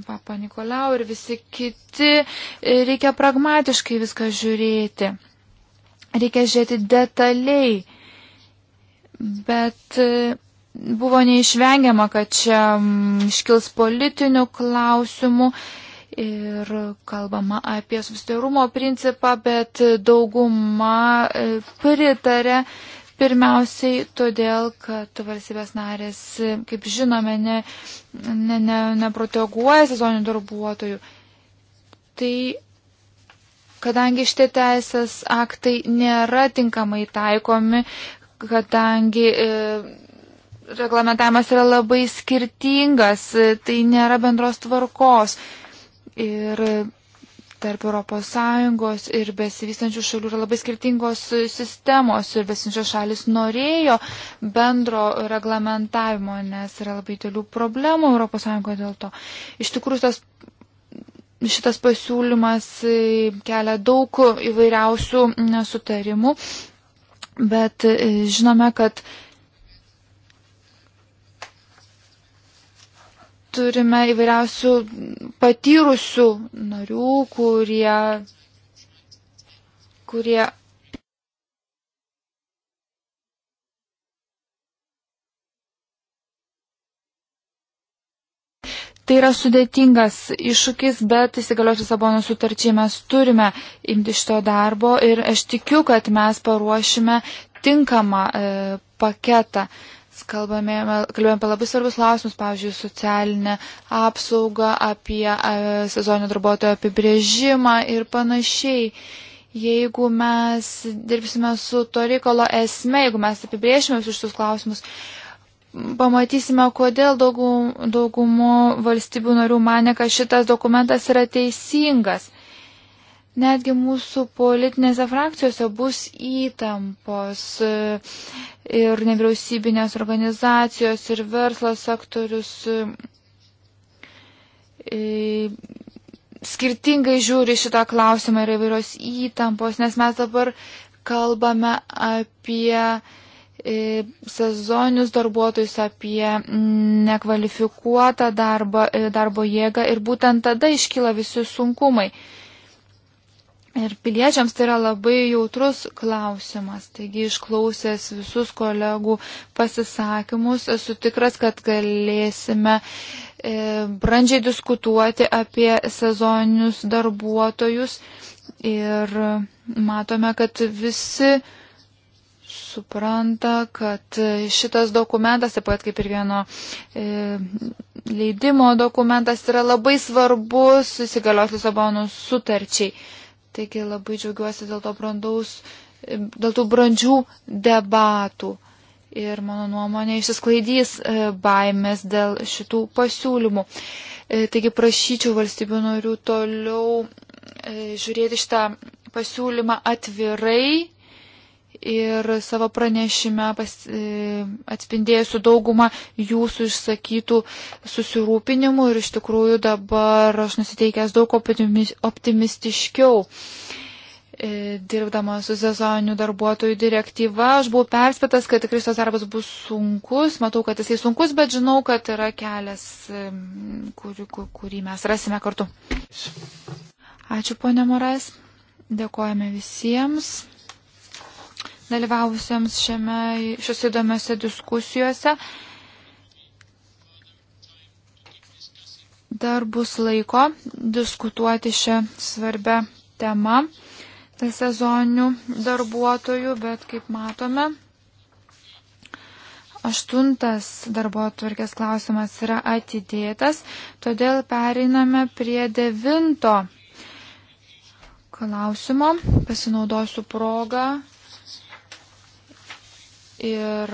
Papa Nikolau ir visi kiti, reikia pragmatiškai viską žiūrėti. Reikia žiūrėti detaliai. Bet e, buvo neišvengiama, kad čia iškils politinių klausimų ir kalbama apie subsidiarumo principą, bet dauguma e, pritarė Pirmiausiai todėl, kad valstybės narės, kaip žinome, ne, ne, ne, neproteguoja sezoninių darbuotojų. Tai kadangi šitie teisės aktai nėra tinkamai taikomi, kadangi e, reglamentavimas yra labai skirtingas, e, tai nėra bendros tvarkos. Ir tarp ES ir besivystančių šalių yra labai skirtingos e, sistemos ir besivystančios šalis norėjo bendro reglamentavimo, nes yra labai dėlių problemų ES dėl to. Iš tikrųjų, tas, šitas pasiūlymas e, kelia daug įvairiausių nesutarimų, bet e, žinome, kad turime įvairiausių patyrusių narių, kurie, kurie Tai yra sudėtingas iššūkis, bet įsigalioti Sabono sutarčiai mes turime imti šito darbo ir aš tikiu, kad mes paruošime tinkamą e, paketą. E, kalbame, kalbėjome apie labai svarbus klausimus, pavyzdžiui, socialinę apsaugą, apie e, sezoninio darbuotojo apibrėžimą ir panašiai. Jeigu mes dirbsime su to reikalo esme, jeigu mes apibrėšime visus šitus klausimus, pamatysime, kodėl daugum, daugumų valstybių narių mane, kad šitas dokumentas yra teisingas netgi mūsų politinėse frakcijose bus įtampos e, ir nevyriausybinės organizacijos ir verslo sektorius e, e, skirtingai žiūri šitą klausimą ir įvairios įtampos, nes mes dabar kalbame apie sezoninius darbuotojus, apie nekvalifikuotą darbą, darbo jėgą ir būtent tada iškyla visi sunkumai. Ir piliečiams tai yra labai jautrus klausimas. Taigi išklausęs visus kolegų pasisakymus, esu tikras, kad galėsime e, brandžiai diskutuoti apie sezoninius darbuotojus. Ir matome, kad visi supranta, kad šitas dokumentas, taip pat kaip ir vieno e, leidimo dokumentas, yra labai svarbus įsigalios Lisabonos sutarčiai. Taigi labai džiaugiuosi dėl to brandaus, dėl tų brandžių debatų. Ir mano nuomonė išsisklaidys e, baimės dėl šitų pasiūlymų. E, taigi prašyčiau valstybių norių toliau e, žiūrėti šitą pasiūlymą atvirai ir savo pranešime pas, e, atspindėjusiu daugumą jūsų išsakytų susirūpinimų ir iš tikrųjų dabar aš nusiteikęs daug optimistiškiau. E, dirbdama su sezoninių darbuotojų direktyva, aš buvau perspėtas, kad tikrai tas darbas bus sunkus, matau, kad jisai sunkus, bet žinau, kad yra kelias, e, kur, kur, kurį mes rasime kartu. Ačiū, ponė Morais, dėkojame visiems dalyvavusiems šiame, šios įdomiose diskusijose. Dar bus laiko diskutuoti šią svarbę temą sezoninių darbuotojų, bet kaip matome, aštuntas darbo atvarkės klausimas yra atidėtas, todėl pereiname prie devinto klausimo. Pasinaudosiu progą Ir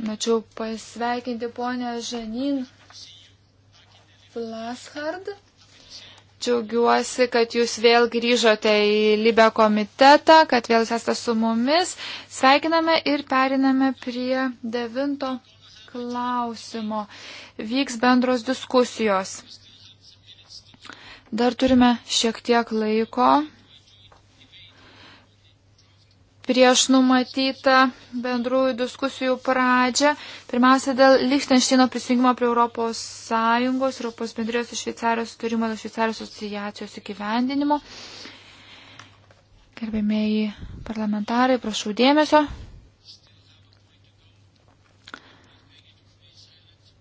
mačiau pasveikinti ponę Žanin Vlashard. Džiaugiuosi, kad jūs vėl grįžote į Libę komitetą, kad vėl esate su mumis. Sveikiname ir periname prie devinto klausimo. Vyks bendros diskusijos. Dar turime šiek tiek laiko prieš numatytą bendrųjų diskusijų pradžią. Pirmiausia, dėl Lichtenšteino prisijungimo prie Europos Sąjungos, Europos bendrijos ir Šveicarijos sutarimo dėl Šveicarijos asociacijos įgyvendinimo. Gerbėmėjai parlamentarai, prašau dėmesio.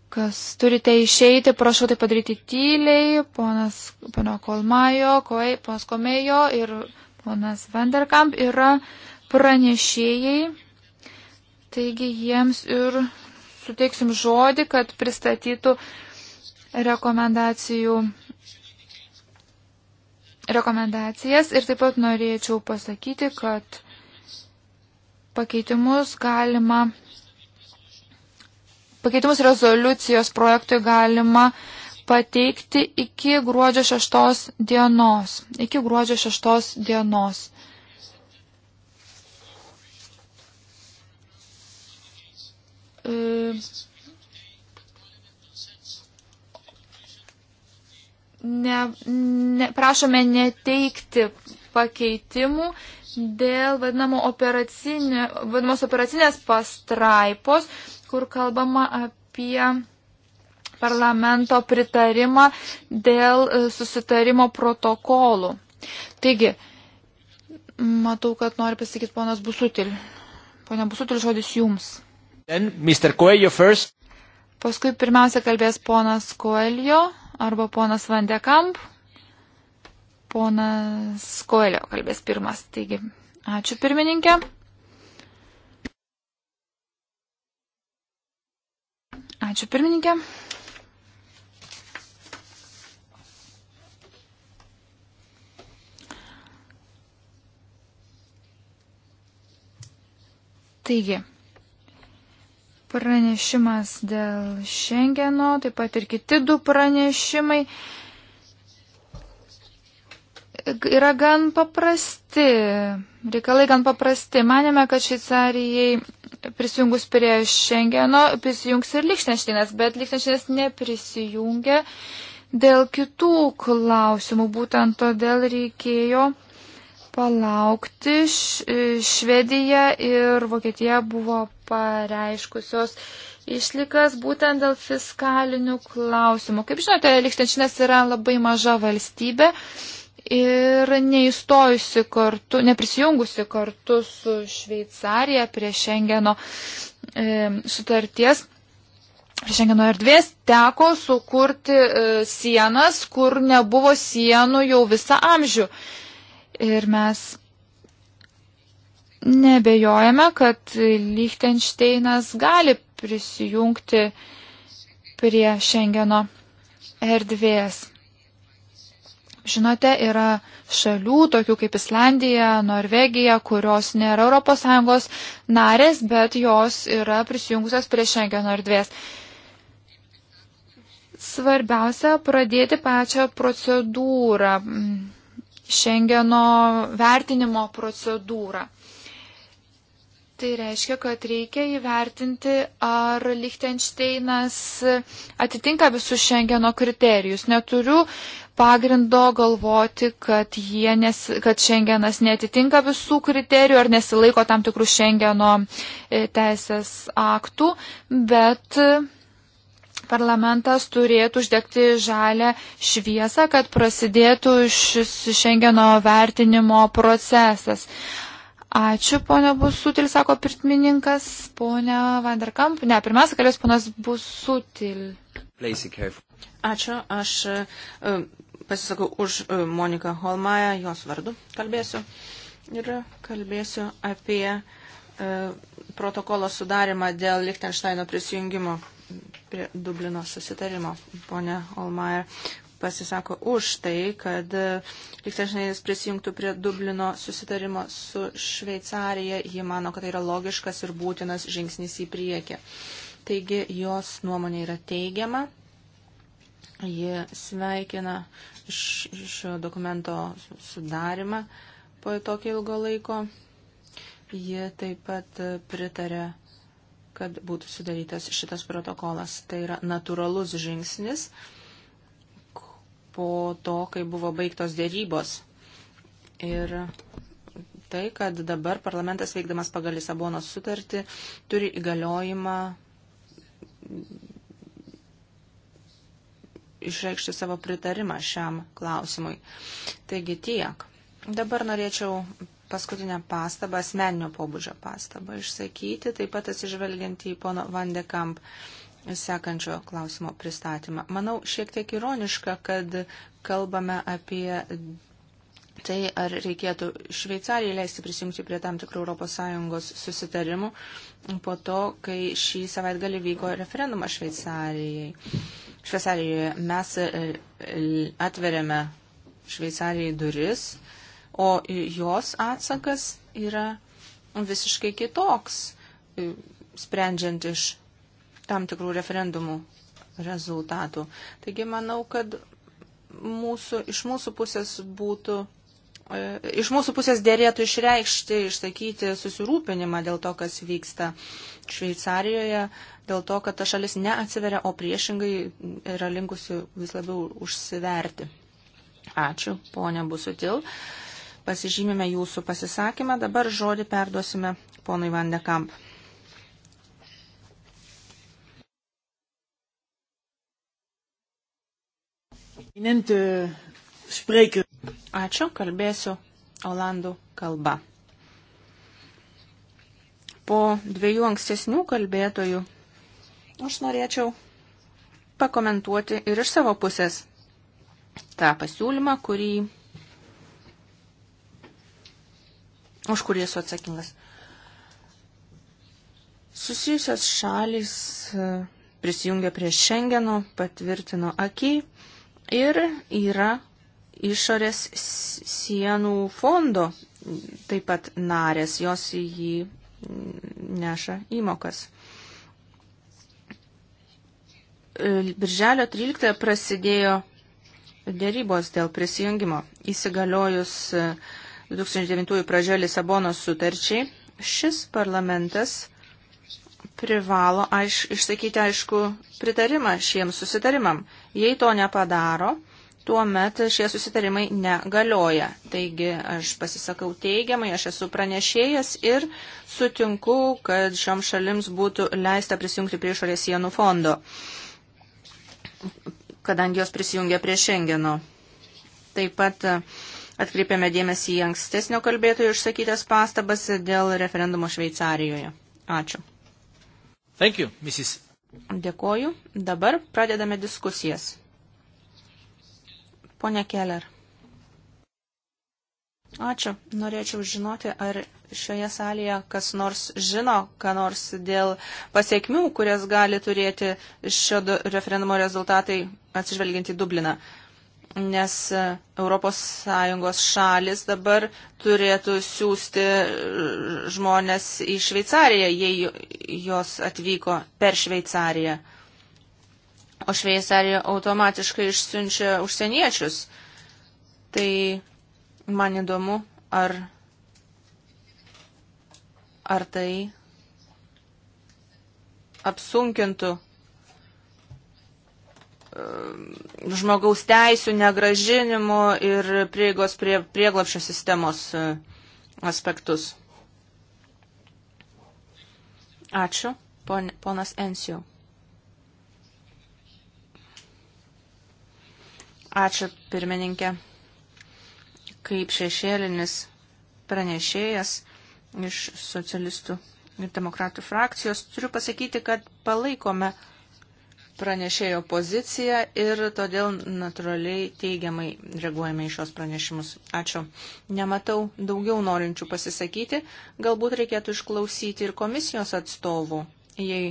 Kas turite išeiti, prašau tai padaryti tyliai. Ponas Pano Kolmajo, Ponas Komėjo ir ponas Vanderkamp yra pranešėjai, taigi jiems ir suteiksim žodį, kad pristatytų rekomendacijų rekomendacijas ir taip pat norėčiau pasakyti, kad pakeitimus galima, pakeitimus rezoliucijos projektui galima pateikti iki gruodžio 6 dienos. Iki gruodžio 6 dienos. E, ne, ne, prašome neteikti pakeitimų dėl vadinamo operacinė, vadinamos operacinės pastraipos, kur kalbama apie parlamento pritarimą dėl e, susitarimo protokolų. Taigi, matau, kad nori pasakyti ponas Busutil. Pone Busutil, žodis jums. Then Mr. Coelho first. Paskui pirmiausia kalbės ponas Koelio arba ponas Vandekamp. Ponas Koelio kalbės pirmas. Taigi, ačiū pirmininkė. Ačiū pirmininkė. Taigi, pranešimas dėl Šengeno, taip pat ir kiti du pranešimai yra gan paprasti, reikalai gan paprasti. Manėme, kad Šveicarijai prisijungus prie Šengeno prisijungs ir Likštenšteinas, bet Likštenšteinas neprisijungia dėl kitų klausimų, būtent todėl reikėjo palaukti. E, Švedija ir Vokietija buvo pareiškusios išlikas būtent dėl fiskalinių klausimų. Kaip žinote, Lichtenšteinas yra labai maža valstybė ir neįstojusi kartu, neprisijungusi kartu su Šveicarija prie Šengeno e, sutarties. Šengeno erdvės teko sukurti e, sienas, kur nebuvo sienų jau visą amžių. E, Ir mes nebejojame, kad Liechtensteinas gali prisijungti prie Šengeno erdvės. Žinote, yra šalių, tokių kaip Islandija, Norvegija, kurios nėra ES narės, bet jos yra prisijungusios prie Šengeno erdvės. Svarbiausia pradėti pačią procedūrą Šengeno vertinimo procedūrą. Tai reiškia, kad reikia įvertinti, ar Lichtensteinas atitinka visus Šengeno kriterijus. Neturiu pagrindo galvoti, kad, nes, kad Šengenas netitinka visų kriterijų ar nesilaiko tam tikrų Šengeno e, teisės aktų, bet parlamentas turėtų uždegti žalę šviesą, kad prasidėtų šis Šengeno vertinimo procesas. Ačiū, ponia Busutil, sako pirmininkas, ponia Vanderkamp. Ne, pirmiausia, kalbės ponas Busutil. Ačiū, aš e, pasisakau už e, Moniką Holmają, jos vardu kalbėsiu. Ir kalbėsiu apie e, protokolo sudarimą dėl Lichtensteino prisijungimo prie Dublino susitarimo. Pone Olmaier pasisako už tai, kad Lichtensteinas prisijungtų prie Dublino susitarimo su Šveicarija. Ji mano, kad tai yra logiškas ir būtinas žingsnis į priekį. Taigi jos nuomonė yra teigiama. Ji sveikina šio dokumento sudarimą po tokio ilgo laiko. Ji taip pat pritarė kad būtų sudarytas šitas protokolas. Tai yra natūralus žingsnis po to, kai buvo baigtos dėrybos. Ir tai, kad dabar parlamentas veikdamas pagal Lisabonos sutartį turi įgaliojimą išreikšti savo pritarimą šiam klausimui. Taigi tiek. Dabar norėčiau paskutinę pastabą, asmeninio pobūdžio pastabą išsakyti, taip pat atsižvelgiant į pono Vandekamp sekančio klausimo pristatymą. Manau, šiek tiek ironiška, kad kalbame apie tai, ar reikėtų Šveicarijai leisti prisijungti prie tam tikrų ES susitarimų po to, kai šį savaitgalį vyko referendumas Šveicarijai. Šveicarijoje mes e, e, atveriame Šveicarijai duris o jos atsakas yra visiškai kitoks, e, sprendžiant iš tam tikrų referendumų rezultatų. Taigi manau, kad mūsų, iš mūsų pusės būtų e, iš mūsų pusės dėrėtų išreikšti, išsakyti susirūpinimą dėl to, kas vyksta Šveicarijoje, dėl to, kad ta šalis neatsiveria, o priešingai yra linkusi vis labiau užsiverti. Ačiū, ponia Busutil. Pasižymime jūsų pasisakymą. Dabar žodį perduosime ponui Vandekamp. Ačiū, kalbėsiu olandų kalba. Po dviejų ankstesnių kalbėtojų aš norėčiau pakomentuoti ir iš savo pusės tą pasiūlymą, kurį už kurį esu atsakingas. Susijusios šalis e, prisijungia prie Šengeno, patvirtino akiai ir yra išorės sienų fondo taip pat narės, jos į jį neša įmokas. E, Birželio 13 prasidėjo dėrybos dėl prisijungimo. Įsigaliojus e, 2009 pradžioje Lisabonos sutarčiai, šis parlamentas privalo aiš, išsakyti aišku pritarimą šiems susitarimam. Jei to nepadaro, tuomet šie susitarimai negalioja. Taigi aš pasisakau teigiamai, aš esu pranešėjas ir sutinku, kad šiom šalims būtų leista prisijungti prie išorės sienų fondo, kadangi jos prisijungia prie Šengeno. Taip pat Atkreipiame dėmesį į ankstesnio kalbėtojo išsakytas pastabas dėl referendumo Šveicarijoje. Ačiū. Thank you, Mrs. Dėkoju. Dabar pradedame diskusijas. Pone Keller. Ačiū. Norėčiau žinoti, ar šioje salėje kas nors žino, ką nors dėl pasiekmių, kurias gali turėti šio referendumo rezultatai atsižvelgiant į Dubliną nes ES šalis dabar turėtų siūsti e, žmonės į Šveicariją, jei jos atvyko per Šveicariją. O Šveicarija automatiškai išsiunčia užsieniečius. Tai man įdomu, ar, ar tai apsunkintų žmogaus teisų negražinimu ir prieigos prie prieglapšio sistemos e, aspektus. Ačiū, pon, ponas Ensijau. Ačiū, pirmininkė. Kaip šešėlinis pranešėjas iš socialistų ir demokratų frakcijos, turiu pasakyti, kad palaikome uh, pranešėjo poziciją ir todėl natūraliai teigiamai reaguojame į šios pranešimus. Ačiū. Nematau daugiau norinčių pasisakyti. Galbūt reikėtų išklausyti ir komisijos atstovų, jei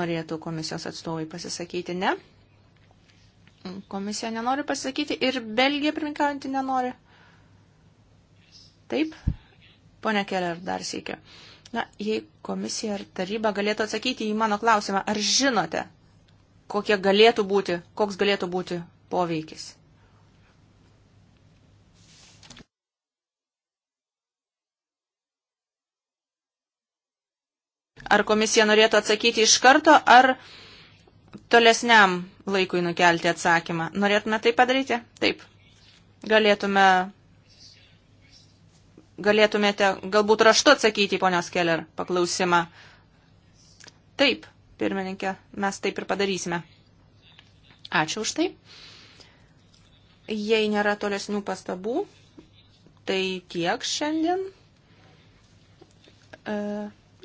norėtų komisijos atstovai pasisakyti. Ne? Komisija nenori pasisakyti ir Belgija pirminkaujantį nenori. Taip? Pone Keller, dar sėkiu. Na, jei komisija ar taryba galėtų atsakyti į mano klausimą, ar žinote, kokie galėtų būti, koks galėtų būti poveikis. Ar komisija norėtų atsakyti iš karto, ar tolesniam laikui nukelti atsakymą? Norėtume tai padaryti? Taip. Galėtume, galėtumėte galbūt raštu atsakyti, ponios Keller, paklausimą. Taip pirmininkė, mes taip ir padarysime. Ačiū už tai. Jei nėra tolesnių pastabų, tai tiek šiandien. E,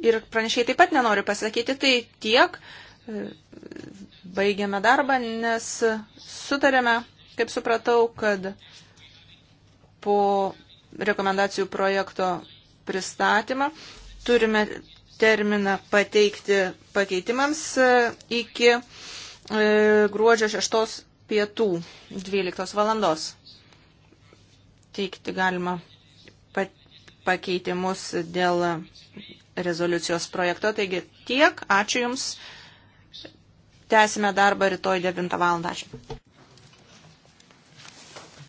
ir pranešiai taip pat nenoriu pasakyti, tai tiek. E, Baigėme darbą, nes sutarėme, kaip supratau, kad po rekomendacijų projekto pristatymą turime terminą pateikti pakeitimams e, iki e, gruodžio 6 pietų 12 valandos. Teikti galima pakeitimus dėl rezoliucijos projekto. Taigi tiek. Ačiū Jums. Tęsime darbą rytoj 9 val. Ačiū.